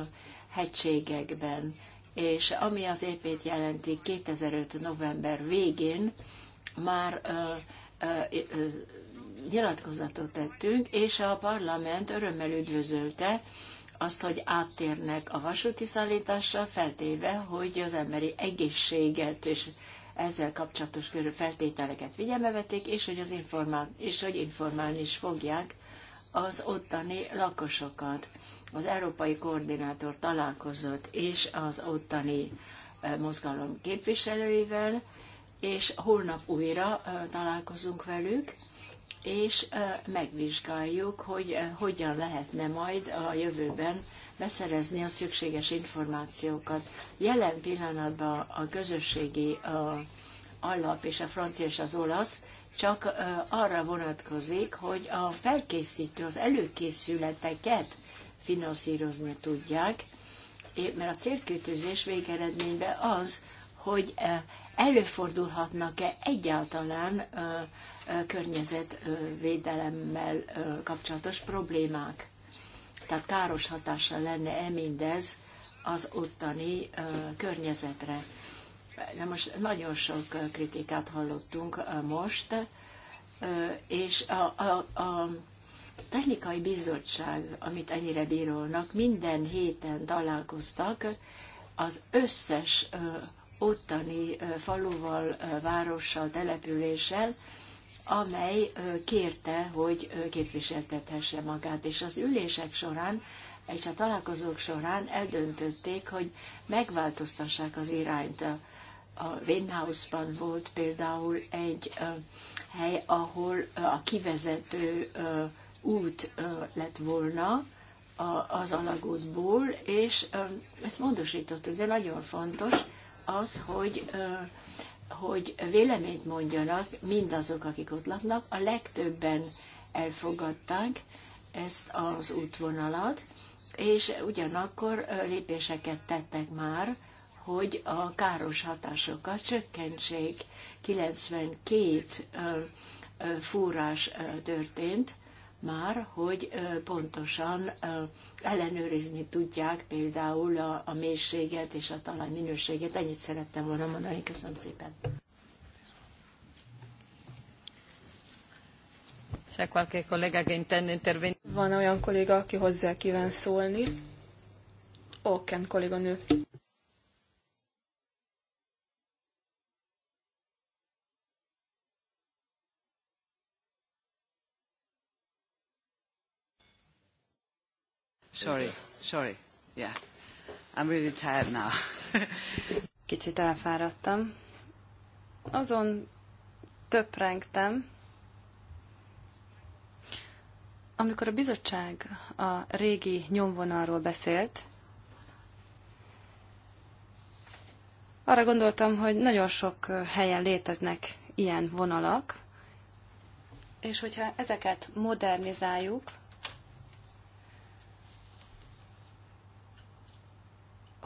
hegységekben. És ami az épét jelenti, 2005. november végén már ö, nyilatkozatot tettünk, és a parlament örömmel üdvözölte azt, hogy áttérnek a vasúti szállításra, feltéve, hogy az emberi egészséget és ezzel kapcsolatos körül feltételeket figyelme vették, és hogy, az informál, és hogy informálni is fogják az ottani lakosokat. Az Európai Koordinátor találkozott és az ottani e, mozgalom képviselőivel, és holnap újra e, találkozunk velük, és megvizsgáljuk, hogy hogyan lehetne majd a jövőben beszerezni a szükséges információkat. Jelen pillanatban a közösségi alap és a francia és az olasz csak arra vonatkozik, hogy a felkészítő, az előkészületeket finanszírozni tudják, mert a célkötőzés végeredményben az, hogy előfordulhatnak-e egyáltalán környezetvédelemmel kapcsolatos problémák. Tehát káros hatással lenne-e mindez az ottani környezetre. Na most nagyon sok kritikát hallottunk most, és a, a, a technikai bizottság, amit ennyire bírolnak, minden héten találkoztak az összes ottani faluval, várossal, településsel, amely kérte, hogy képviseltethesse magát. És az ülések során és a találkozók során eldöntötték, hogy megváltoztassák az irányt. A Windhouse-ban volt például egy hely, ahol a kivezető út lett volna az alagútból, és ezt módosítottuk, de nagyon fontos, az, hogy hogy véleményt mondjanak mindazok, akik ott laknak. A legtöbben elfogadták ezt az útvonalat, és ugyanakkor lépéseket tettek már, hogy a káros hatásokat csökkentsék. 92 fúrás történt, már, hogy pontosan ellenőrizni tudják például a, a mélységet és a talaj minőséget. Ennyit szerettem volna mondani. Köszönöm szépen. Van olyan kolléga, aki hozzá kíván szólni? Oken kolléganő. Sorry, sorry. Yeah. I'm really tired now. Kicsit elfáradtam. Azon töprengtem, amikor a bizottság a régi nyomvonalról beszélt, arra gondoltam, hogy nagyon sok helyen léteznek ilyen vonalak, és hogyha ezeket modernizáljuk,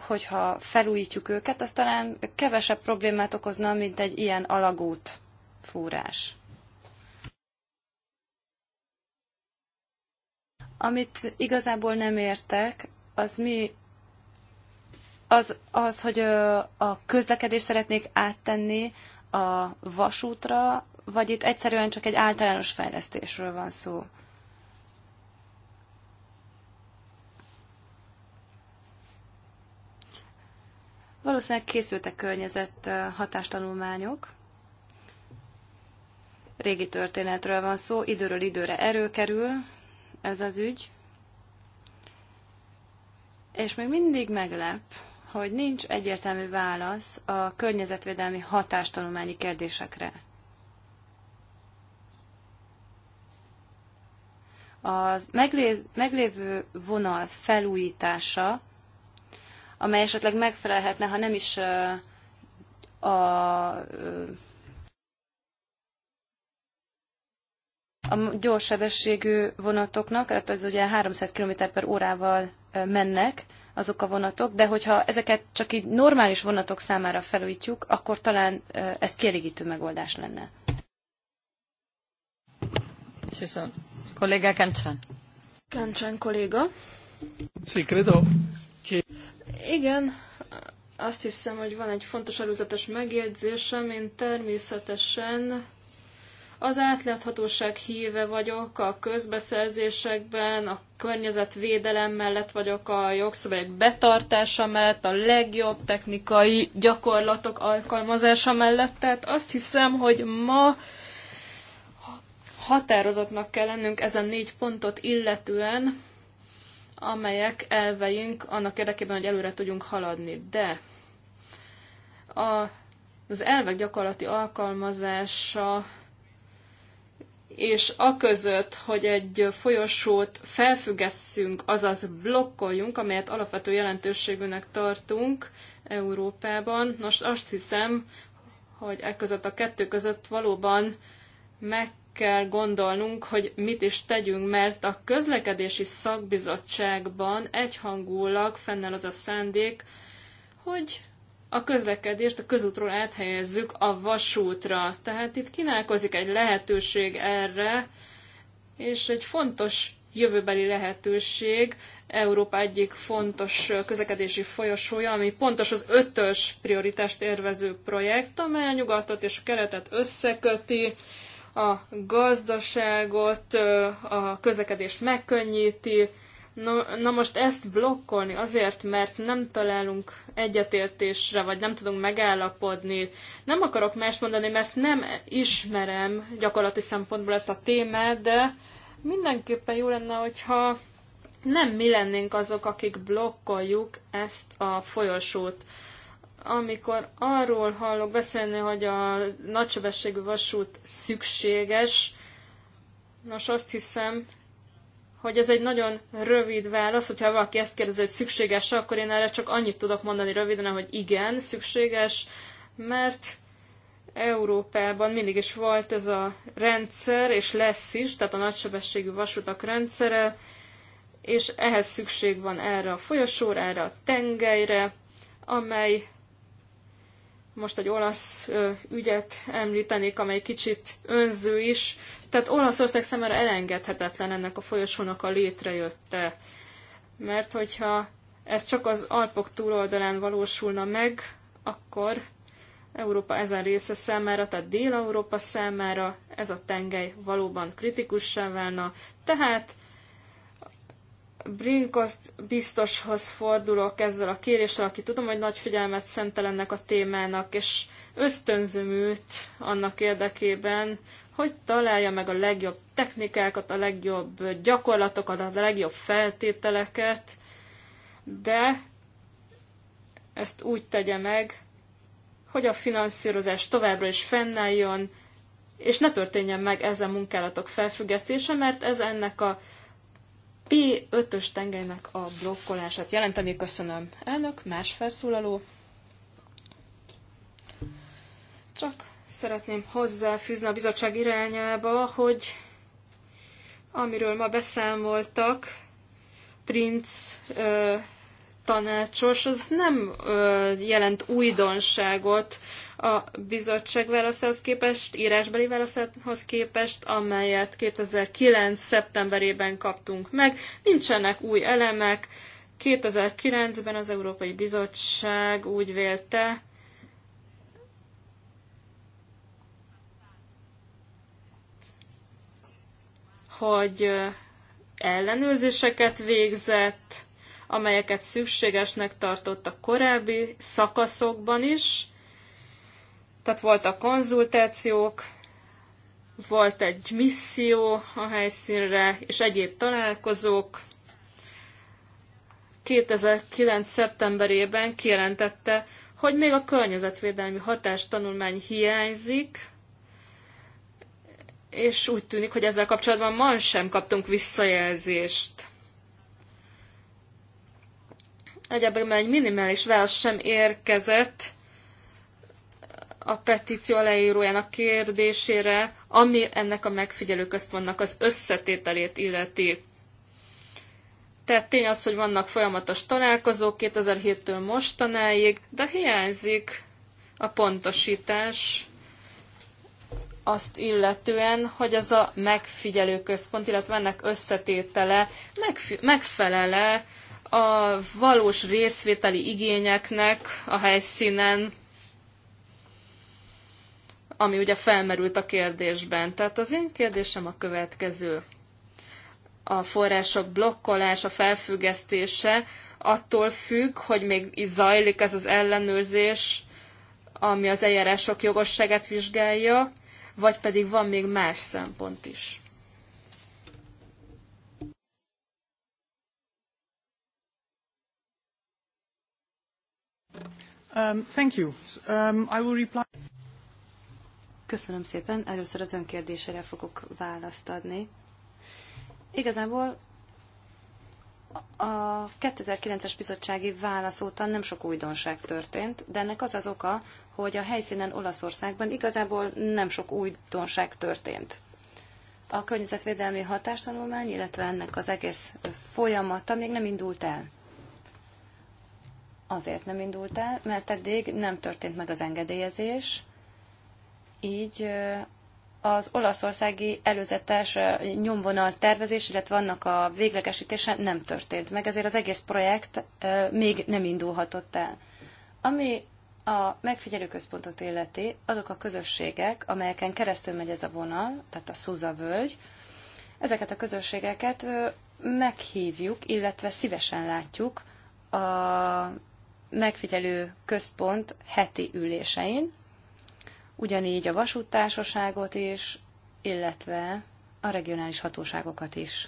hogyha felújítjuk őket, az talán kevesebb problémát okozna, mint egy ilyen alagút fúrás. Amit igazából nem értek, az mi az, az hogy a közlekedést szeretnék áttenni a vasútra, vagy itt egyszerűen csak egy általános fejlesztésről van szó. Valószínűleg készültek környezet hatástanulmányok. Régi történetről van szó, időről időre erőkerül ez az ügy. És még mindig meglep, hogy nincs egyértelmű válasz a környezetvédelmi hatástanulmányi kérdésekre. Az megléz, meglévő vonal felújítása amely esetleg megfelelhetne, ha nem is a a gyors sebességű vonatoknak, tehát az ugye 300 km per órával mennek azok a vonatok, de hogyha ezeket csak így normális vonatok számára felújítjuk, akkor talán ez kielégítő megoldás lenne. Köszönöm. Kolléga Kancsán. Kancsán kolléga. Sí, credo. Igen, azt hiszem, hogy van egy fontos előzetes megjegyzésem. Én természetesen az átláthatóság híve vagyok a közbeszerzésekben, a környezetvédelem mellett vagyok, a jogszabályok betartása mellett, a legjobb technikai gyakorlatok alkalmazása mellett. Tehát azt hiszem, hogy ma határozottnak kell lennünk ezen négy pontot illetően, amelyek elveink annak érdekében, hogy előre tudjunk haladni. De a, az elvek gyakorlati alkalmazása és a között, hogy egy folyosót felfüggesszünk, azaz blokkoljunk, amelyet alapvető jelentőségűnek tartunk Európában. Most azt hiszem, hogy e között a kettő között valóban meg kell gondolnunk, hogy mit is tegyünk, mert a közlekedési szakbizottságban egyhangulag fennáll az a szándék, hogy a közlekedést a közútról áthelyezzük a vasútra. Tehát itt kínálkozik egy lehetőség erre, és egy fontos jövőbeli lehetőség, Európa egyik fontos közlekedési folyosója, ami pontos az ötös prioritást érvező projekt, amely a nyugatot és a keretet összeköti, a gazdaságot, a közlekedést megkönnyíti. Na, na most ezt blokkolni azért, mert nem találunk egyetértésre, vagy nem tudunk megállapodni. Nem akarok más mondani, mert nem ismerem gyakorlati szempontból ezt a témát, de mindenképpen jó lenne, hogyha nem mi lennénk azok, akik blokkoljuk ezt a folyosót amikor arról hallok beszélni, hogy a nagysebességű vasút szükséges, nos azt hiszem, hogy ez egy nagyon rövid válasz, hogyha valaki ezt kérdezi, hogy szükséges, akkor én erre csak annyit tudok mondani röviden, hogy igen, szükséges, mert Európában mindig is volt ez a rendszer, és lesz is, tehát a nagysebességű vasutak rendszere, és ehhez szükség van erre a folyosóra, erre a tengelyre, amely most egy olasz ügyet említenék, amely kicsit önző is. Tehát Olaszország szemére elengedhetetlen ennek a folyosónak a létrejötte. Mert hogyha ez csak az Alpok túloldalán valósulna meg, akkor Európa ezen része számára, tehát Dél-Európa számára ez a tengely valóban kritikussá válna, tehát Brinkoszt biztoshoz fordulok ezzel a kéréssel, aki tudom, hogy nagy figyelmet szentel ennek a témának, és ösztönzöm őt annak érdekében, hogy találja meg a legjobb technikákat, a legjobb gyakorlatokat, a legjobb feltételeket, de ezt úgy tegye meg, hogy a finanszírozás továbbra is fennálljon, és ne történjen meg ezen munkálatok felfüggesztése, mert ez ennek a P5-ös tengelynek a blokkolását jelenteni. Köszönöm, elnök, más felszólaló. Csak szeretném hozzáfűzni a bizottság irányába, hogy amiről ma beszámoltak, princ ö, tanácsos, az nem ö, jelent újdonságot a bizottság válaszához képest, írásbeli válaszához képest, amelyet 2009. szeptemberében kaptunk meg. Nincsenek új elemek. 2009-ben az Európai Bizottság úgy vélte, hogy ellenőrzéseket végzett, amelyeket szükségesnek tartott a korábbi szakaszokban is, tehát voltak konzultációk, volt egy misszió a helyszínre, és egyéb találkozók. 2009. szeptemberében kijelentette, hogy még a környezetvédelmi hatástanulmány hiányzik, és úgy tűnik, hogy ezzel kapcsolatban ma sem kaptunk visszajelzést. Egyébként egy minimális válasz sem érkezett, a petíció aláírójának kérdésére, ami ennek a megfigyelőközpontnak az összetételét illeti. Tehát tény az, hogy vannak folyamatos találkozók 2007-től mostanáig, de hiányzik a pontosítás azt illetően, hogy az a központ, illetve ennek összetétele megfelele a valós részvételi igényeknek a helyszínen, ami ugye felmerült a kérdésben. Tehát az én kérdésem a következő. A források blokkolása, felfüggesztése attól függ, hogy még is zajlik ez az ellenőrzés, ami az eljárások jogosságát vizsgálja, vagy pedig van még más szempont is. Um, thank you. Um, I will reply. Köszönöm szépen. Először az önkérdésére fogok választ adni. Igazából a 2009-es bizottsági válasz óta nem sok újdonság történt, de ennek az az oka, hogy a helyszínen Olaszországban igazából nem sok újdonság történt. A környezetvédelmi hatástanulmány, illetve ennek az egész folyamata még nem indult el. Azért nem indult el, mert eddig nem történt meg az engedélyezés, így az olaszországi előzetes nyomvonal tervezés, illetve annak a véglegesítése nem történt meg, ezért az egész projekt még nem indulhatott el. Ami a megfigyelőközpontot illeti, azok a közösségek, amelyeken keresztül megy ez a vonal, tehát a Szuza völgy, ezeket a közösségeket meghívjuk, illetve szívesen látjuk a megfigyelő központ heti ülésein, ugyanígy a vasúttársaságot is, illetve a regionális hatóságokat is.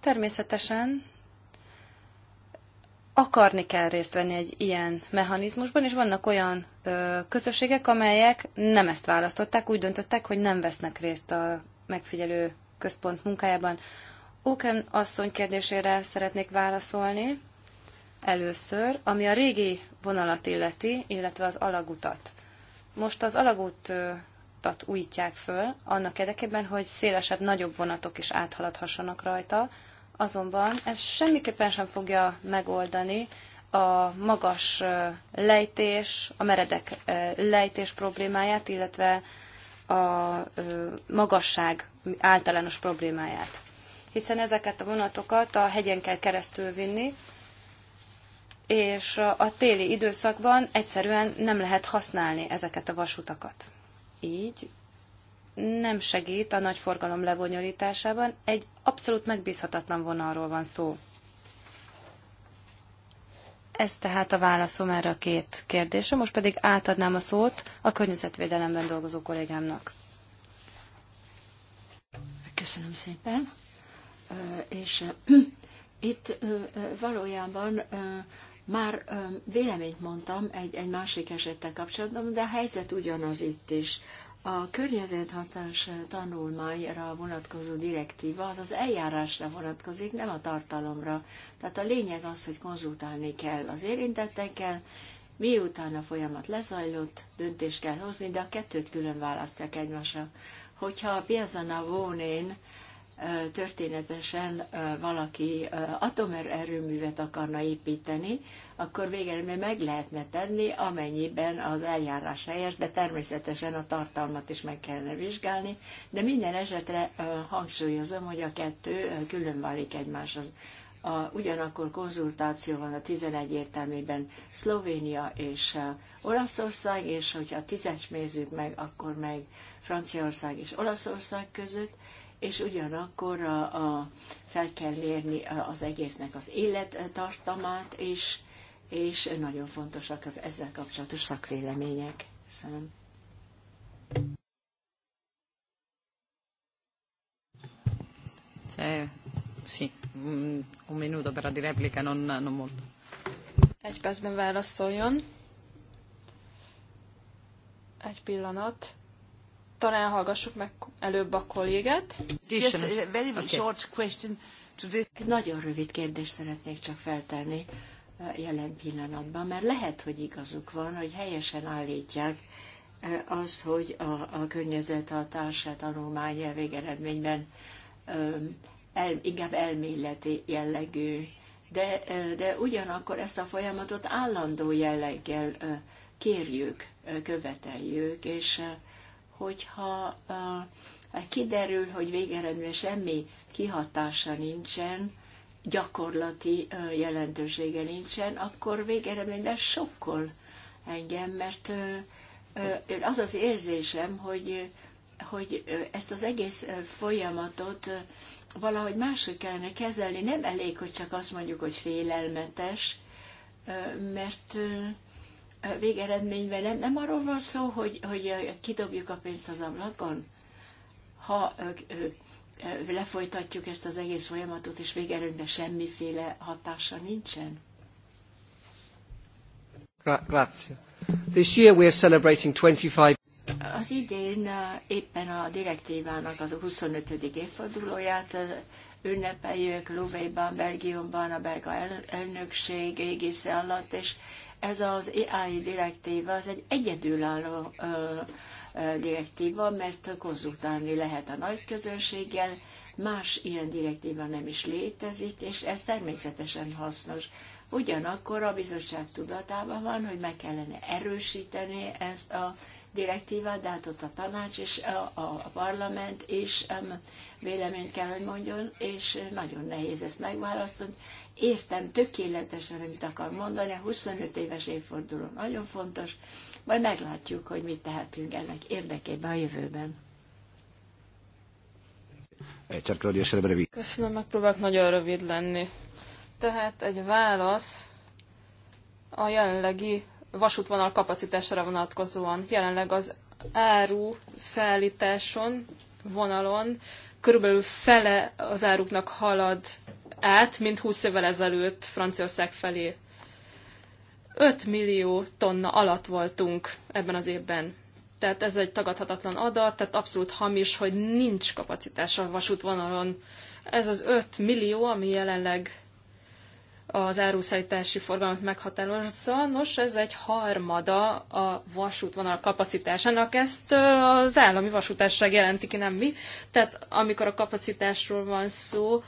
Természetesen akarni kell részt venni egy ilyen mechanizmusban, és vannak olyan ö, közösségek, amelyek nem ezt választották, úgy döntöttek, hogy nem vesznek részt a megfigyelő központ munkájában. Oken asszony kérdésére szeretnék válaszolni. Először, ami a régi vonalat illeti, illetve az alagutat. Most az alagutat újítják föl, annak érdekében, hogy szélesebb, nagyobb vonatok is áthaladhassanak rajta, azonban ez semmiképpen sem fogja megoldani a magas lejtés, a meredek lejtés problémáját, illetve a magasság általános problémáját. Hiszen ezeket a vonatokat a hegyen kell keresztül vinni, és a téli időszakban egyszerűen nem lehet használni ezeket a vasutakat. Így nem segít a nagy forgalom lebonyolításában, egy abszolút megbízhatatlan vonalról van szó. Ez tehát a válaszom erre a két kérdésre, most pedig átadnám a szót a környezetvédelemben dolgozó kollégámnak. Köszönöm szépen. És itt valójában már véleményt mondtam egy, egy másik esettel kapcsolatban, de a helyzet ugyanaz itt is. A környezethatás tanulmányra vonatkozó direktíva az az eljárásra vonatkozik, nem a tartalomra. Tehát a lényeg az, hogy konzultálni kell az érintettekkel, miután a folyamat lezajlott, döntést kell hozni, de a kettőt külön választják egymásra. Hogyha a Piazana Vónén történetesen valaki atomerőművet akarna építeni, akkor végeredményben meg lehetne tenni, amennyiben az eljárás helyes, de természetesen a tartalmat is meg kellene vizsgálni. De minden esetre hangsúlyozom, hogy a kettő külön válik egymáshoz. A, ugyanakkor konzultáció van a 11 értelmében Szlovénia és Olaszország, és hogyha a tízes nézzük meg, akkor meg Franciaország és Olaszország között, és ugyanakkor a, a, fel kell mérni az egésznek az élettartamát, és, és nagyon fontosak az ezzel kapcsolatos szakvélemények. Köszönöm. Eh, sì, mm, un minuto però di replica, non, non molto. Egy percben válaszoljon. Egy pillanat. Talán hallgassuk meg előbb a kollégát. Egy nagyon rövid kérdést szeretnék csak feltenni eh, jelen pillanatban, mert lehet, hogy igazuk van, hogy helyesen állítják eh, az, hogy a, a környezethatása tanulmány végeredményben el, inkább elméleti jellegű, de, eh, de ugyanakkor ezt a folyamatot állandó jelleggel kérjük, követeljük, és hogyha kiderül, hogy végeredményben semmi kihatása nincsen, gyakorlati jelentősége nincsen, akkor végeredményben sokkol engem, mert az az érzésem, hogy, hogy ezt az egész folyamatot valahogy máshogy kellene kezelni. Nem elég, hogy csak azt mondjuk, hogy félelmetes, mert végeredményben nem, nem arról van szó, hogy, hogy kidobjuk a pénzt az ablakon, ha lefolytatjuk ezt az egész folyamatot, és végeredményben semmiféle hatása nincsen. Grazie. This year we are celebrating 25 az idén éppen a direktívának az 25. évfordulóját ünnepeljük Lubeiban, Belgiumban, a belga elnökség égisze alatt, és ez az AI direktíva, az egy egyedülálló direktíva, mert konzultálni lehet a nagy közönséggel, más ilyen direktíva nem is létezik, és ez természetesen hasznos. Ugyanakkor a bizottság tudatában van, hogy meg kellene erősíteni ezt a direktíva, de hát ott a tanács és a, a, a parlament is um, véleményt kell, hogy mondjon, és nagyon nehéz ezt megválasztani. Értem tökéletesen, amit akar mondani, a 25 éves évforduló nagyon fontos, majd meglátjuk, hogy mit tehetünk ennek érdekében a jövőben. Köszönöm, megpróbálok nagyon rövid lenni. Tehát egy válasz a jelenlegi vasútvonal kapacitására vonatkozóan. Jelenleg az áru szállításon, vonalon körülbelül fele az áruknak halad át, mint 20 évvel ezelőtt Franciaország felé. 5 millió tonna alatt voltunk ebben az évben. Tehát ez egy tagadhatatlan adat, tehát abszolút hamis, hogy nincs kapacitás a vasútvonalon. Ez az 5 millió, ami jelenleg az áruszállítási forgalmat meghatározza. Nos, ez egy harmada a vasútvonal kapacitásának. Ezt az állami vasútárság jelenti ki, nem mi. Tehát amikor a kapacitásról van szó,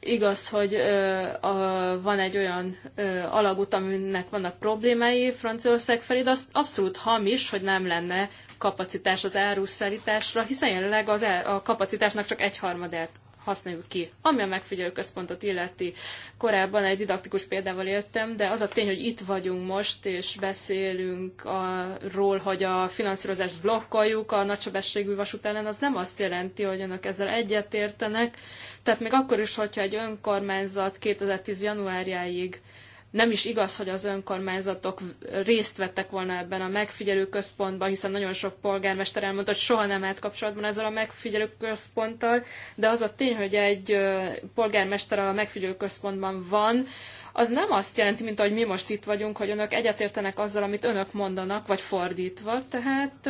igaz, hogy ö, a, van egy olyan ö, alagút, aminek vannak problémái Franciaország felé, de az abszolút hamis, hogy nem lenne kapacitás az áruszállításra, hiszen jelenleg az, a kapacitásnak csak egyharmadát használjuk ki. Ami a megfigyelő központot illeti, korábban egy didaktikus példával éltem, de az a tény, hogy itt vagyunk most, és beszélünk arról, hogy a finanszírozást blokkoljuk a nagysebességű vasút ellen, az nem azt jelenti, hogy önök ezzel egyetértenek. Tehát még akkor is, hogyha egy önkormányzat 2010. januárjáig nem is igaz, hogy az önkormányzatok részt vettek volna ebben a megfigyelő központban, hiszen nagyon sok polgármester elmondta, hogy soha nem állt kapcsolatban ezzel a megfigyelő központtal, de az a tény, hogy egy polgármester a megfigyelő központban van, az nem azt jelenti, mint ahogy mi most itt vagyunk, hogy önök egyetértenek azzal, amit önök mondanak, vagy fordítva. Tehát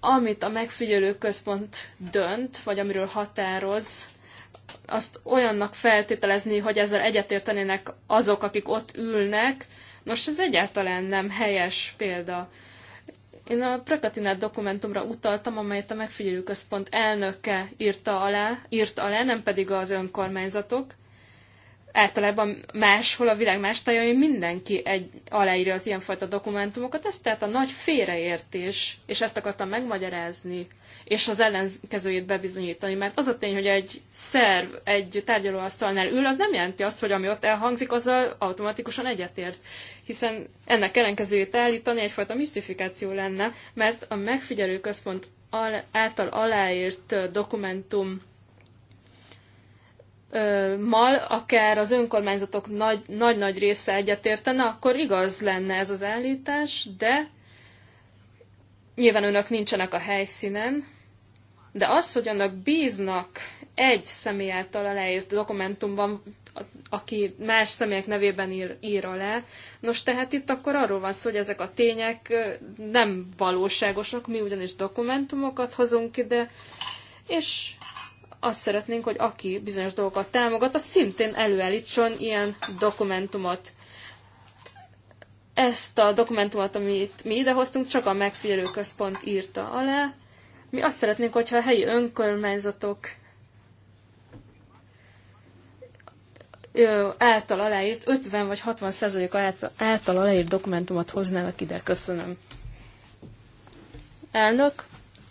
amit a megfigyelő központ dönt, vagy amiről határoz, azt olyannak feltételezni, hogy ezzel egyetértenének azok, akik ott ülnek. Nos, ez egyáltalán nem helyes példa. Én a Prakatinát dokumentumra utaltam, amelyet a megfigyelőközpont elnöke írta alá, írt alá, nem pedig az önkormányzatok általában máshol a világ más tájain mindenki egy, aláírja az ilyenfajta dokumentumokat, ez tehát a nagy félreértés, és ezt akartam megmagyarázni, és az ellenkezőjét bebizonyítani, mert az a tény, hogy egy szerv egy tárgyalóasztalnál ül, az nem jelenti azt, hogy ami ott elhangzik, azzal automatikusan egyetért, hiszen ennek ellenkezőjét állítani egyfajta misztifikáció lenne, mert a központ által aláírt dokumentum mal, akár az önkormányzatok nagy-nagy része egyetértene, akkor igaz lenne ez az állítás, de nyilván önök nincsenek a helyszínen, de az, hogy önök bíznak egy személy által aláírt dokumentumban, aki más személyek nevében ír, ír alá. Nos, tehát itt akkor arról van szó, hogy ezek a tények nem valóságosak, mi ugyanis dokumentumokat hozunk ide, és azt szeretnénk, hogy aki bizonyos dolgokat támogat, az szintén előállítson ilyen dokumentumot. Ezt a dokumentumot, amit mi idehoztunk, csak a megfigyelőközpont írta alá. Mi azt szeretnénk, hogyha a helyi önkormányzatok által aláírt, 50 vagy 60 százalék által aláírt dokumentumot hoznának ide. Köszönöm. Elnök,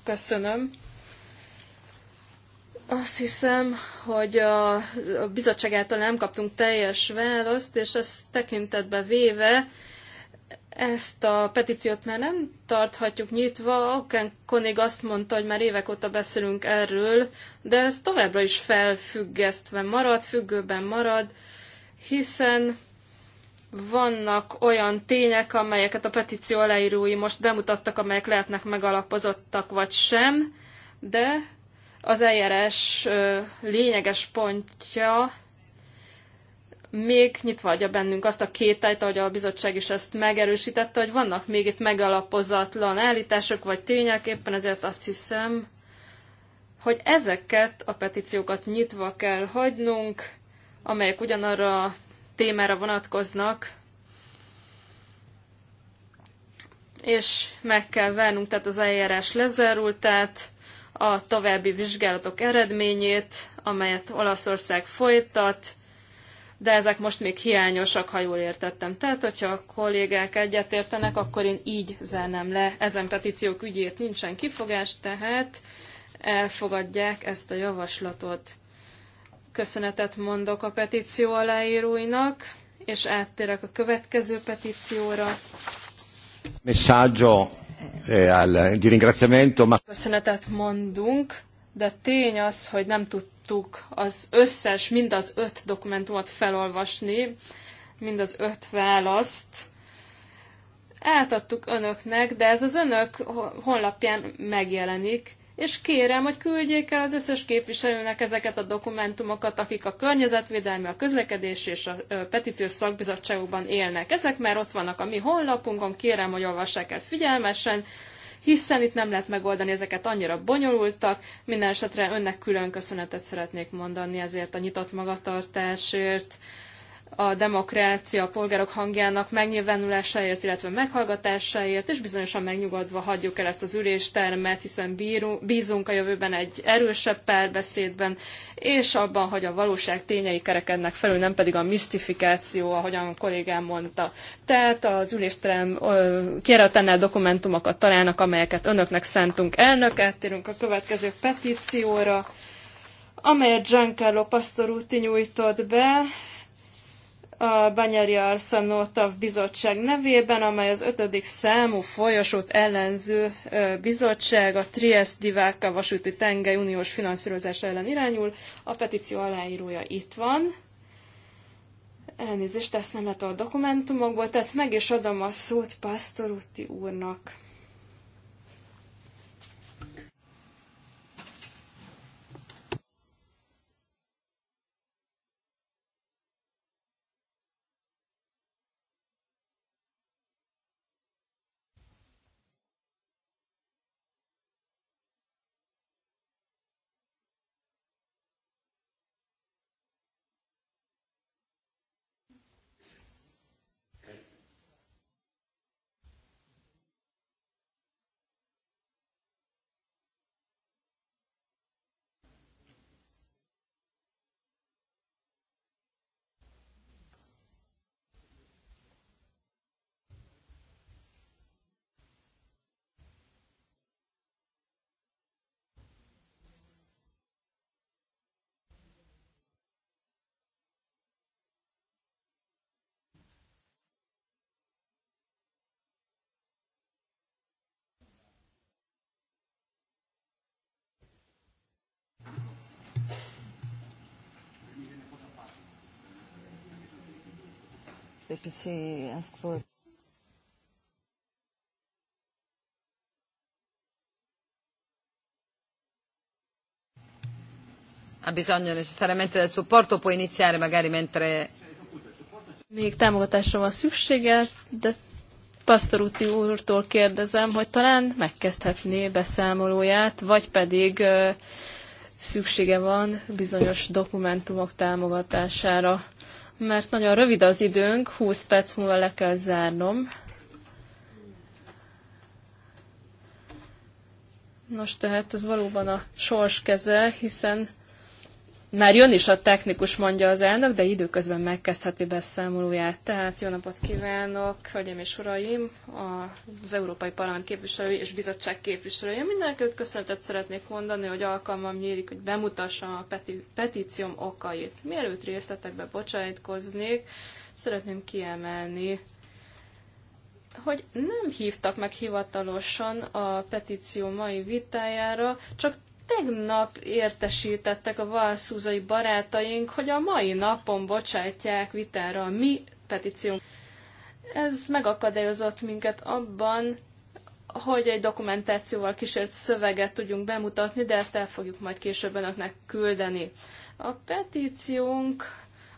köszönöm. Azt hiszem, hogy a, a bizottság által nem kaptunk teljes választ, és ezt tekintetbe véve ezt a petíciót már nem tarthatjuk nyitva. Oken Konig azt mondta, hogy már évek óta beszélünk erről, de ez továbbra is felfüggesztve marad, függőben marad, hiszen vannak olyan tények, amelyeket a petíció aláírói most bemutattak, amelyek lehetnek megalapozottak vagy sem, de az eljárás lényeges pontja még nyitva adja bennünk azt a kételyt, ahogy a bizottság is ezt megerősítette, hogy vannak még itt megalapozatlan állítások vagy tények, éppen ezért azt hiszem, hogy ezeket a petíciókat nyitva kell hagynunk, amelyek ugyanarra a témára vonatkoznak, és meg kell várnunk, tehát az eljárás lezárultát, a további vizsgálatok eredményét, amelyet Olaszország folytat, de ezek most még hiányosak, ha jól értettem. Tehát, hogyha a kollégák egyetértenek, akkor én így zárnám le ezen petíciók ügyét. Nincsen kifogás, tehát elfogadják ezt a javaslatot. Köszönetet mondok a petíció aláíróinak, és áttérek a következő petícióra. Messaggio E, di ringraziamento, ma... Köszönetet mondunk, de tény az, hogy nem tudtuk az összes, mind az öt dokumentumot felolvasni, mind az öt választ. Átadtuk önöknek, de ez az önök honlapján megjelenik, és kérem, hogy küldjék el az összes képviselőnek ezeket a dokumentumokat, akik a környezetvédelmi, a közlekedés és a petíciós szakbizottságokban élnek. Ezek már ott vannak a mi honlapunkon, kérem, hogy olvassák el figyelmesen, hiszen itt nem lehet megoldani ezeket annyira bonyolultak. Minden esetre önnek külön köszönetet szeretnék mondani ezért a nyitott magatartásért a demokrácia a polgárok hangjának megnyilvánulásáért, illetve meghallgatásáért, és bizonyosan megnyugodva hagyjuk el ezt az üléstermet, hiszen bízunk a jövőben egy erősebb párbeszédben, és abban, hogy a valóság tényei kerekednek felül, nem pedig a misztifikáció, ahogyan a kollégám mondta. Tehát az ülésterem kiáratánál dokumentumokat találnak, amelyeket önöknek szántunk elnök, áttérünk a következő petícióra amelyet Giancarlo Pastoruti nyújtott be, a Banyari Arszanótav bizottság nevében, amely az ötödik számú folyosót ellenző bizottság a Triest Diváka vasúti tengely uniós finanszírozása ellen irányul. A petíció aláírója itt van. Elnézést, ezt nem lehet a dokumentumokból, tehát meg is adom a szót Pásztor úrnak. the PCA for. Ha bisogno necessariamente del supporto, può iniziare magari mentre... Még támogatásra van szüksége, de Pastor Uti úrtól kérdezem, hogy talán megkezdhetné beszámolóját, vagy pedig szüksége van bizonyos dokumentumok támogatására mert nagyon rövid az időnk, 20 perc múlva le kell zárnom. Nos, tehát ez valóban a sors keze, hiszen már jön is a technikus, mondja az elnök, de időközben megkezdheti beszámolóját. Tehát jó napot kívánok, hölgyeim és uraim, az Európai Parlament képviselői és bizottság képviselői. Mindenkit köszöntet szeretnék mondani, hogy alkalmam nyílik, hogy bemutassam a peti- petícióm okait. Mielőtt részletekbe bocsájtkoznék, szeretném kiemelni hogy nem hívtak meg hivatalosan a petíció mai vitájára, csak Tegnap értesítettek a valszúzai barátaink, hogy a mai napon bocsátják vitára a mi petíciónk. Ez megakadályozott minket abban, hogy egy dokumentációval kísért szöveget tudjunk bemutatni, de ezt el fogjuk majd később önöknek küldeni. A petíciónk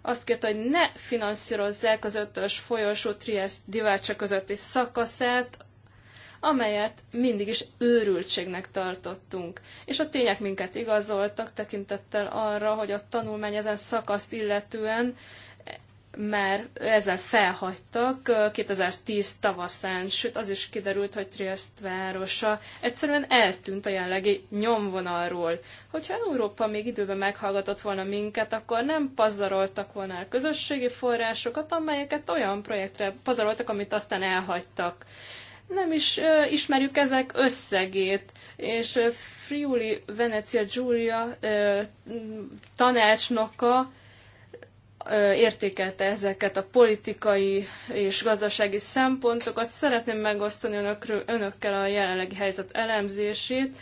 azt kérte, hogy ne finanszírozzák az ötös folyosó Triest Divácsa közötti szakaszát, amelyet mindig is őrültségnek tartottunk. És a tények minket igazoltak tekintettel arra, hogy a tanulmány ezen szakaszt illetően már ezzel felhagytak 2010 tavaszán, sőt az is kiderült, hogy Triest városa egyszerűen eltűnt a jelenlegi nyomvonalról. Hogyha Európa még időben meghallgatott volna minket, akkor nem pazaroltak volna a közösségi forrásokat, amelyeket olyan projektre pazaroltak, amit aztán elhagytak nem is ö, ismerjük ezek összegét, és ö, Friuli Venecia Giulia ö, tanácsnoka ö, értékelte ezeket a politikai és gazdasági szempontokat. Szeretném megosztani önökről, önökkel a jelenlegi helyzet elemzését.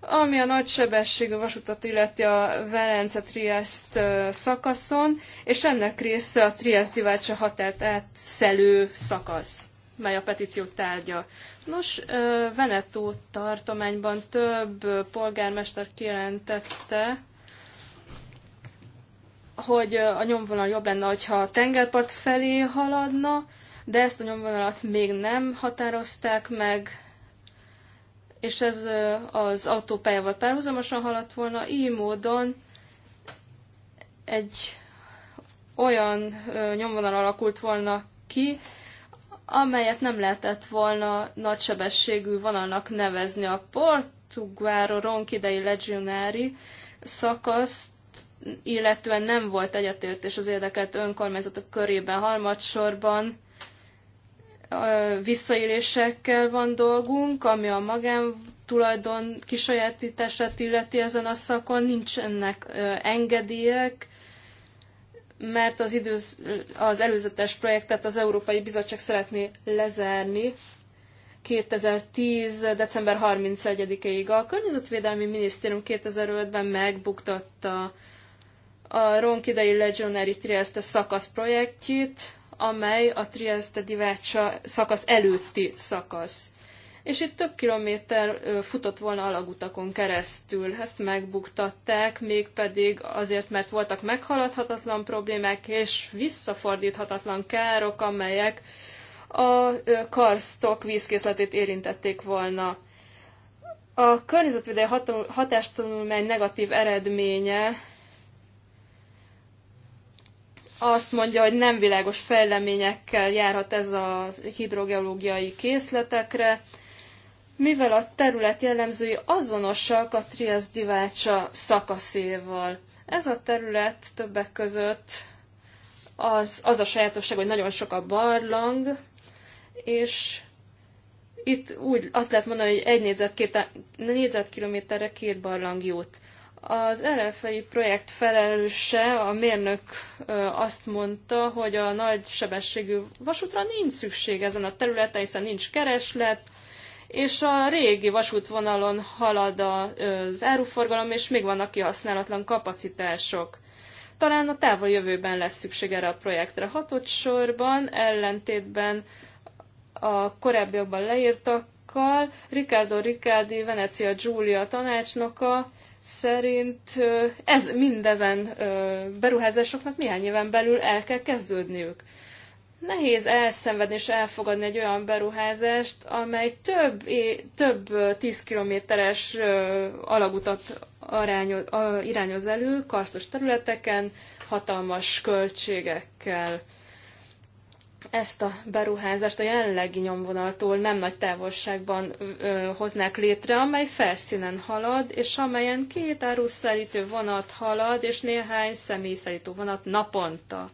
Ami a nagysebességű vasutat illeti a Velence Triest szakaszon, és ennek része a Triest diváccsa határt átszelő szakasz mely a petíció tárgya. Nos, Veneto tartományban több polgármester kijelentette, hogy a nyomvonal jobb lenne, ha a tengerpart felé haladna, de ezt a nyomvonalat még nem határozták meg, és ez az autópályával párhuzamosan haladt volna, így módon egy olyan nyomvonal alakult volna ki, amelyet nem lehetett volna nagysebességű vonalnak nevezni. A Portugáro Ronkidei legionári szakaszt illetően nem volt egyetértés az érdekelt önkormányzatok körében harmadsorban visszaélésekkel van dolgunk, ami a magán tulajdon kisajátítását illeti ezen a szakon, nincsenek engedélyek, mert az, időz, az előzetes projektet az Európai Bizottság szeretné lezárni 2010. december 31-ig. A Környezetvédelmi Minisztérium 2005-ben megbuktatta a Ronkidei Legionary Trieste szakasz projektjét, amely a Trieste Divácsa szakasz előtti szakasz és itt több kilométer futott volna alagutakon keresztül. Ezt megbuktatták, mégpedig azért, mert voltak meghaladhatatlan problémák és visszafordíthatatlan károk, amelyek a karstok vízkészletét érintették volna. A környezetvédelmi hatástanulmány negatív eredménye azt mondja, hogy nem világos fejleményekkel járhat ez a hidrogeológiai készletekre, mivel a terület jellemzői azonosak a Triasz divácsa szakaszéval. Ez a terület többek között az, az a sajátosság, hogy nagyon sok a barlang, és itt úgy azt lehet mondani, hogy egy négyzetkét, négyzetkilométerre két barlang jut. Az RFI projekt felelőse, a mérnök azt mondta, hogy a nagy sebességű vasútra nincs szükség ezen a területen, hiszen nincs kereslet, és a régi vasútvonalon halad az áruforgalom, és még vannak kihasználatlan kapacitások. Talán a távol jövőben lesz szükség erre a projektre. Hatodsorban, ellentétben a korábbiakban leírtakkal, Ricardo Riccardi, Venecia Giulia tanácsnoka szerint ez, mindezen beruházásoknak néhány éven belül el kell kezdődniük nehéz elszenvedni és elfogadni egy olyan beruházást, amely több, több 10 kilométeres alagutat arányoz, irányoz elő karsztos területeken, hatalmas költségekkel. Ezt a beruházást a jelenlegi nyomvonaltól nem nagy távolságban ö, hoznák létre, amely felszínen halad, és amelyen két áruszállító vonat halad, és néhány személyszállító vonat naponta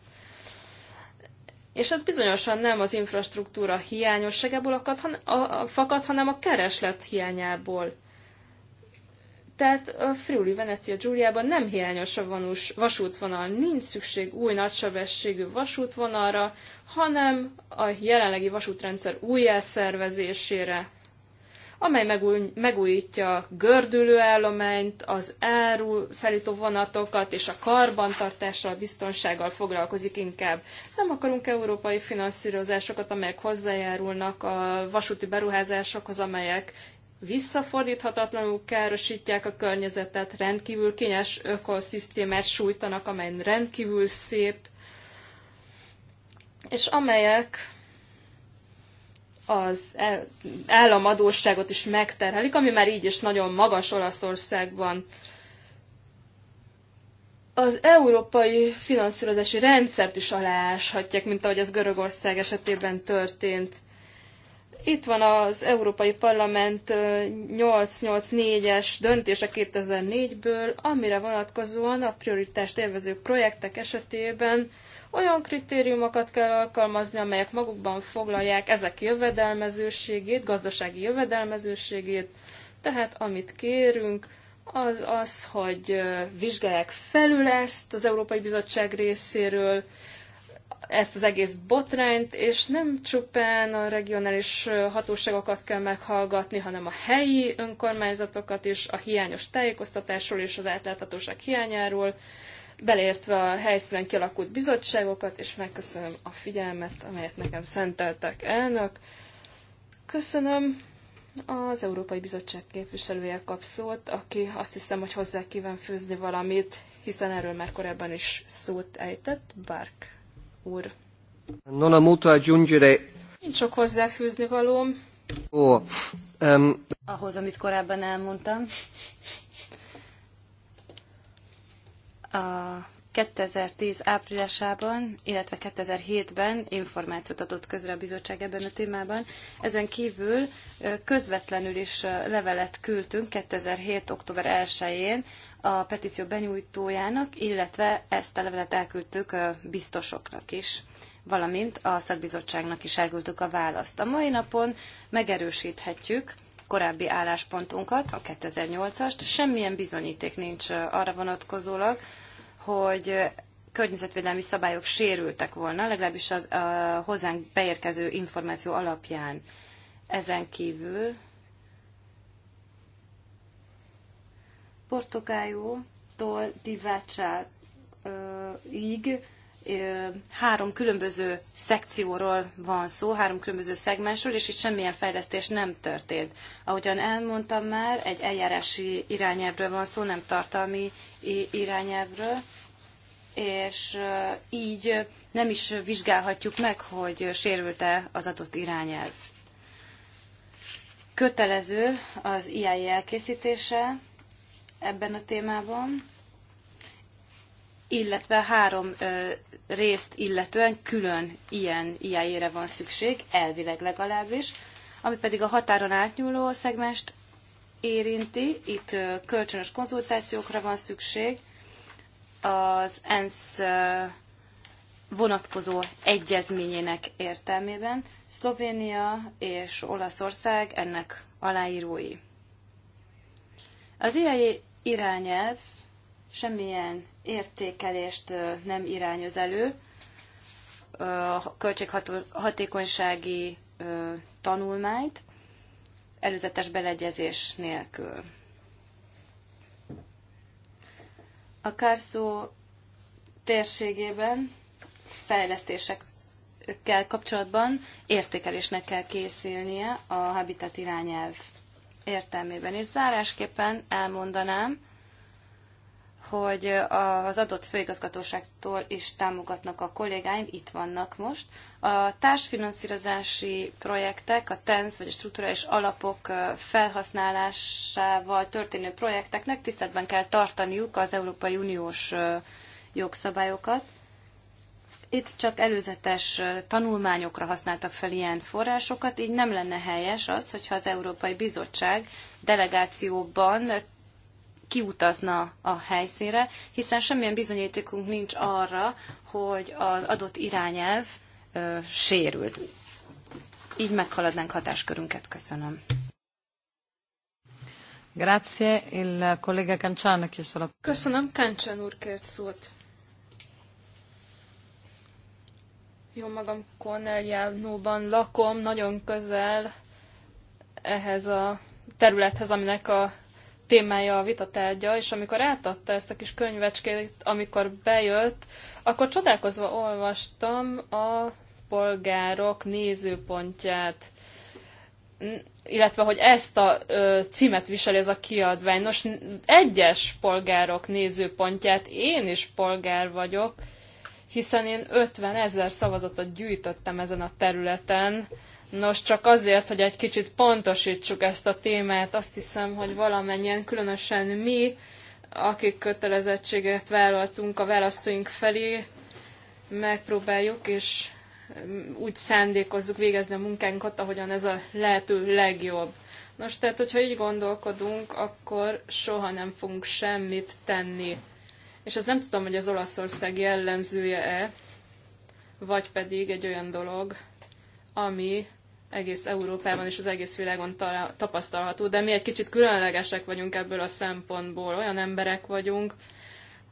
és ez bizonyosan nem az infrastruktúra hiányosságából a fakad, hanem a kereslet hiányából. Tehát a Friuli Venecia Giuliában nem hiányos a vanus, vasútvonal, nincs szükség új nagysebességű vasútvonalra, hanem a jelenlegi vasútrendszer újjászervezésére amely megúj, megújítja a állományt, az áru vonatokat és a karbantartással, biztonsággal foglalkozik inkább. Nem akarunk európai finanszírozásokat, amelyek hozzájárulnak a vasúti beruházásokhoz, amelyek visszafordíthatatlanul károsítják a környezetet, rendkívül kényes ökoszisztémát sújtanak, amely rendkívül szép, és amelyek az államadóságot is megterhelik, ami már így is nagyon magas Olaszországban. Az európai finanszírozási rendszert is alááshatják, mint ahogy ez Görögország esetében történt. Itt van az Európai Parlament 884-es döntése 2004-ből, amire vonatkozóan a prioritást élvező projektek esetében olyan kritériumokat kell alkalmazni, amelyek magukban foglalják ezek jövedelmezőségét, gazdasági jövedelmezőségét, tehát amit kérünk, az az, hogy vizsgálják felül ezt az Európai Bizottság részéről, ezt az egész botrányt, és nem csupán a regionális hatóságokat kell meghallgatni, hanem a helyi önkormányzatokat is, a hiányos tájékoztatásról és az átláthatóság hiányáról, beleértve a helyszínen kialakult bizottságokat, és megköszönöm a figyelmet, amelyet nekem szenteltek elnök. Köszönöm az Európai Bizottság képviselője kap szót, aki azt hiszem, hogy hozzá kíván főzni valamit, hiszen erről már korábban is szót ejtett, Bark úr. Non a mutua aggiungere. Nincs sok hozzáfűzni valóm. Ó, oh, um... Ahhoz, amit korábban elmondtam a 2010 áprilisában, illetve 2007-ben információt adott közre a bizottság ebben a témában. Ezen kívül közvetlenül is levelet küldtünk 2007. október 1-én a petíció benyújtójának, illetve ezt a levelet elküldtük a biztosoknak is valamint a szakbizottságnak is elküldtük a választ. A mai napon megerősíthetjük, korábbi álláspontunkat, a 2008-ast. Semmilyen bizonyíték nincs arra vonatkozólag, hogy környezetvédelmi szabályok sérültek volna, legalábbis az, a hozzánk beérkező információ alapján. Ezen kívül Portogájótól Divácsáig három különböző szekcióról van szó, három különböző szegmensről, és itt semmilyen fejlesztés nem történt. Ahogyan elmondtam már, egy eljárási irányelvről van szó, nem tartalmi irányelvről, és így nem is vizsgálhatjuk meg, hogy sérült-e az adott irányelv. Kötelező az IAI elkészítése ebben a témában, illetve három ö, részt illetően külön ilyen IAE-re van szükség, elvileg legalábbis, ami pedig a határon átnyúló szegmest érinti, itt ö, kölcsönös konzultációkra van szükség, az ENSZ ö, vonatkozó egyezményének értelmében, Szlovénia és Olaszország ennek aláírói. Az ilyen irányelv semmilyen értékelést nem irányoz elő, a költséghatékonysági tanulmányt előzetes beleegyezés nélkül. A Kárszó térségében fejlesztésekkel kapcsolatban értékelésnek kell készülnie a Habitat irányelv értelmében. És zárásképpen elmondanám, hogy az adott főigazgatóságtól is támogatnak a kollégáim, itt vannak most. A társfinanszírozási projektek, a TENSZ vagy a strukturális alapok felhasználásával történő projekteknek tiszteletben kell tartaniuk az Európai Uniós jogszabályokat. Itt csak előzetes tanulmányokra használtak fel ilyen forrásokat, így nem lenne helyes az, hogyha az Európai Bizottság delegációban kiutazna a helyszínre, hiszen semmilyen bizonyítékunk nincs arra, hogy az adott irányelv ö, sérült. Így meghaladnánk hatáskörünket. Köszönöm. Grazie. Il collega Cancian ha Köszönöm. Cancian úr kért szót. Jó magam Corneliánóban lakom, nagyon közel ehhez a területhez, aminek a témája a vita tárgya, és amikor átadta ezt a kis könyvecskét, amikor bejött, akkor csodálkozva olvastam a polgárok nézőpontját, illetve hogy ezt a ö, címet viseli ez a kiadvány. Nos, egyes polgárok nézőpontját, én is polgár vagyok, hiszen én 50 ezer szavazatot gyűjtöttem ezen a területen, Nos, csak azért, hogy egy kicsit pontosítsuk ezt a témát, azt hiszem, hogy valamennyien, különösen mi, akik kötelezettséget vállaltunk a választóink felé, megpróbáljuk és mm, úgy szándékozzuk végezni a munkánkat, ahogyan ez a lehető legjobb. Nos, tehát, hogyha így gondolkodunk, akkor soha nem fogunk semmit tenni. És ez nem tudom, hogy az Olaszország jellemzője-e, vagy pedig egy olyan dolog, ami egész Európában és az egész világon tapasztalható, de mi egy kicsit különlegesek vagyunk ebből a szempontból. Olyan emberek vagyunk,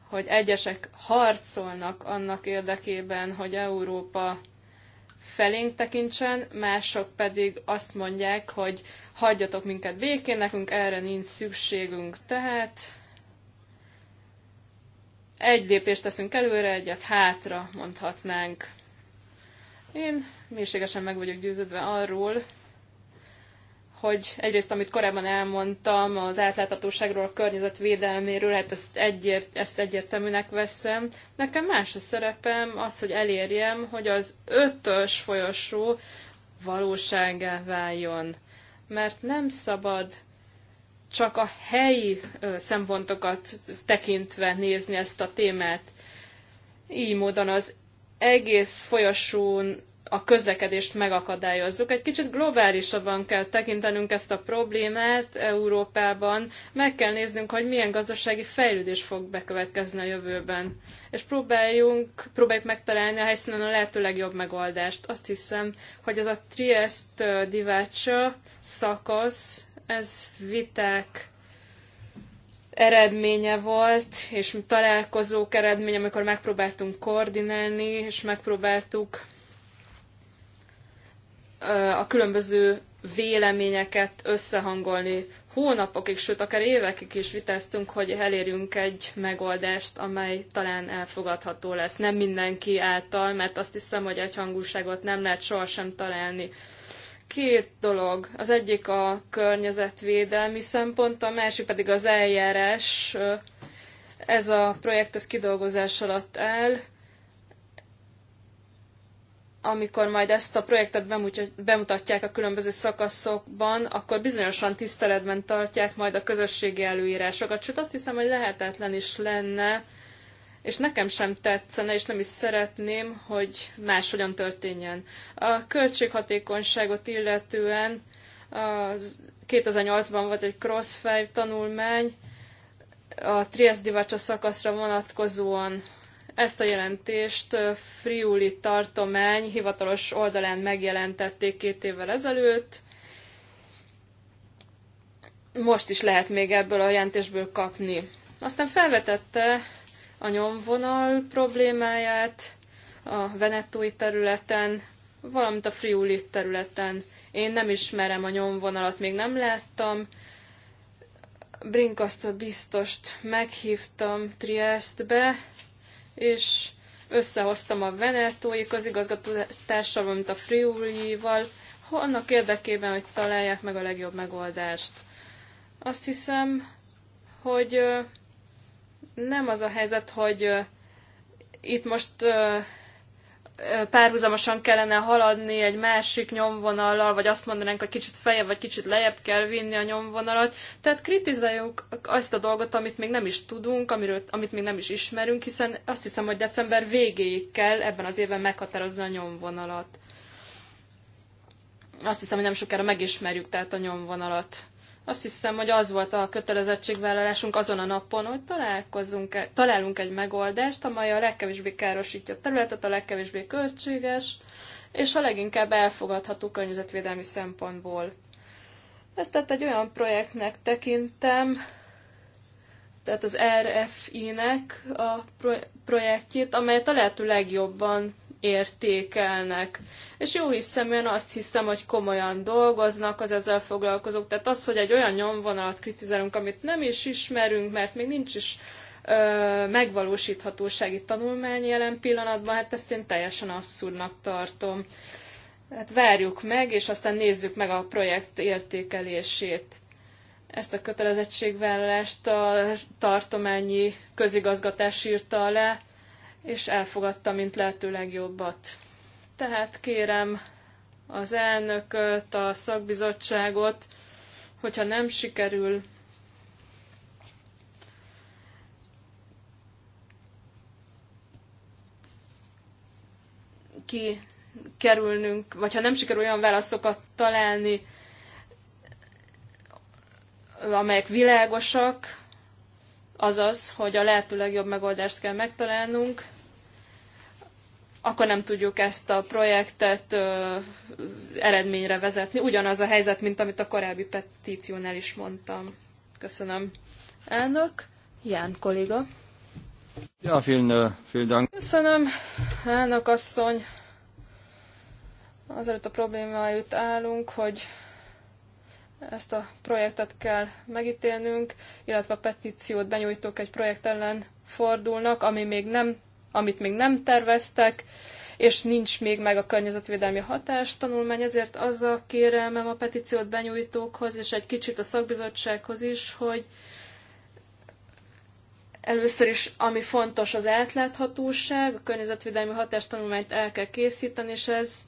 hogy egyesek harcolnak annak érdekében, hogy Európa felénk tekintsen, mások pedig azt mondják, hogy hagyjatok minket békén, nekünk erre nincs szükségünk, tehát egy lépést teszünk előre, egyet hátra mondhatnánk. Én mélységesen meg vagyok győződve arról, hogy egyrészt, amit korábban elmondtam az átláthatóságról, a környezetvédelméről, hát ezt, egyért, ezt egyértelműnek veszem. Nekem más a szerepem az, hogy elérjem, hogy az ötös folyosó valóságá váljon. Mert nem szabad csak a helyi szempontokat tekintve nézni ezt a témát. Így módon az egész folyosón a közlekedést megakadályozzuk. Egy kicsit globálisabban kell tekintenünk ezt a problémát Európában, meg kell néznünk, hogy milyen gazdasági fejlődés fog bekövetkezni a jövőben. És próbáljunk, próbáljuk megtalálni a helyszínen a lehető legjobb megoldást. Azt hiszem, hogy az a Triest-Divácsa szakasz, ez viták eredménye volt, és találkozók eredménye, amikor megpróbáltunk koordinálni, és megpróbáltuk a különböző véleményeket összehangolni. Hónapokig, sőt akár évekig is vitáztunk, hogy elérjünk egy megoldást, amely talán elfogadható lesz. Nem mindenki által, mert azt hiszem, hogy egy hangúságot nem lehet sohasem találni. Két dolog. Az egyik a környezetvédelmi szempont, a másik pedig az eljárás. Ez a projekt ez kidolgozás alatt áll amikor majd ezt a projektet bemutatják a különböző szakaszokban, akkor bizonyosan tiszteletben tartják majd a közösségi előírásokat. Sőt, azt hiszem, hogy lehetetlen is lenne, és nekem sem tetszene, és nem is szeretném, hogy máshogyan történjen. A költséghatékonyságot illetően 2008-ban volt egy Crossfire tanulmány, a Trieste Divacsa szakaszra vonatkozóan ezt a jelentést Friuli tartomány hivatalos oldalán megjelentették két évvel ezelőtt. Most is lehet még ebből a jelentésből kapni. Aztán felvetette a nyomvonal problémáját a venetói területen, valamint a Friuli területen. Én nem ismerem a nyomvonalat, még nem láttam. Brinkaszt a biztost meghívtam Triestbe, és összehoztam a Venetói közigazgatással, valamint a Friulival, annak érdekében, hogy találják meg a legjobb megoldást. Azt hiszem, hogy nem az a helyzet, hogy itt most párhuzamosan kellene haladni egy másik nyomvonallal, vagy azt mondanánk, hogy kicsit feljebb, vagy kicsit lejjebb kell vinni a nyomvonalat. Tehát kritizáljuk azt a dolgot, amit még nem is tudunk, amiről, amit még nem is ismerünk, hiszen azt hiszem, hogy december végéig kell ebben az évben meghatározni a nyomvonalat. Azt hiszem, hogy nem sokára megismerjük tehát a nyomvonalat. Azt hiszem, hogy az volt a kötelezettségvállalásunk azon a napon, hogy találkozunk, e- találunk egy megoldást, amely a legkevésbé károsítja a területet, a legkevésbé költséges, és a leginkább elfogadható környezetvédelmi szempontból. Ezt tehát egy olyan projektnek tekintem, tehát az RFI-nek a projektjét, amelyet a lehető legjobban értékelnek. És jó hiszeműen azt hiszem, hogy komolyan dolgoznak az ezzel foglalkozók. Tehát az, hogy egy olyan nyomvonalat kritizálunk, amit nem is ismerünk, mert még nincs is ö, megvalósíthatósági tanulmány jelen pillanatban, hát ezt én teljesen abszurdnak tartom. Hát várjuk meg, és aztán nézzük meg a projekt értékelését ezt a kötelezettségvállalást a tartományi közigazgatás írta le, és elfogadta, mint lehető legjobbat. Tehát kérem az elnököt, a szakbizottságot, hogyha nem sikerül ki kerülnünk, vagy ha nem sikerül olyan válaszokat találni, amelyek világosak, azaz, hogy a lehető legjobb megoldást kell megtalálnunk, akkor nem tudjuk ezt a projektet ö, eredményre vezetni. Ugyanaz a helyzet, mint amit a korábbi petíciónál is mondtam. Köszönöm. Elnök, Ján kolléga. Ja, vielen, vielen Dank. Köszönöm, elnök asszony. Azelőtt a problémájut állunk, hogy ezt a projektet kell megítélnünk, illetve a petíciót benyújtók egy projekt ellen fordulnak, ami még nem, amit még nem terveztek, és nincs még meg a környezetvédelmi hatástanulmány, ezért azzal kérelmem a petíciót benyújtókhoz, és egy kicsit a szakbizottsághoz is, hogy Először is, ami fontos, az átláthatóság, a környezetvédelmi hatástanulmányt el kell készíteni, és ezt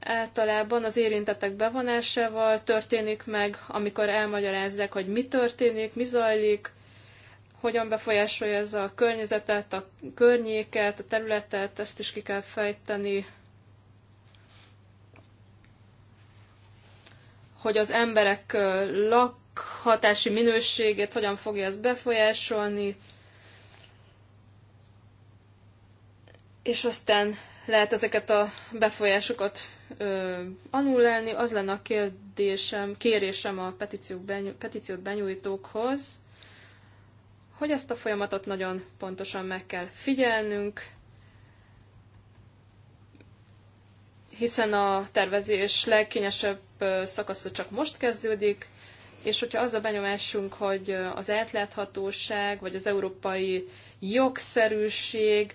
általában az érintettek bevonásával történik meg, amikor elmagyarázzák, hogy mi történik, mi zajlik, hogyan befolyásolja ez a környezetet, a környéket, a területet, ezt is ki kell fejteni, hogy az emberek lakhatási minőségét hogyan fogja ez befolyásolni, és aztán lehet ezeket a befolyásokat ö, annullálni. Az lenne a kérdésem, kérésem a petíciók beny- petíciót benyújtókhoz, hogy ezt a folyamatot nagyon pontosan meg kell figyelnünk, hiszen a tervezés legkényesebb szakasza csak most kezdődik, és hogyha az a benyomásunk, hogy az átláthatóság, vagy az európai jogszerűség,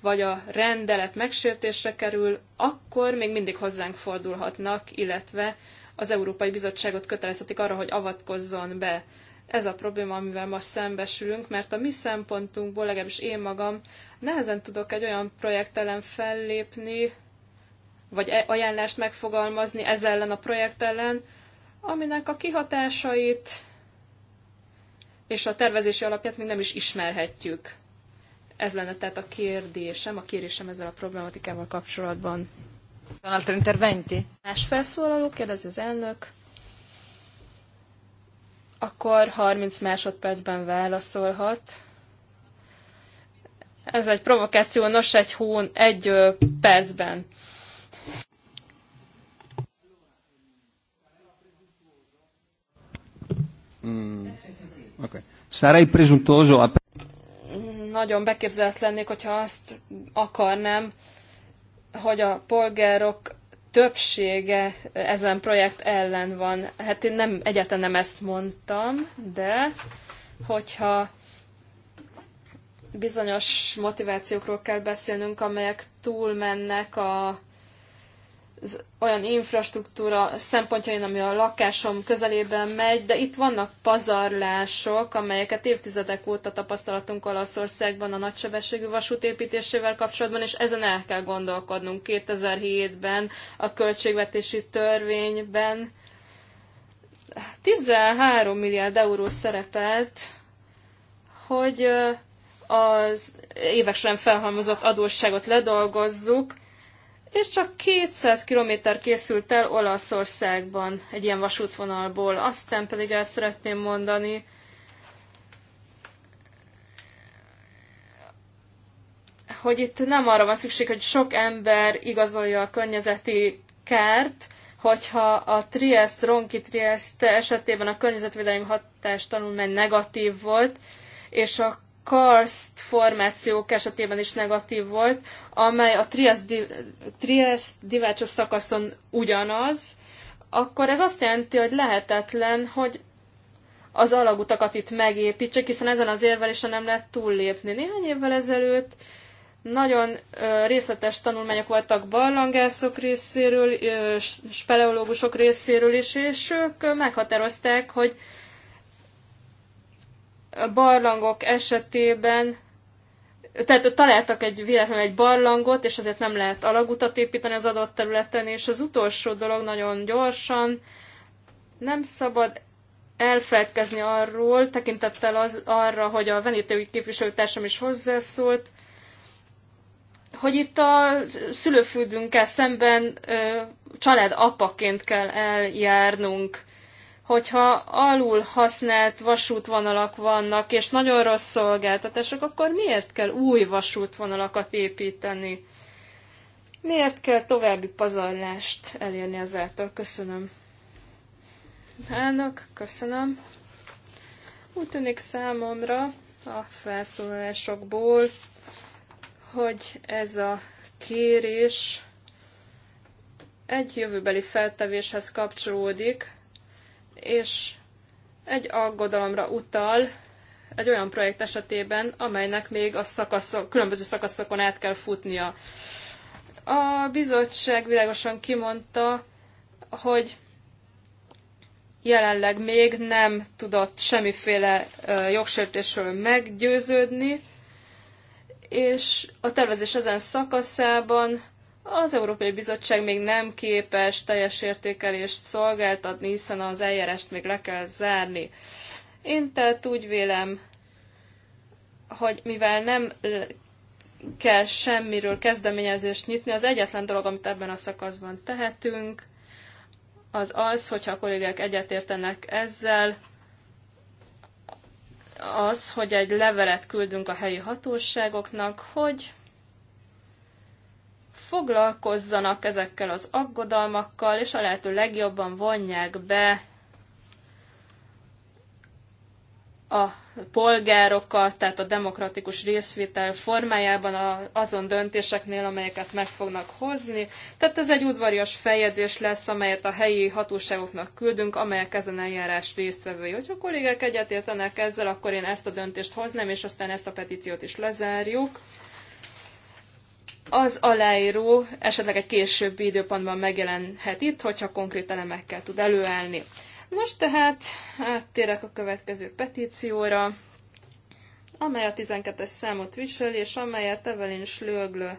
vagy a rendelet megsértésre kerül, akkor még mindig hozzánk fordulhatnak, illetve az Európai Bizottságot kötelezhetik arra, hogy avatkozzon be. Ez a probléma, amivel ma szembesülünk, mert a mi szempontunkból, legalábbis én magam, nehezen tudok egy olyan projekt ellen fellépni, vagy e- ajánlást megfogalmazni ez ellen a projekt ellen, aminek a kihatásait és a tervezési alapját még nem is ismerhetjük. Ez lenne tehát a kérdésem, a kérésem ezzel a problematikával kapcsolatban. Van altro interventi? Más felszólaló, kérdezi az elnök. Akkor 30 másodpercben válaszolhat. Ez egy provokáció, nos egy hón, egy ö, percben. Mm. Okay. Sarei presuntuoso a nagyon beképzelt lennék, hogyha azt akarnám, hogy a polgárok többsége ezen projekt ellen van. Hát én nem, egyáltalán nem ezt mondtam, de hogyha bizonyos motivációkról kell beszélnünk, amelyek túlmennek a olyan infrastruktúra szempontjain, ami a lakásom közelében megy, de itt vannak pazarlások, amelyeket évtizedek óta tapasztalatunk Olaszországban a nagysebességű vasút építésével kapcsolatban, és ezen el kell gondolkodnunk 2007-ben, a költségvetési törvényben. 13 milliárd euró szerepelt, hogy az évek során felhalmozott adósságot ledolgozzuk, és csak 200 kilométer készült el Olaszországban egy ilyen vasútvonalból. Aztán pedig el szeretném mondani, hogy itt nem arra van szükség, hogy sok ember igazolja a környezeti kárt, hogyha a Trieste, Ronki Trieste esetében a környezetvédelmi hatás tanulmány negatív volt, és a karst formációk esetében is negatív volt, amely a Trieste-Divácsos szakaszon ugyanaz, akkor ez azt jelenti, hogy lehetetlen, hogy az alagutakat itt megépítsék, hiszen ezen az érvelésen nem lehet túllépni. Néhány évvel ezelőtt nagyon részletes tanulmányok voltak barlangászok részéről, speleológusok részéről is, és ők meghatározták, hogy barlangok esetében tehát találtak egy véletlenül egy barlangot, és ezért nem lehet alagutat építeni az adott területen, és az utolsó dolog nagyon gyorsan, nem szabad elfelejtkezni arról, tekintettel az, arra, hogy a venítévi képviselőtársam is hozzászólt, hogy itt a szülőföldünkkel szemben ö, család apaként kell eljárnunk hogyha alul használt vasútvonalak vannak, és nagyon rossz szolgáltatások, akkor miért kell új vasútvonalakat építeni? Miért kell további pazarlást elérni ezáltal? Köszönöm. Hának? köszönöm. Úgy tűnik számomra a felszólalásokból, hogy ez a kérés egy jövőbeli feltevéshez kapcsolódik, és egy aggodalomra utal egy olyan projekt esetében, amelynek még a szakaszok, különböző szakaszokon át kell futnia. A bizottság világosan kimondta, hogy jelenleg még nem tudott semmiféle jogsértésről meggyőződni, és a tervezés ezen szakaszában az Európai Bizottság még nem képes teljes értékelést szolgáltatni, hiszen az eljárást még le kell zárni. Én tehát úgy vélem, hogy mivel nem kell semmiről kezdeményezést nyitni, az egyetlen dolog, amit ebben a szakaszban tehetünk, az az, hogyha a kollégák egyetértenek ezzel, az, hogy egy levelet küldünk a helyi hatóságoknak, hogy foglalkozzanak ezekkel az aggodalmakkal, és a lehető legjobban vonják be a polgárokat, tehát a demokratikus részvétel formájában azon döntéseknél, amelyeket meg fognak hozni. Tehát ez egy udvarias feljegyzés lesz, amelyet a helyi hatóságoknak küldünk, amelyek ezen eljárás résztvevői. Hogyha a kollégák egyetértenek ezzel, akkor én ezt a döntést hoznám, és aztán ezt a petíciót is lezárjuk az aláíró esetleg egy későbbi időpontban megjelenhet itt, hogyha konkrét elemekkel tud előállni. Most tehát áttérek a következő petícióra, amely a 12-es számot visel, és amelyet Evelyn Slöglő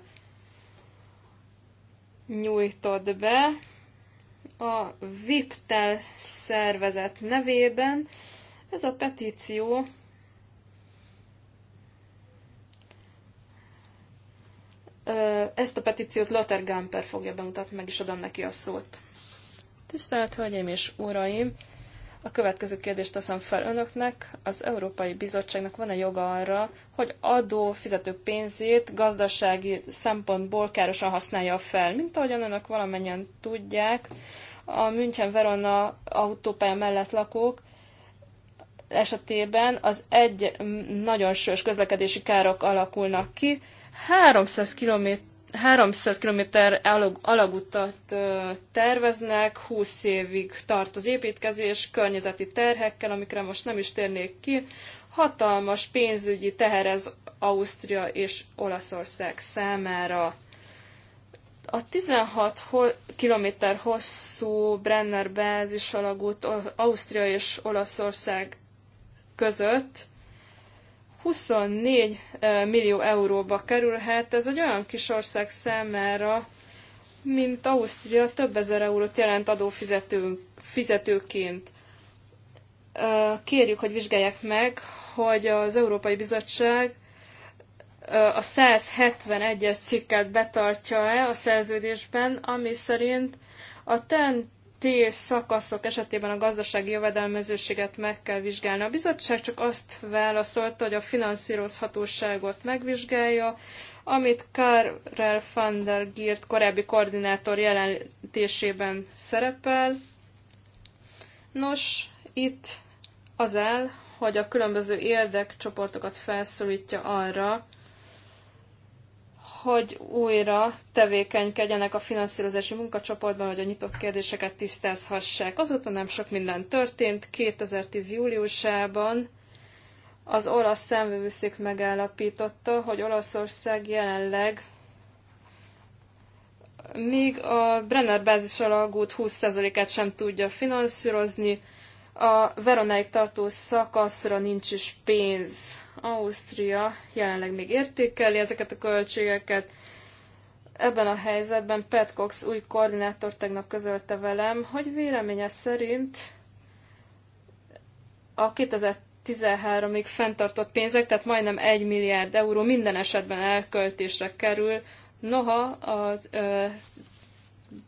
nyújtott be a VIPTEL szervezet nevében. Ez a petíció ezt a petíciót Lothar Gamper fogja bemutatni, meg is adom neki a szót. Tisztelt Hölgyeim és Uraim! A következő kérdést teszem fel önöknek. Az Európai Bizottságnak van-e joga arra, hogy adó fizetők pénzét gazdasági szempontból károsan használja fel? Mint ahogyan önök valamennyien tudják, a München-Verona autópálya mellett lakók esetében az egy nagyon sős közlekedési károk alakulnak ki, 300 km 300 km alag, alagutat terveznek, 20 évig tart az építkezés környezeti terhekkel, amikre most nem is térnék ki. Hatalmas pénzügyi teher ez Ausztria és Olaszország számára. A 16 km hosszú Brenner bázis alagút Ausztria és Olaszország között 24 millió euróba kerülhet. Ez egy olyan kis ország számára, mint Ausztria, több ezer eurót jelent adófizetőként. Kérjük, hogy vizsgálják meg, hogy az Európai Bizottság a 171-es cikket betartja-e a szerződésben, ami szerint a T szakaszok esetében a gazdasági jövedelmezőséget meg kell vizsgálni. A bizottság csak azt válaszolta, hogy a finanszírozhatóságot megvizsgálja, amit Karel van der Giert korábbi koordinátor jelentésében szerepel. Nos, itt az áll, hogy a különböző érdekcsoportokat felszólítja arra, hogy újra tevékenykedjenek a finanszírozási munkacsoportban, hogy a nyitott kérdéseket tisztázhassák. Azóta nem sok minden történt. 2010. júliusában az olasz szemvőszék megállapította, hogy Olaszország jelenleg még a Brenner bázis alagút 20%-át sem tudja finanszírozni, a Veronáig tartó szakaszra nincs is pénz Ausztria jelenleg még értékeli ezeket a költségeket. Ebben a helyzetben Pat Cox új koordinátor tegnap közölte velem, hogy véleménye szerint a 2013-ig fenntartott pénzek, tehát majdnem 1 milliárd euró minden esetben elköltésre kerül, noha a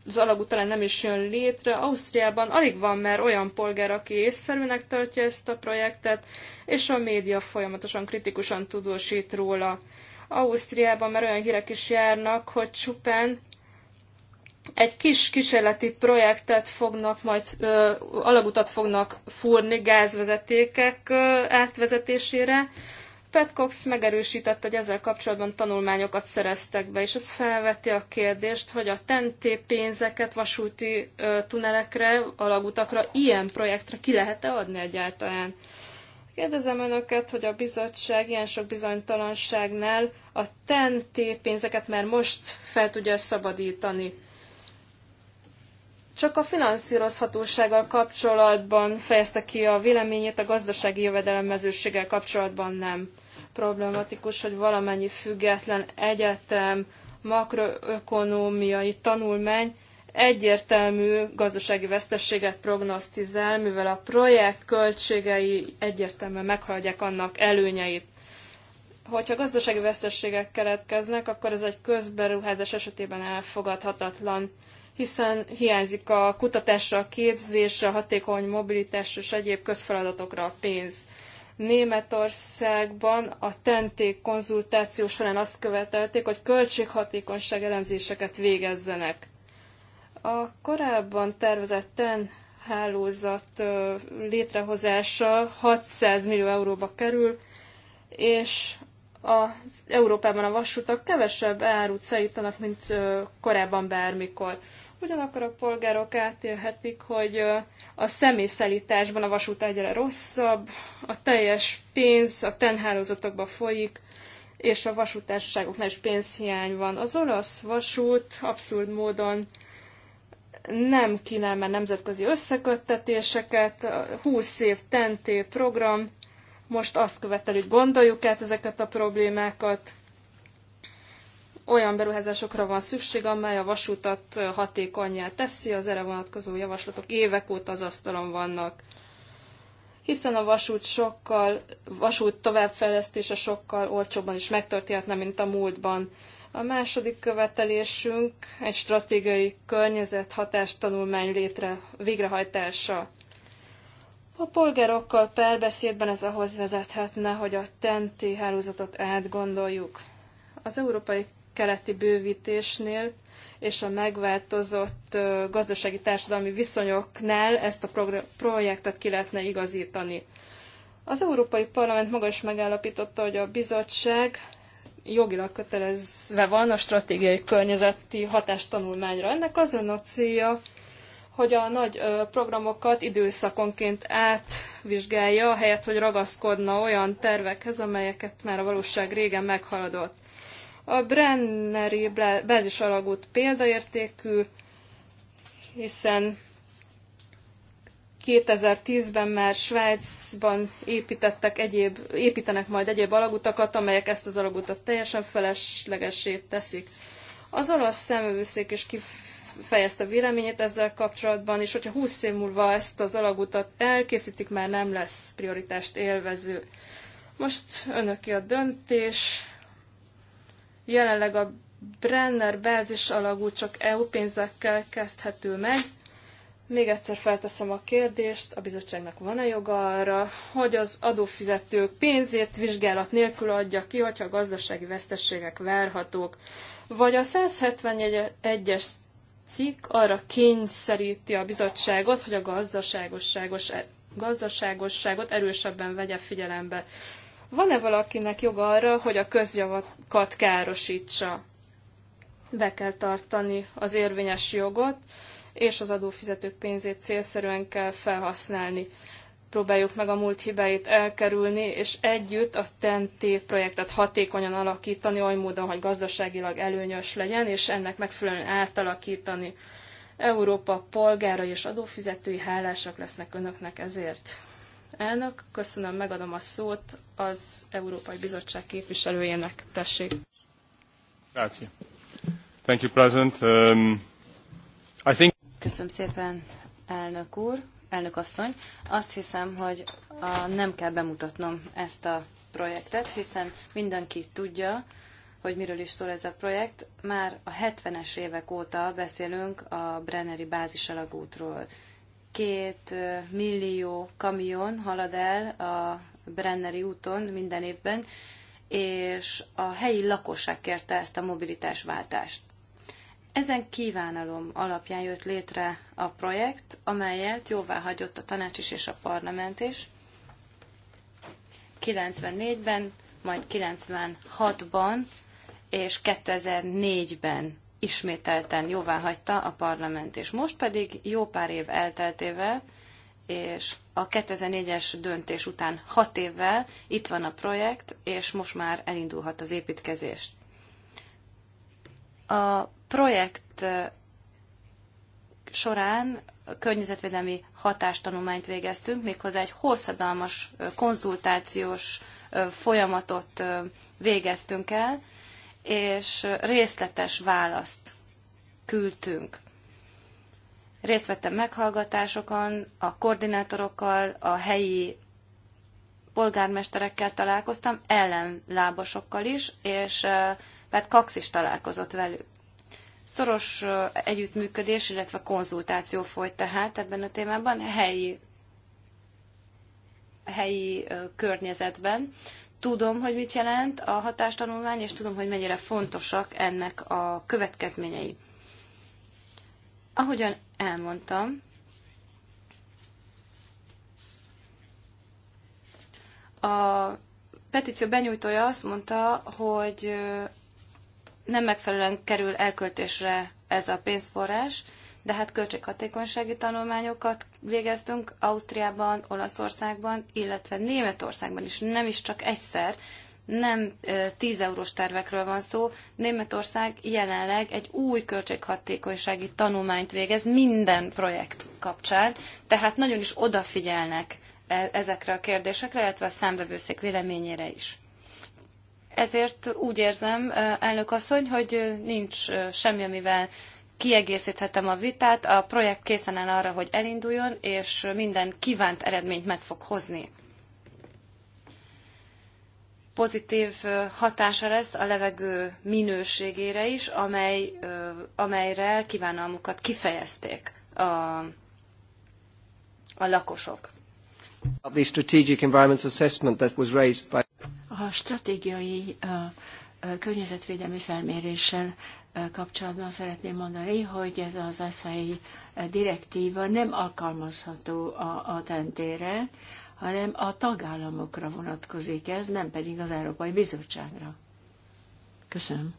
az alagút talán nem is jön létre. Ausztriában alig van már olyan polgár, aki észszerűnek tartja ezt a projektet, és a média folyamatosan kritikusan tudósít róla. Ausztriában már olyan hírek is járnak, hogy csupán egy kis kísérleti projektet fognak, majd ö, alagutat fognak fúrni gázvezetékek ö, átvezetésére, Pat Cox megerősített, hogy ezzel kapcsolatban tanulmányokat szereztek be, és ez felveti a kérdést, hogy a TNT pénzeket vasúti ö, tunelekre, alagutakra, ilyen projektre ki lehet-e adni egyáltalán? Kérdezem önöket, hogy a bizottság ilyen sok bizonytalanságnál a TNT pénzeket már most fel tudja szabadítani. Csak a finanszírozhatósággal kapcsolatban fejezte ki a véleményét, a gazdasági jövedelemmezőséggel kapcsolatban nem problematikus, hogy valamennyi független egyetem, makroökonómiai tanulmány egyértelmű gazdasági vesztességet prognosztizál, mivel a projekt költségei egyértelműen meghaladják annak előnyeit. Hogyha gazdasági vesztességek keletkeznek, akkor ez egy közberuházás esetében elfogadhatatlan, hiszen hiányzik a kutatásra, a képzésre, a hatékony mobilitásra és egyéb közfeladatokra a pénz. Németországban a tenték konzultáció során azt követelték, hogy költséghatékonyság elemzéseket végezzenek. A korábban tervezett TEN hálózat létrehozása 600 millió euróba kerül, és az Európában a vasutak kevesebb árut szállítanak, mint korábban bármikor. Ugyanakkor a polgárok átélhetik, hogy a személyszállításban a vasút egyre rosszabb, a teljes pénz a tenhálózatokba folyik, és a vasútársaságoknál is pénzhiány van. Az olasz vasút abszurd módon nem kínál már nemzetközi összeköttetéseket, 20 év tenté program, most azt követelő, hogy gondoljuk át ezeket a problémákat, olyan beruházásokra van szükség, amely a vasutat hatékonyá teszi, az erre vonatkozó javaslatok évek óta az asztalon vannak. Hiszen a vasút sokkal, vasút továbbfejlesztése sokkal olcsóbban is megtörténhetne, mint a múltban. A második követelésünk egy stratégiai környezet hatástanulmány létre végrehajtása. A polgárokkal perbeszédben ez ahhoz vezethetne, hogy a TENTI hálózatot átgondoljuk. Az Európai keleti bővítésnél, és a megváltozott gazdasági társadalmi viszonyoknál ezt a projektet ki lehetne igazítani. Az Európai Parlament maga is megállapította, hogy a bizottság jogilag kötelezve van a stratégiai környezeti hatástanulmányra. Ennek az lenne a célja, hogy a nagy programokat időszakonként átvizsgálja, helyett, hogy ragaszkodna olyan tervekhez, amelyeket már a valóság régen meghaladott. A Brenneri bázis alagút példaértékű, hiszen 2010-ben már Svájcban építettek egyéb, építenek majd egyéb alagutakat, amelyek ezt az alagutat teljesen feleslegesé teszik. Az olasz szemövőszék is kifejezte véleményét ezzel kapcsolatban, és hogyha 20 év múlva ezt az alagutat elkészítik, már nem lesz prioritást élvező. Most önöki a döntés, Jelenleg a Brenner bázis alagú csak EU pénzekkel kezdhető meg. Még egyszer felteszem a kérdést, a bizottságnak van-e joga arra, hogy az adófizetők pénzét vizsgálat nélkül adja ki, hogyha a gazdasági veszteségek várhatók? Vagy a 171-es cikk arra kényszeríti a bizottságot, hogy a gazdaságosságos, gazdaságosságot erősebben vegye figyelembe. Van-e valakinek joga arra, hogy a közjavakat károsítsa? Be kell tartani az érvényes jogot, és az adófizetők pénzét célszerűen kell felhasználni. Próbáljuk meg a múlt hibáit elkerülni, és együtt a TNT e projektet hatékonyan alakítani, oly módon, hogy gazdaságilag előnyös legyen, és ennek megfelelően átalakítani. Európa polgára és adófizetői hálásak lesznek önöknek ezért. Elnök, köszönöm, megadom a szót az Európai Bizottság képviselőjének. Tessék. Grazie. Thank you, President. Um, I think... Köszönöm szépen, elnök úr, elnök asszony. Azt hiszem, hogy a, nem kell bemutatnom ezt a projektet, hiszen mindenki tudja, hogy miről is szól ez a projekt. Már a 70-es évek óta beszélünk a Brenneri bázisalagútról két millió kamion halad el a Brenneri úton minden évben, és a helyi lakosság kérte ezt a mobilitásváltást. Ezen kívánalom alapján jött létre a projekt, amelyet jóvá hagyott a tanács is és a parlament is. 94-ben, majd 96-ban és 2004-ben ismételten jóvá hagyta a parlament, és most pedig jó pár év elteltével, és a 2004-es döntés után hat évvel itt van a projekt, és most már elindulhat az építkezés. A projekt során környezetvédelmi hatástanulmányt végeztünk, méghozzá egy hosszadalmas konzultációs folyamatot végeztünk el, és részletes választ küldtünk. Részt vettem meghallgatásokon, a koordinátorokkal, a helyi polgármesterekkel találkoztam, ellenlábasokkal is, és eh, Pat Kax is találkozott velük. Szoros eh, együttműködés, illetve konzultáció folyt tehát ebben a témában helyi, helyi eh, környezetben. Tudom, hogy mit jelent a hatástanulmány, és tudom, hogy mennyire fontosak ennek a következményei. Ahogyan elmondtam, a petíció benyújtója azt mondta, hogy nem megfelelően kerül elköltésre ez a pénzforrás, de hát költséghatékonysági tanulmányokat végeztünk Ausztriában, Olaszországban, illetve Németországban is, nem is csak egyszer, nem 10 eurós tervekről van szó. Németország jelenleg egy új költséghatékonysági tanulmányt végez minden projekt kapcsán, tehát nagyon is odafigyelnek e, ezekre a kérdésekre, illetve a számbevőszék véleményére is. Ezért úgy érzem, elnök asszony, hogy nincs semmi, amivel kiegészíthetem a vitát, a projekt készen áll arra, hogy elinduljon, és minden kívánt eredményt meg fog hozni. Pozitív hatása lesz a levegő minőségére is, amely, amelyre kívánalmukat kifejezték a, a lakosok. The strategic environment assessment that was raised by... A stratégiai uh, környezetvédelmi felméréssel kapcsolatban szeretném mondani, hogy ez az eszei direktíva nem alkalmazható a, a tentére, hanem a tagállamokra vonatkozik ez, nem pedig az Európai Bizottságra. Köszönöm.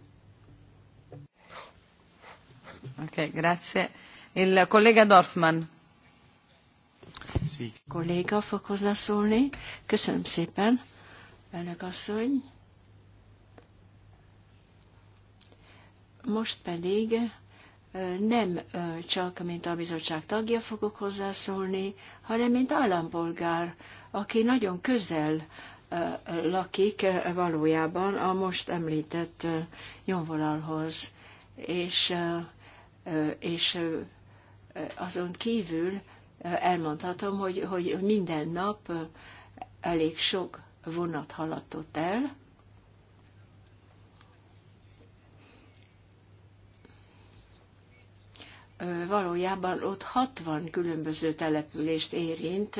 Oké, okay, grazie. Il collega Dorfman. Sí. Kolléga fog hozzászólni. Köszönöm szépen, elnök asszony. Most pedig nem csak, mint a bizottság tagja fogok hozzászólni, hanem mint állampolgár, aki nagyon közel lakik valójában a most említett nyomvonalhoz. És, és azon kívül elmondhatom, hogy, hogy minden nap elég sok vonat haladtott el, valójában ott 60 különböző települést érint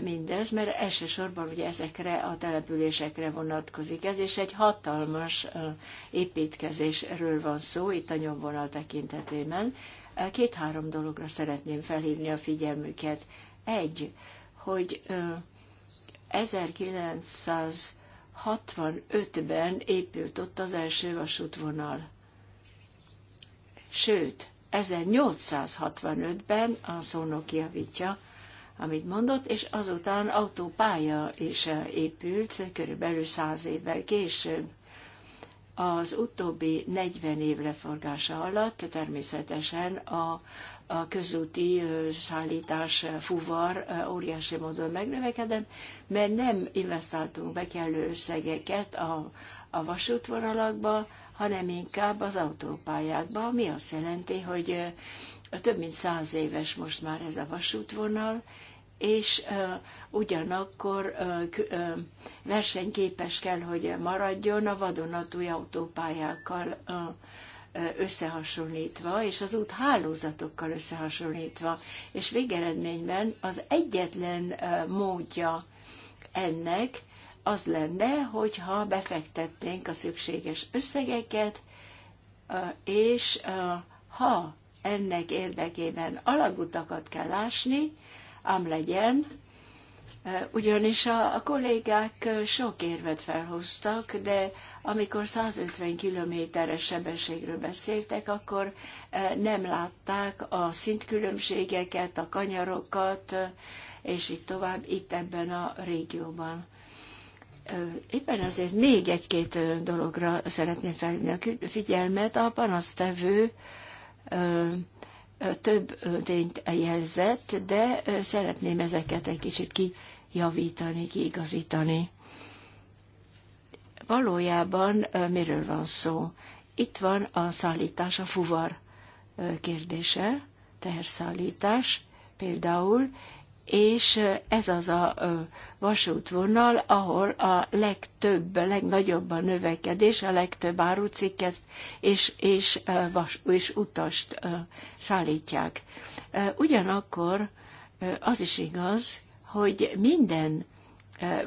mindez, mert elsősorban ugye ezekre a településekre vonatkozik ez, és egy hatalmas építkezésről van szó itt a nyomvonal tekintetében. Két-három dologra szeretném felhívni a figyelmüket. Egy, hogy 1965-ben épült ott az első vasútvonal. Sőt, 1865-ben a szónok javítja, amit mondott, és azután autópálya is épült, körülbelül száz évvel később. Az utóbbi 40 év leforgása alatt természetesen a, a közúti szállítás fuvar óriási módon megnövekedett, mert nem investáltunk be kellő összegeket a, a vasútvonalakba, hanem inkább az autópályákba, ami azt jelenti, hogy több mint száz éves most már ez a vasútvonal, és ugyanakkor versenyképes kell, hogy maradjon a vadonatúj autópályákkal összehasonlítva, és az út hálózatokkal összehasonlítva. És végeredményben az egyetlen módja ennek, az lenne, hogyha befektetnénk a szükséges összegeket, és ha ennek érdekében alagutakat kell lásni, ám legyen, ugyanis a, a kollégák sok érvet felhoztak, de amikor 150 kilométeres sebességről beszéltek, akkor nem látták a szintkülönbségeket, a kanyarokat, és így tovább itt ebben a régióban. Éppen azért még egy-két dologra szeretném felhívni a figyelmet. A panasztevő több tényt jelzett, de szeretném ezeket egy kicsit kijavítani, kiigazítani. Valójában miről van szó? Itt van a szállítás, a fuvar kérdése, teherszállítás például, és ez az a vasútvonal, ahol a legtöbb, a legnagyobb a növekedés, a legtöbb árucikket és, és, vas, és utast szállítják. Ugyanakkor az is igaz, hogy minden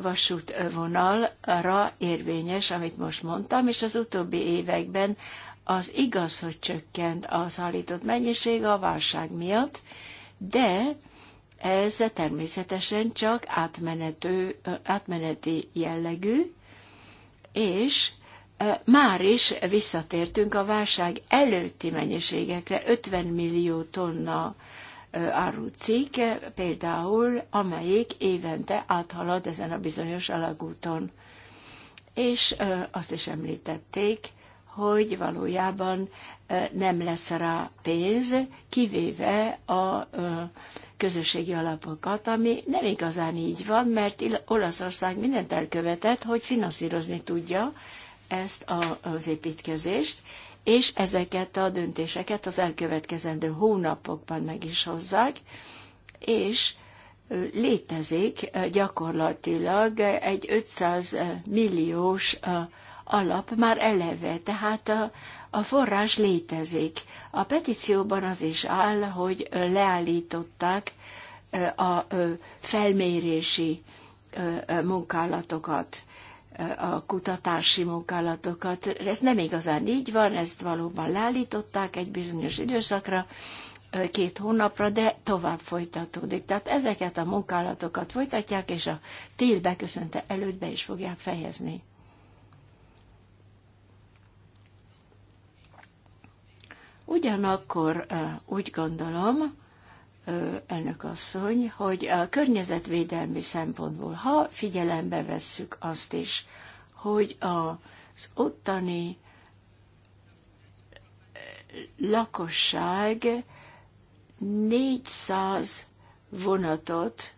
vasútvonalra érvényes, amit most mondtam, és az utóbbi években az igaz, hogy csökkent a szállított mennyiség a válság miatt, de ez természetesen csak átmenető, átmeneti jellegű, és már is visszatértünk a válság előtti mennyiségekre, 50 millió tonna árucikk például, amelyik évente áthalad ezen a bizonyos alagúton. És azt is említették, hogy valójában nem lesz rá pénz, kivéve a közösségi alapokat, ami nem igazán így van, mert Olaszország mindent elkövetett, hogy finanszírozni tudja ezt a, az építkezést, és ezeket a döntéseket az elkövetkezendő hónapokban meg is hozzák, és létezik gyakorlatilag egy 500 milliós alap már eleve, tehát a, a forrás létezik. A petícióban az is áll, hogy leállították a felmérési munkálatokat, a kutatási munkálatokat. Ez nem igazán így van, ezt valóban leállították egy bizonyos időszakra, két hónapra, de tovább folytatódik. Tehát ezeket a munkálatokat folytatják, és a tél beköszönte előtt be is fogják fejezni. Ugyanakkor úgy gondolom, elnök asszony, hogy a környezetvédelmi szempontból, ha figyelembe vesszük azt is, hogy az ottani lakosság 400 vonatot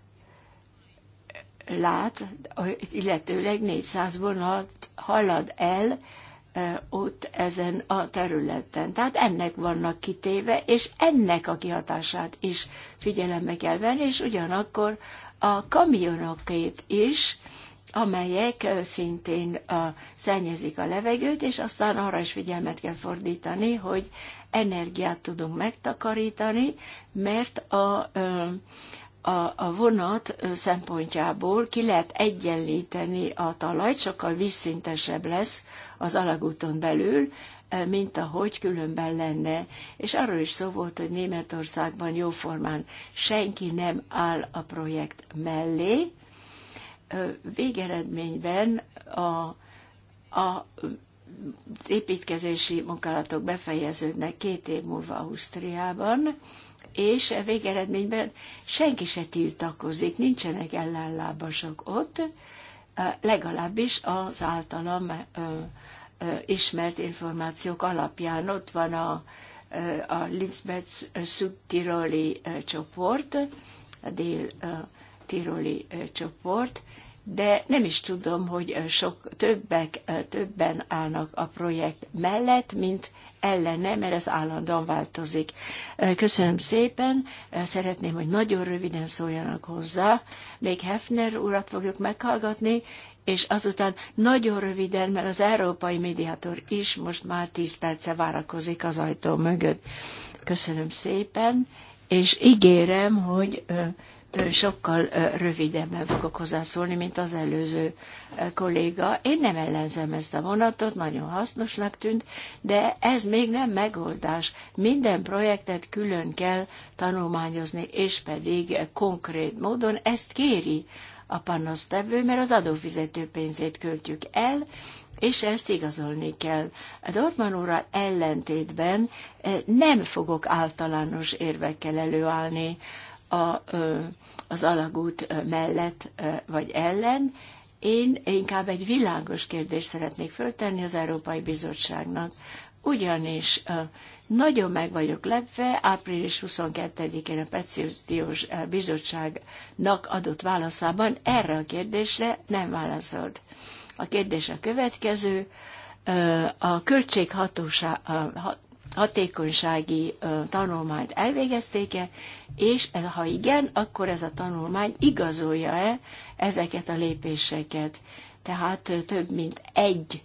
lát, illetőleg 400 vonat halad el ott ezen a területen. Tehát ennek vannak kitéve, és ennek a kihatását is figyelembe kell venni, és ugyanakkor a kamionokét is, amelyek szintén a, szennyezik a levegőt, és aztán arra is figyelmet kell fordítani, hogy energiát tudunk megtakarítani, mert a, a, a vonat szempontjából ki lehet egyenlíteni a talajt, sokkal vízszintesebb lesz az alagúton belül, eh, mint ahogy különben lenne. És arról is szó volt, hogy Németországban jóformán senki nem áll a projekt mellé. Végeredményben a, a az építkezési munkálatok befejeződnek két év múlva Ausztriában, és végeredményben senki se tiltakozik, nincsenek ellenlábasok ott, eh, legalábbis az általam eh, ismert információk alapján. Ott van a, a Lisbeth Sub-Tiroli csoport, a dél-tiroli csoport, de nem is tudom, hogy sok többek, többen állnak a projekt mellett, mint ellene, mert ez állandóan változik. Köszönöm szépen, szeretném, hogy nagyon röviden szóljanak hozzá. Még Hefner urat fogjuk meghallgatni, és azután nagyon röviden, mert az európai médiátor is most már 10 perce várakozik az ajtó mögött. Köszönöm szépen, és ígérem, hogy sokkal rövidebben fogok hozzászólni, mint az előző kolléga. Én nem ellenzem ezt a vonatot, nagyon hasznosnak tűnt, de ez még nem megoldás. Minden projektet külön kell tanulmányozni, és pedig konkrét módon ezt kéri a panasztevő, mert az adófizető pénzét költjük el, és ezt igazolni kell. A Orman úrral ellentétben eh, nem fogok általános érvekkel előállni a, az alagút mellett vagy ellen. Én inkább egy világos kérdést szeretnék föltenni az Európai Bizottságnak, ugyanis nagyon meg vagyok lepve, április 22-én a petíciós eh, bizottságnak adott válaszában erre a kérdésre nem válaszolt. A kérdés a következő, eh, a költséghatóság, hatékonysági eh, tanulmányt elvégezték-e, és ha igen, akkor ez a tanulmány igazolja-e ezeket a lépéseket. Tehát több mint egy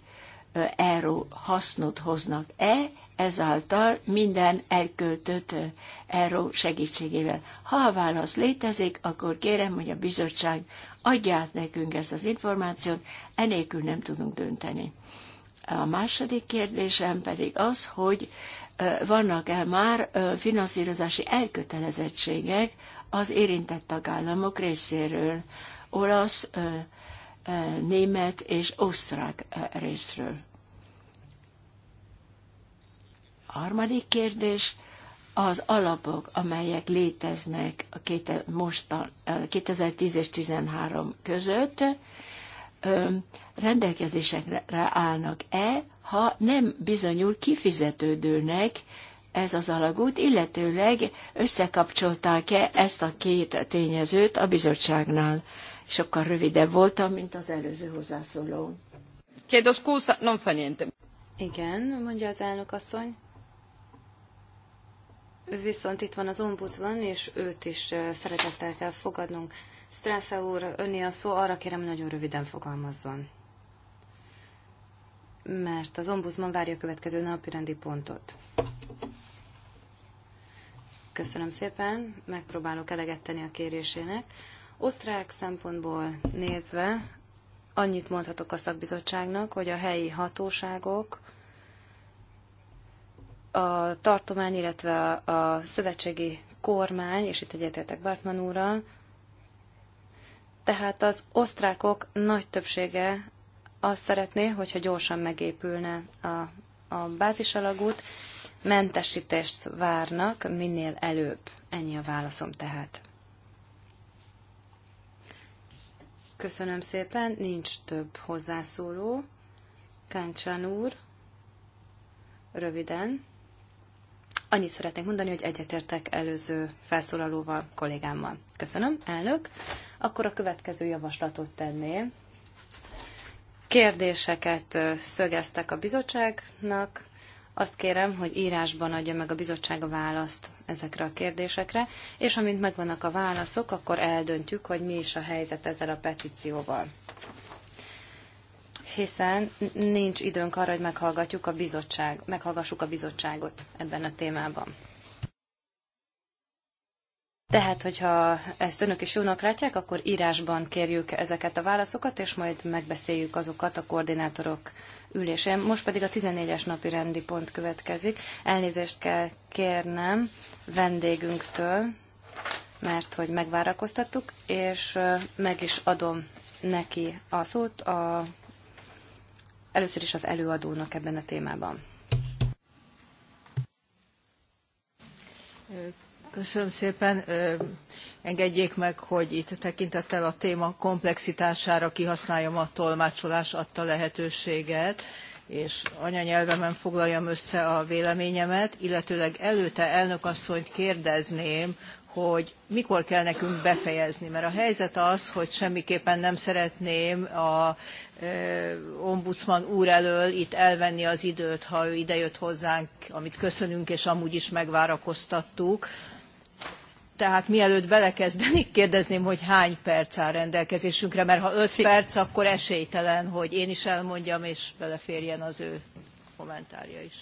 erő hasznot hoznak-e ezáltal minden elköltött erő segítségével. Ha a válasz létezik, akkor kérem, hogy a bizottság adja át nekünk ezt az információt, enélkül nem tudunk dönteni. A második kérdésem pedig az, hogy vannak-e már finanszírozási elkötelezettségek az érintett tagállamok részéről. Olasz német és osztrák részről. A harmadik kérdés az alapok, amelyek léteznek a mostan, 2010 és 2013 között, rendelkezésekre állnak-e, ha nem bizonyul kifizetődőnek ez az alagút, illetőleg összekapcsolták-e ezt a két tényezőt a bizottságnál sokkal rövidebb voltam, mint az előző hozzászóló. Kérdez, scusa, nem fa niente. Igen, mondja az elnök asszony. Viszont itt van az ombudsman, és őt is szeretettel kell fogadnunk. Strasza úr, önni a szó, arra kérem, nagyon röviden fogalmazzon. Mert az ombudsman várja a következő napi rendi pontot. Köszönöm szépen, megpróbálok eleget tenni a kérésének. Osztrák szempontból nézve annyit mondhatok a szakbizottságnak, hogy a helyi hatóságok, a tartomány, illetve a szövetségi kormány, és itt egyetértek Bartman úrral, tehát az osztrákok nagy többsége azt szeretné, hogyha gyorsan megépülne a, a bázisalagút, mentesítést várnak minél előbb. Ennyi a válaszom tehát. Köszönöm szépen, nincs több hozzászóló. Káncsán úr, röviden. Annyit szeretnék mondani, hogy egyetértek előző felszólalóval, kollégámmal. Köszönöm, elnök. Akkor a következő javaslatot tenném. Kérdéseket szögeztek a bizottságnak, azt kérem, hogy írásban adja meg a bizottság a választ ezekre a kérdésekre, és amint megvannak a válaszok, akkor eldöntjük, hogy mi is a helyzet ezzel a petícióval. Hiszen nincs időnk arra, hogy meghallgatjuk a bizottság, meghallgassuk a bizottságot ebben a témában. Tehát, hogyha ezt önök is jónak látják, akkor írásban kérjük ezeket a válaszokat, és majd megbeszéljük azokat a koordinátorok ülésén. Most pedig a 14-es napi rendi pont következik. Elnézést kell kérnem vendégünktől, mert hogy megvárakoztattuk, és meg is adom neki a szót a, először is az előadónak ebben a témában. Köszönöm szépen. Engedjék meg, hogy itt tekintettel a téma komplexitására kihasználjam a tolmácsolás adta lehetőséget, és anyanyelvemen foglaljam össze a véleményemet, illetőleg előtte elnökasszonyt kérdezném, hogy mikor kell nekünk befejezni, mert a helyzet az, hogy semmiképpen nem szeretném a ombudsman úr elől itt elvenni az időt, ha ő idejött hozzánk, amit köszönünk, és amúgy is megvárakoztattuk, tehát mielőtt belekezdenék, kérdezném, hogy hány perc áll rendelkezésünkre, mert ha öt perc, akkor esélytelen, hogy én is elmondjam, és beleférjen az ő kommentárja is.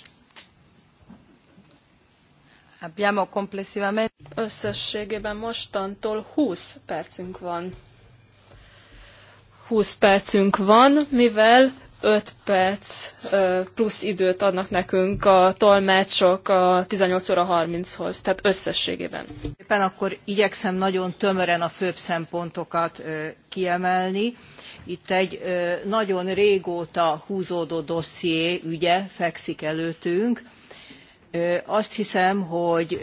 Abbiamo complessivamente... Összességében mostantól 20 percünk van. 20 percünk van, mivel 5 perc plusz időt adnak nekünk a tolmácsok a 18 óra 30-hoz, tehát összességében. Éppen akkor igyekszem nagyon tömören a főbb szempontokat kiemelni. Itt egy nagyon régóta húzódó dosszié ügye fekszik előttünk azt hiszem, hogy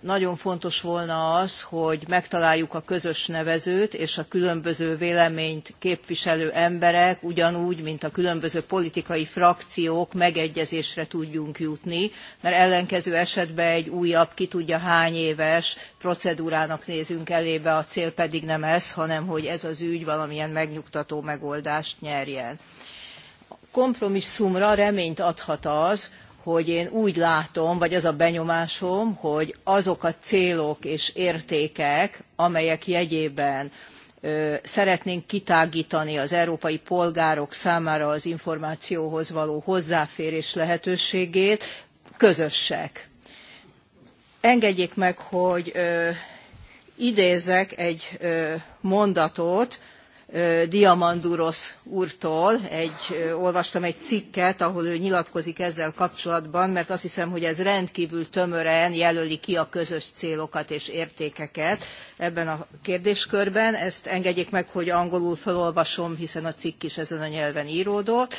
nagyon fontos volna az, hogy megtaláljuk a közös nevezőt, és a különböző véleményt képviselő emberek, ugyanúgy, mint a különböző politikai frakciók megegyezésre tudjunk jutni, mert ellenkező esetben egy újabb, ki tudja hány éves procedúrának nézünk elébe, a cél pedig nem ez, hanem hogy ez az ügy valamilyen megnyugtató megoldást nyerjen kompromisszumra reményt adhat az, hogy én úgy látom, vagy az a benyomásom, hogy azok a célok és értékek, amelyek jegyében szeretnénk kitágítani az európai polgárok számára az információhoz való hozzáférés lehetőségét, közösek. Engedjék meg, hogy idézek egy mondatot, Diamandurosz úrtól. Egy, olvastam egy cikket, ahol ő nyilatkozik ezzel kapcsolatban, mert azt hiszem, hogy ez rendkívül tömören jelöli ki a közös célokat és értékeket ebben a kérdéskörben. Ezt engedjék meg, hogy angolul felolvasom, hiszen a cikk is ezen a nyelven íródott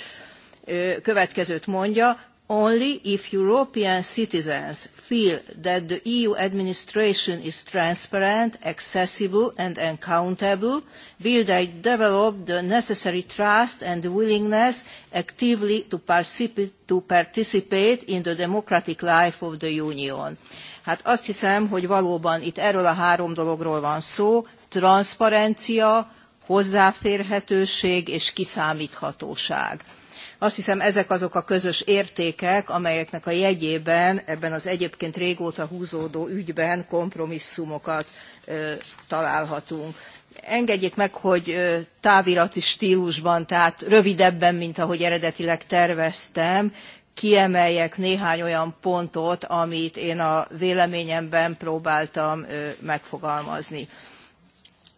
következőt mondja Only if European citizens feel that the EU administration is transparent, accessible and accountable will they develop the necessary trust and willingness actively to, particip to participate in the democratic life of the Union. Hát azt hiszem, hogy valóban itt erről a három dologról van szó, transzparencia, hozzáférhetőség és kiszámíthatóság azt hiszem, ezek azok a közös értékek, amelyeknek a jegyében ebben az egyébként régóta húzódó ügyben kompromisszumokat találhatunk. Engedjék meg, hogy távirati stílusban, tehát rövidebben, mint ahogy eredetileg terveztem, kiemeljek néhány olyan pontot, amit én a véleményemben próbáltam megfogalmazni.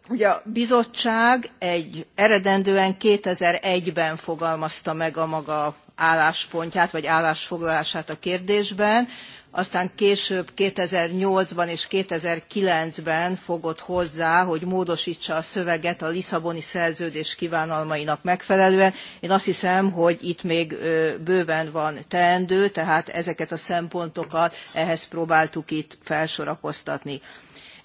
Ugye a bizottság egy eredendően 2001-ben fogalmazta meg a maga álláspontját, vagy állásfoglalását a kérdésben, aztán később 2008-ban és 2009-ben fogott hozzá, hogy módosítsa a szöveget a Lisszaboni szerződés kívánalmainak megfelelően. Én azt hiszem, hogy itt még bőven van teendő, tehát ezeket a szempontokat ehhez próbáltuk itt felsorakoztatni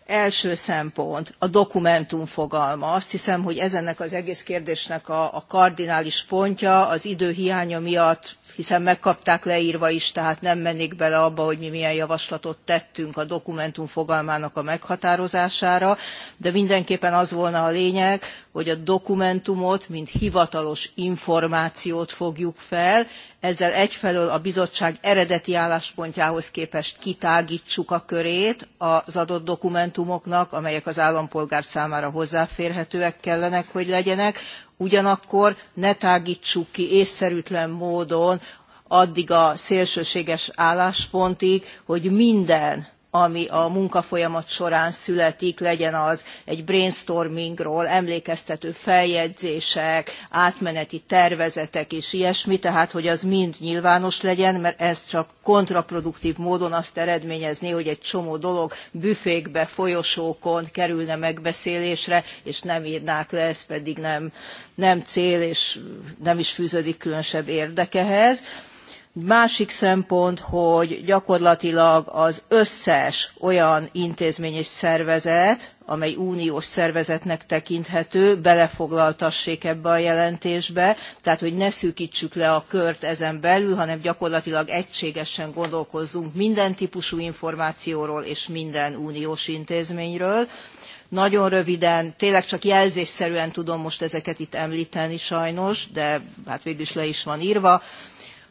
első szempont a dokumentum fogalma. Azt hiszem, hogy ez ennek az egész kérdésnek a, a kardinális pontja, az idő hiánya miatt hiszen megkapták leírva is, tehát nem mennék bele abba, hogy mi milyen javaslatot tettünk a dokumentum fogalmának a meghatározására, de mindenképpen az volna a lényeg, hogy a dokumentumot, mint hivatalos információt fogjuk fel, ezzel egyfelől a bizottság eredeti álláspontjához képest kitágítsuk a körét az adott dokumentumoknak, amelyek az állampolgár számára hozzáférhetőek kellenek, hogy legyenek, ugyanakkor ne tágítsuk ki észszerűtlen módon addig a szélsőséges álláspontig, hogy minden ami a munkafolyamat során születik, legyen az egy brainstormingról, emlékeztető feljegyzések, átmeneti tervezetek és ilyesmi, tehát hogy az mind nyilvános legyen, mert ez csak kontraproduktív módon azt eredményezné, hogy egy csomó dolog büfékbe, folyosókon kerülne megbeszélésre, és nem írnák le, ez pedig nem, nem cél, és nem is fűződik különösebb érdekehez. Másik szempont, hogy gyakorlatilag az összes olyan intézmény és szervezet, amely uniós szervezetnek tekinthető, belefoglaltassék ebbe a jelentésbe, tehát hogy ne szűkítsük le a kört ezen belül, hanem gyakorlatilag egységesen gondolkozzunk minden típusú információról és minden uniós intézményről. Nagyon röviden, tényleg csak jelzésszerűen tudom most ezeket itt említeni sajnos, de hát végül is le is van írva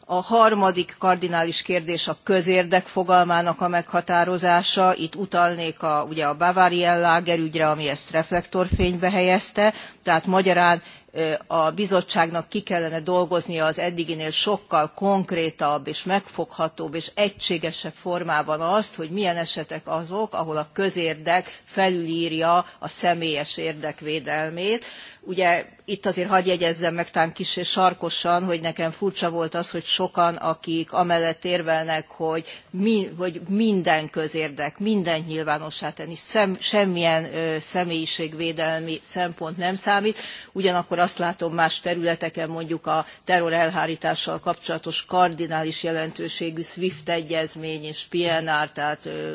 a harmadik kardinális kérdés a közérdek fogalmának a meghatározása. Itt utalnék a, ugye a Bavarian Lager ügyre, ami ezt reflektorfénybe helyezte, tehát magyarán a bizottságnak ki kellene dolgoznia az eddiginél sokkal konkrétabb és megfoghatóbb és egységesebb formában azt, hogy milyen esetek azok, ahol a közérdek felülírja a személyes védelmét. Ugye itt azért hagyj jegyezzem meg talán kis és sarkosan, hogy nekem furcsa volt az, hogy sokan, akik amellett érvelnek, hogy, mi, hogy minden közérdek, mindent nyilvánossá tenni, szem, semmilyen ö, személyiségvédelmi szempont nem számít. Ugyanakkor azt látom más területeken, mondjuk a terror elhárítással kapcsolatos kardinális jelentőségű SWIFT egyezmény és PNR, tehát ö,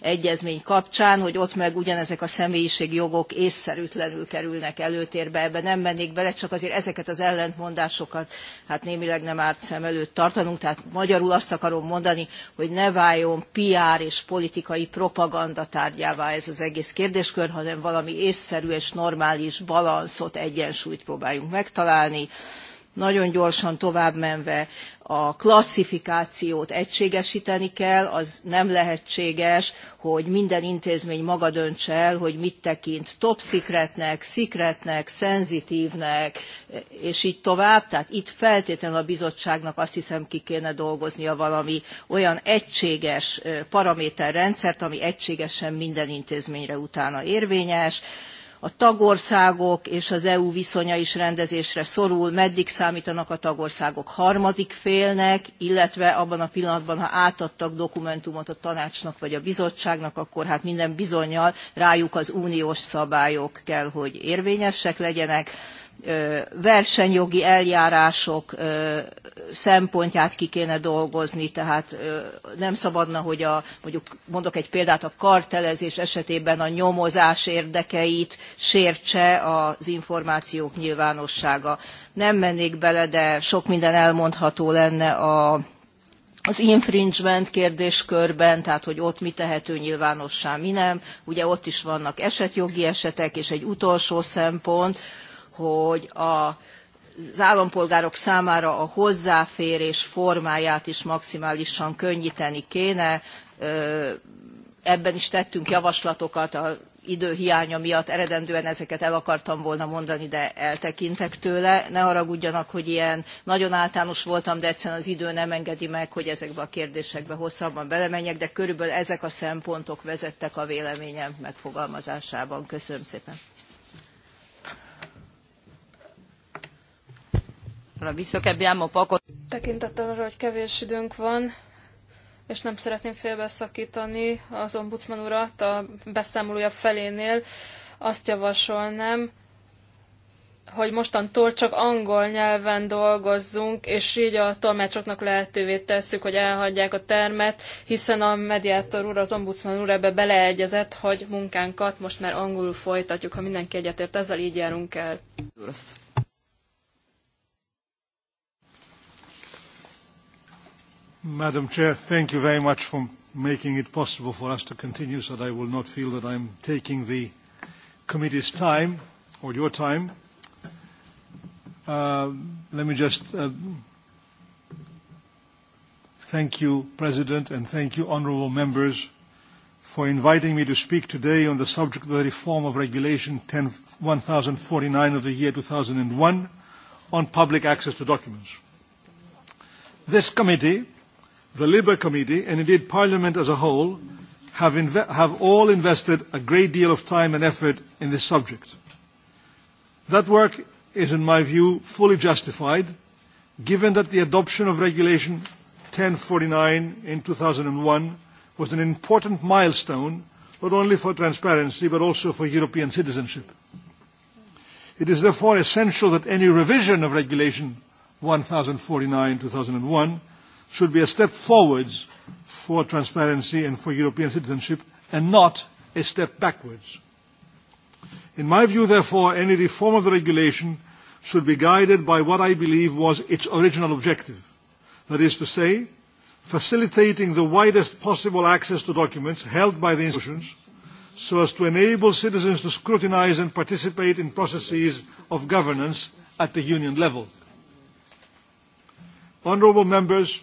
egyezmény kapcsán, hogy ott meg ugyanezek a személyiségjogok észszerűtlenül kerülnek előtérbe, ebben nem mennék bele, csak azért ezeket az ellentmondásokat hát némileg nem árt szem előtt tartanunk. Tehát magyarul azt akarom mondani, hogy ne váljon PR és politikai propaganda tárgyává ez az egész kérdéskör, hanem valami észszerű és normális balanszot, egyensúlyt próbáljunk megtalálni. Nagyon gyorsan tovább menve a klasszifikációt egységesíteni kell, az nem lehetséges, hogy minden intézmény maga döntse el, hogy mit tekint top secretnek, szikretnek, szenzitívnek, és így tovább. Tehát itt feltétlenül a bizottságnak azt hiszem ki kéne dolgoznia valami olyan egységes paraméterrendszert, ami egységesen minden intézményre utána érvényes a tagországok és az EU viszonya is rendezésre szorul, meddig számítanak a tagországok harmadik félnek, illetve abban a pillanatban, ha átadtak dokumentumot a tanácsnak vagy a bizottságnak, akkor hát minden bizonyal rájuk az uniós szabályok kell, hogy érvényesek legyenek versenyjogi eljárások szempontját ki kéne dolgozni, tehát nem szabadna, hogy a, mondjuk mondok egy példát, a kartelezés esetében a nyomozás érdekeit sértse az információk nyilvánossága. Nem mennék bele, de sok minden elmondható lenne a, az infringement kérdéskörben, tehát hogy ott mi tehető nyilvánossá, mi nem. Ugye ott is vannak esetjogi esetek, és egy utolsó szempont, hogy a az állampolgárok számára a hozzáférés formáját is maximálisan könnyíteni kéne. Ebben is tettünk javaslatokat, a idő hiánya miatt eredendően ezeket el akartam volna mondani, de eltekintek tőle. Ne haragudjanak, hogy ilyen nagyon általános voltam, de egyszerűen az idő nem engedi meg, hogy ezekbe a kérdésekbe hosszabban belemenjek, de körülbelül ezek a szempontok vezettek a véleményem megfogalmazásában. Köszönöm szépen. visto che abbiamo poco... Tekintettel arra, hogy kevés időnk van, és nem szeretném félbeszakítani az ombudsman urat a beszámolója felénél, azt javasolnám, hogy mostantól csak angol nyelven dolgozzunk, és így a tolmácsoknak lehetővé tesszük, hogy elhagyják a termet, hiszen a mediátor úr, az ombudsman úr ebbe beleegyezett, hogy munkánkat most már angolul folytatjuk, ha mindenki egyetért, ezzel így járunk el. Rossz. Madam Chair, thank you very much for making it possible for us to continue so that I will not feel that I'm taking the committee's time or your time. Uh, let me just uh, thank you, President, and thank you, honourable members, for inviting me to speak today on the subject of the reform of Regulation 10, 1049 of the year 2001 on public access to documents. This committee the Labour Committee, and indeed Parliament as a whole, have, have all invested a great deal of time and effort in this subject. That work is, in my view, fully justified, given that the adoption of Regulation 1049 in 2001 was an important milestone, not only for transparency, but also for European citizenship. It is therefore essential that any revision of Regulation 1049-2001 should be a step forwards for transparency and for European citizenship and not a step backwards. In my view, therefore, any reform of the regulation should be guided by what I believe was its original objective. That is to say, facilitating the widest possible access to documents held by the institutions so as to enable citizens to scrutinize and participate in processes of governance at the union level. Honourable members,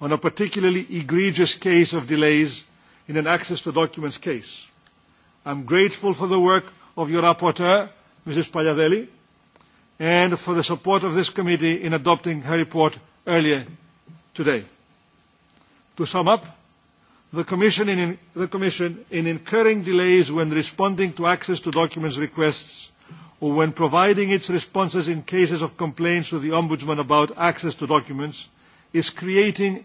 on a particularly egregious case of delays in an access to documents case. I'm grateful for the work of your rapporteur, Mrs. Pagliadelli, and for the support of this committee in adopting her report earlier today. To sum up, the Commission, in, the Commission, in incurring delays when responding to access to documents requests or when providing its responses in cases of complaints to the Ombudsman about access to documents, is creating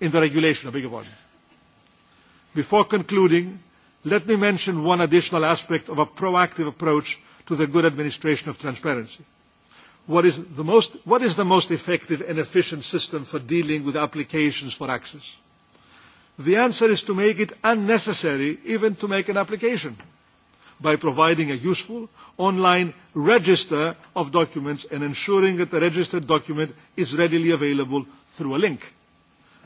in the regulation, a bigger one. Before concluding, let me mention one additional aspect of a proactive approach to the good administration of transparency. What is the most, what is the most effective and efficient system for dealing with applications for access? The answer is to make it unnecessary even to make an application by providing a useful online register of documents and ensuring that the registered document is readily available through a link.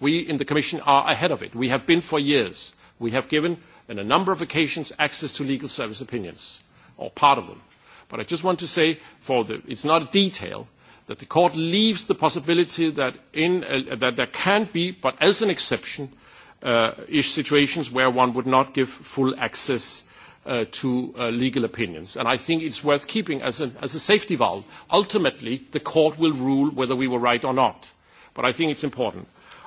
We in the Commission are ahead of it. We have been for years. We have given, on a number of occasions, access to legal service opinions, or part of them. But I just want to say, for the, it's not a detail, that the court leaves the possibility that, in, uh, that there can be, but as an exception, uh, ish situations where one would not give full access uh, to uh, legal opinions. And I think it's worth keeping as a, as a safety valve. Ultimately, the court will rule whether we were right or not. But I think it's important.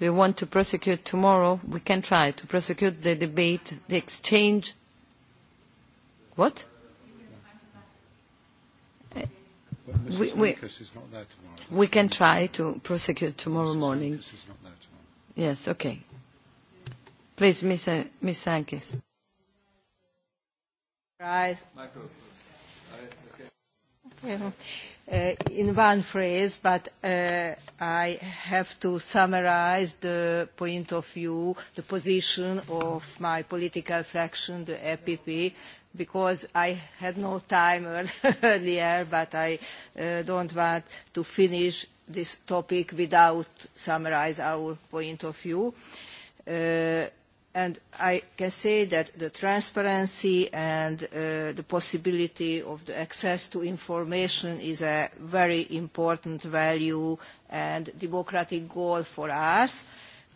do you want to prosecute tomorrow? We can try to prosecute the debate, the exchange. What? We, we, we can try to prosecute tomorrow morning. Yes, okay. Please, Ms. Uh, Ms. Sankis. Right. Micro. Okay. Uh, in one phrase, but uh, I have to summarize the point of view, the position of my political faction, the EPP, because I had no time earlier, but I uh, don't want to finish this topic without summarize our point of view. And I can say that the transparency and uh, the possibility of the access to information is a very important value and democratic goal for us.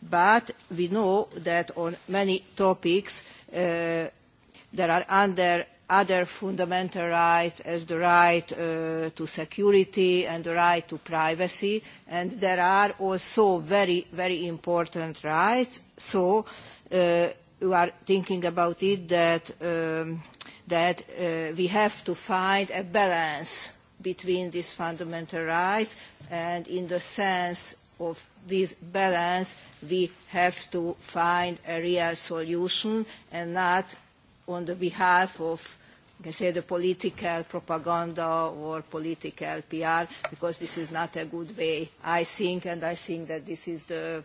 But we know that on many topics uh, there are under other fundamental rights as the right uh, to security and the right to privacy. And there are also very, very important rights. So uh, you are thinking about it that, um, that uh, we have to find a balance between these fundamental rights and in the sense of this balance we have to find a real solution and not on the behalf of can say the political propaganda or political PR because this is not a good way I think and I think that this is the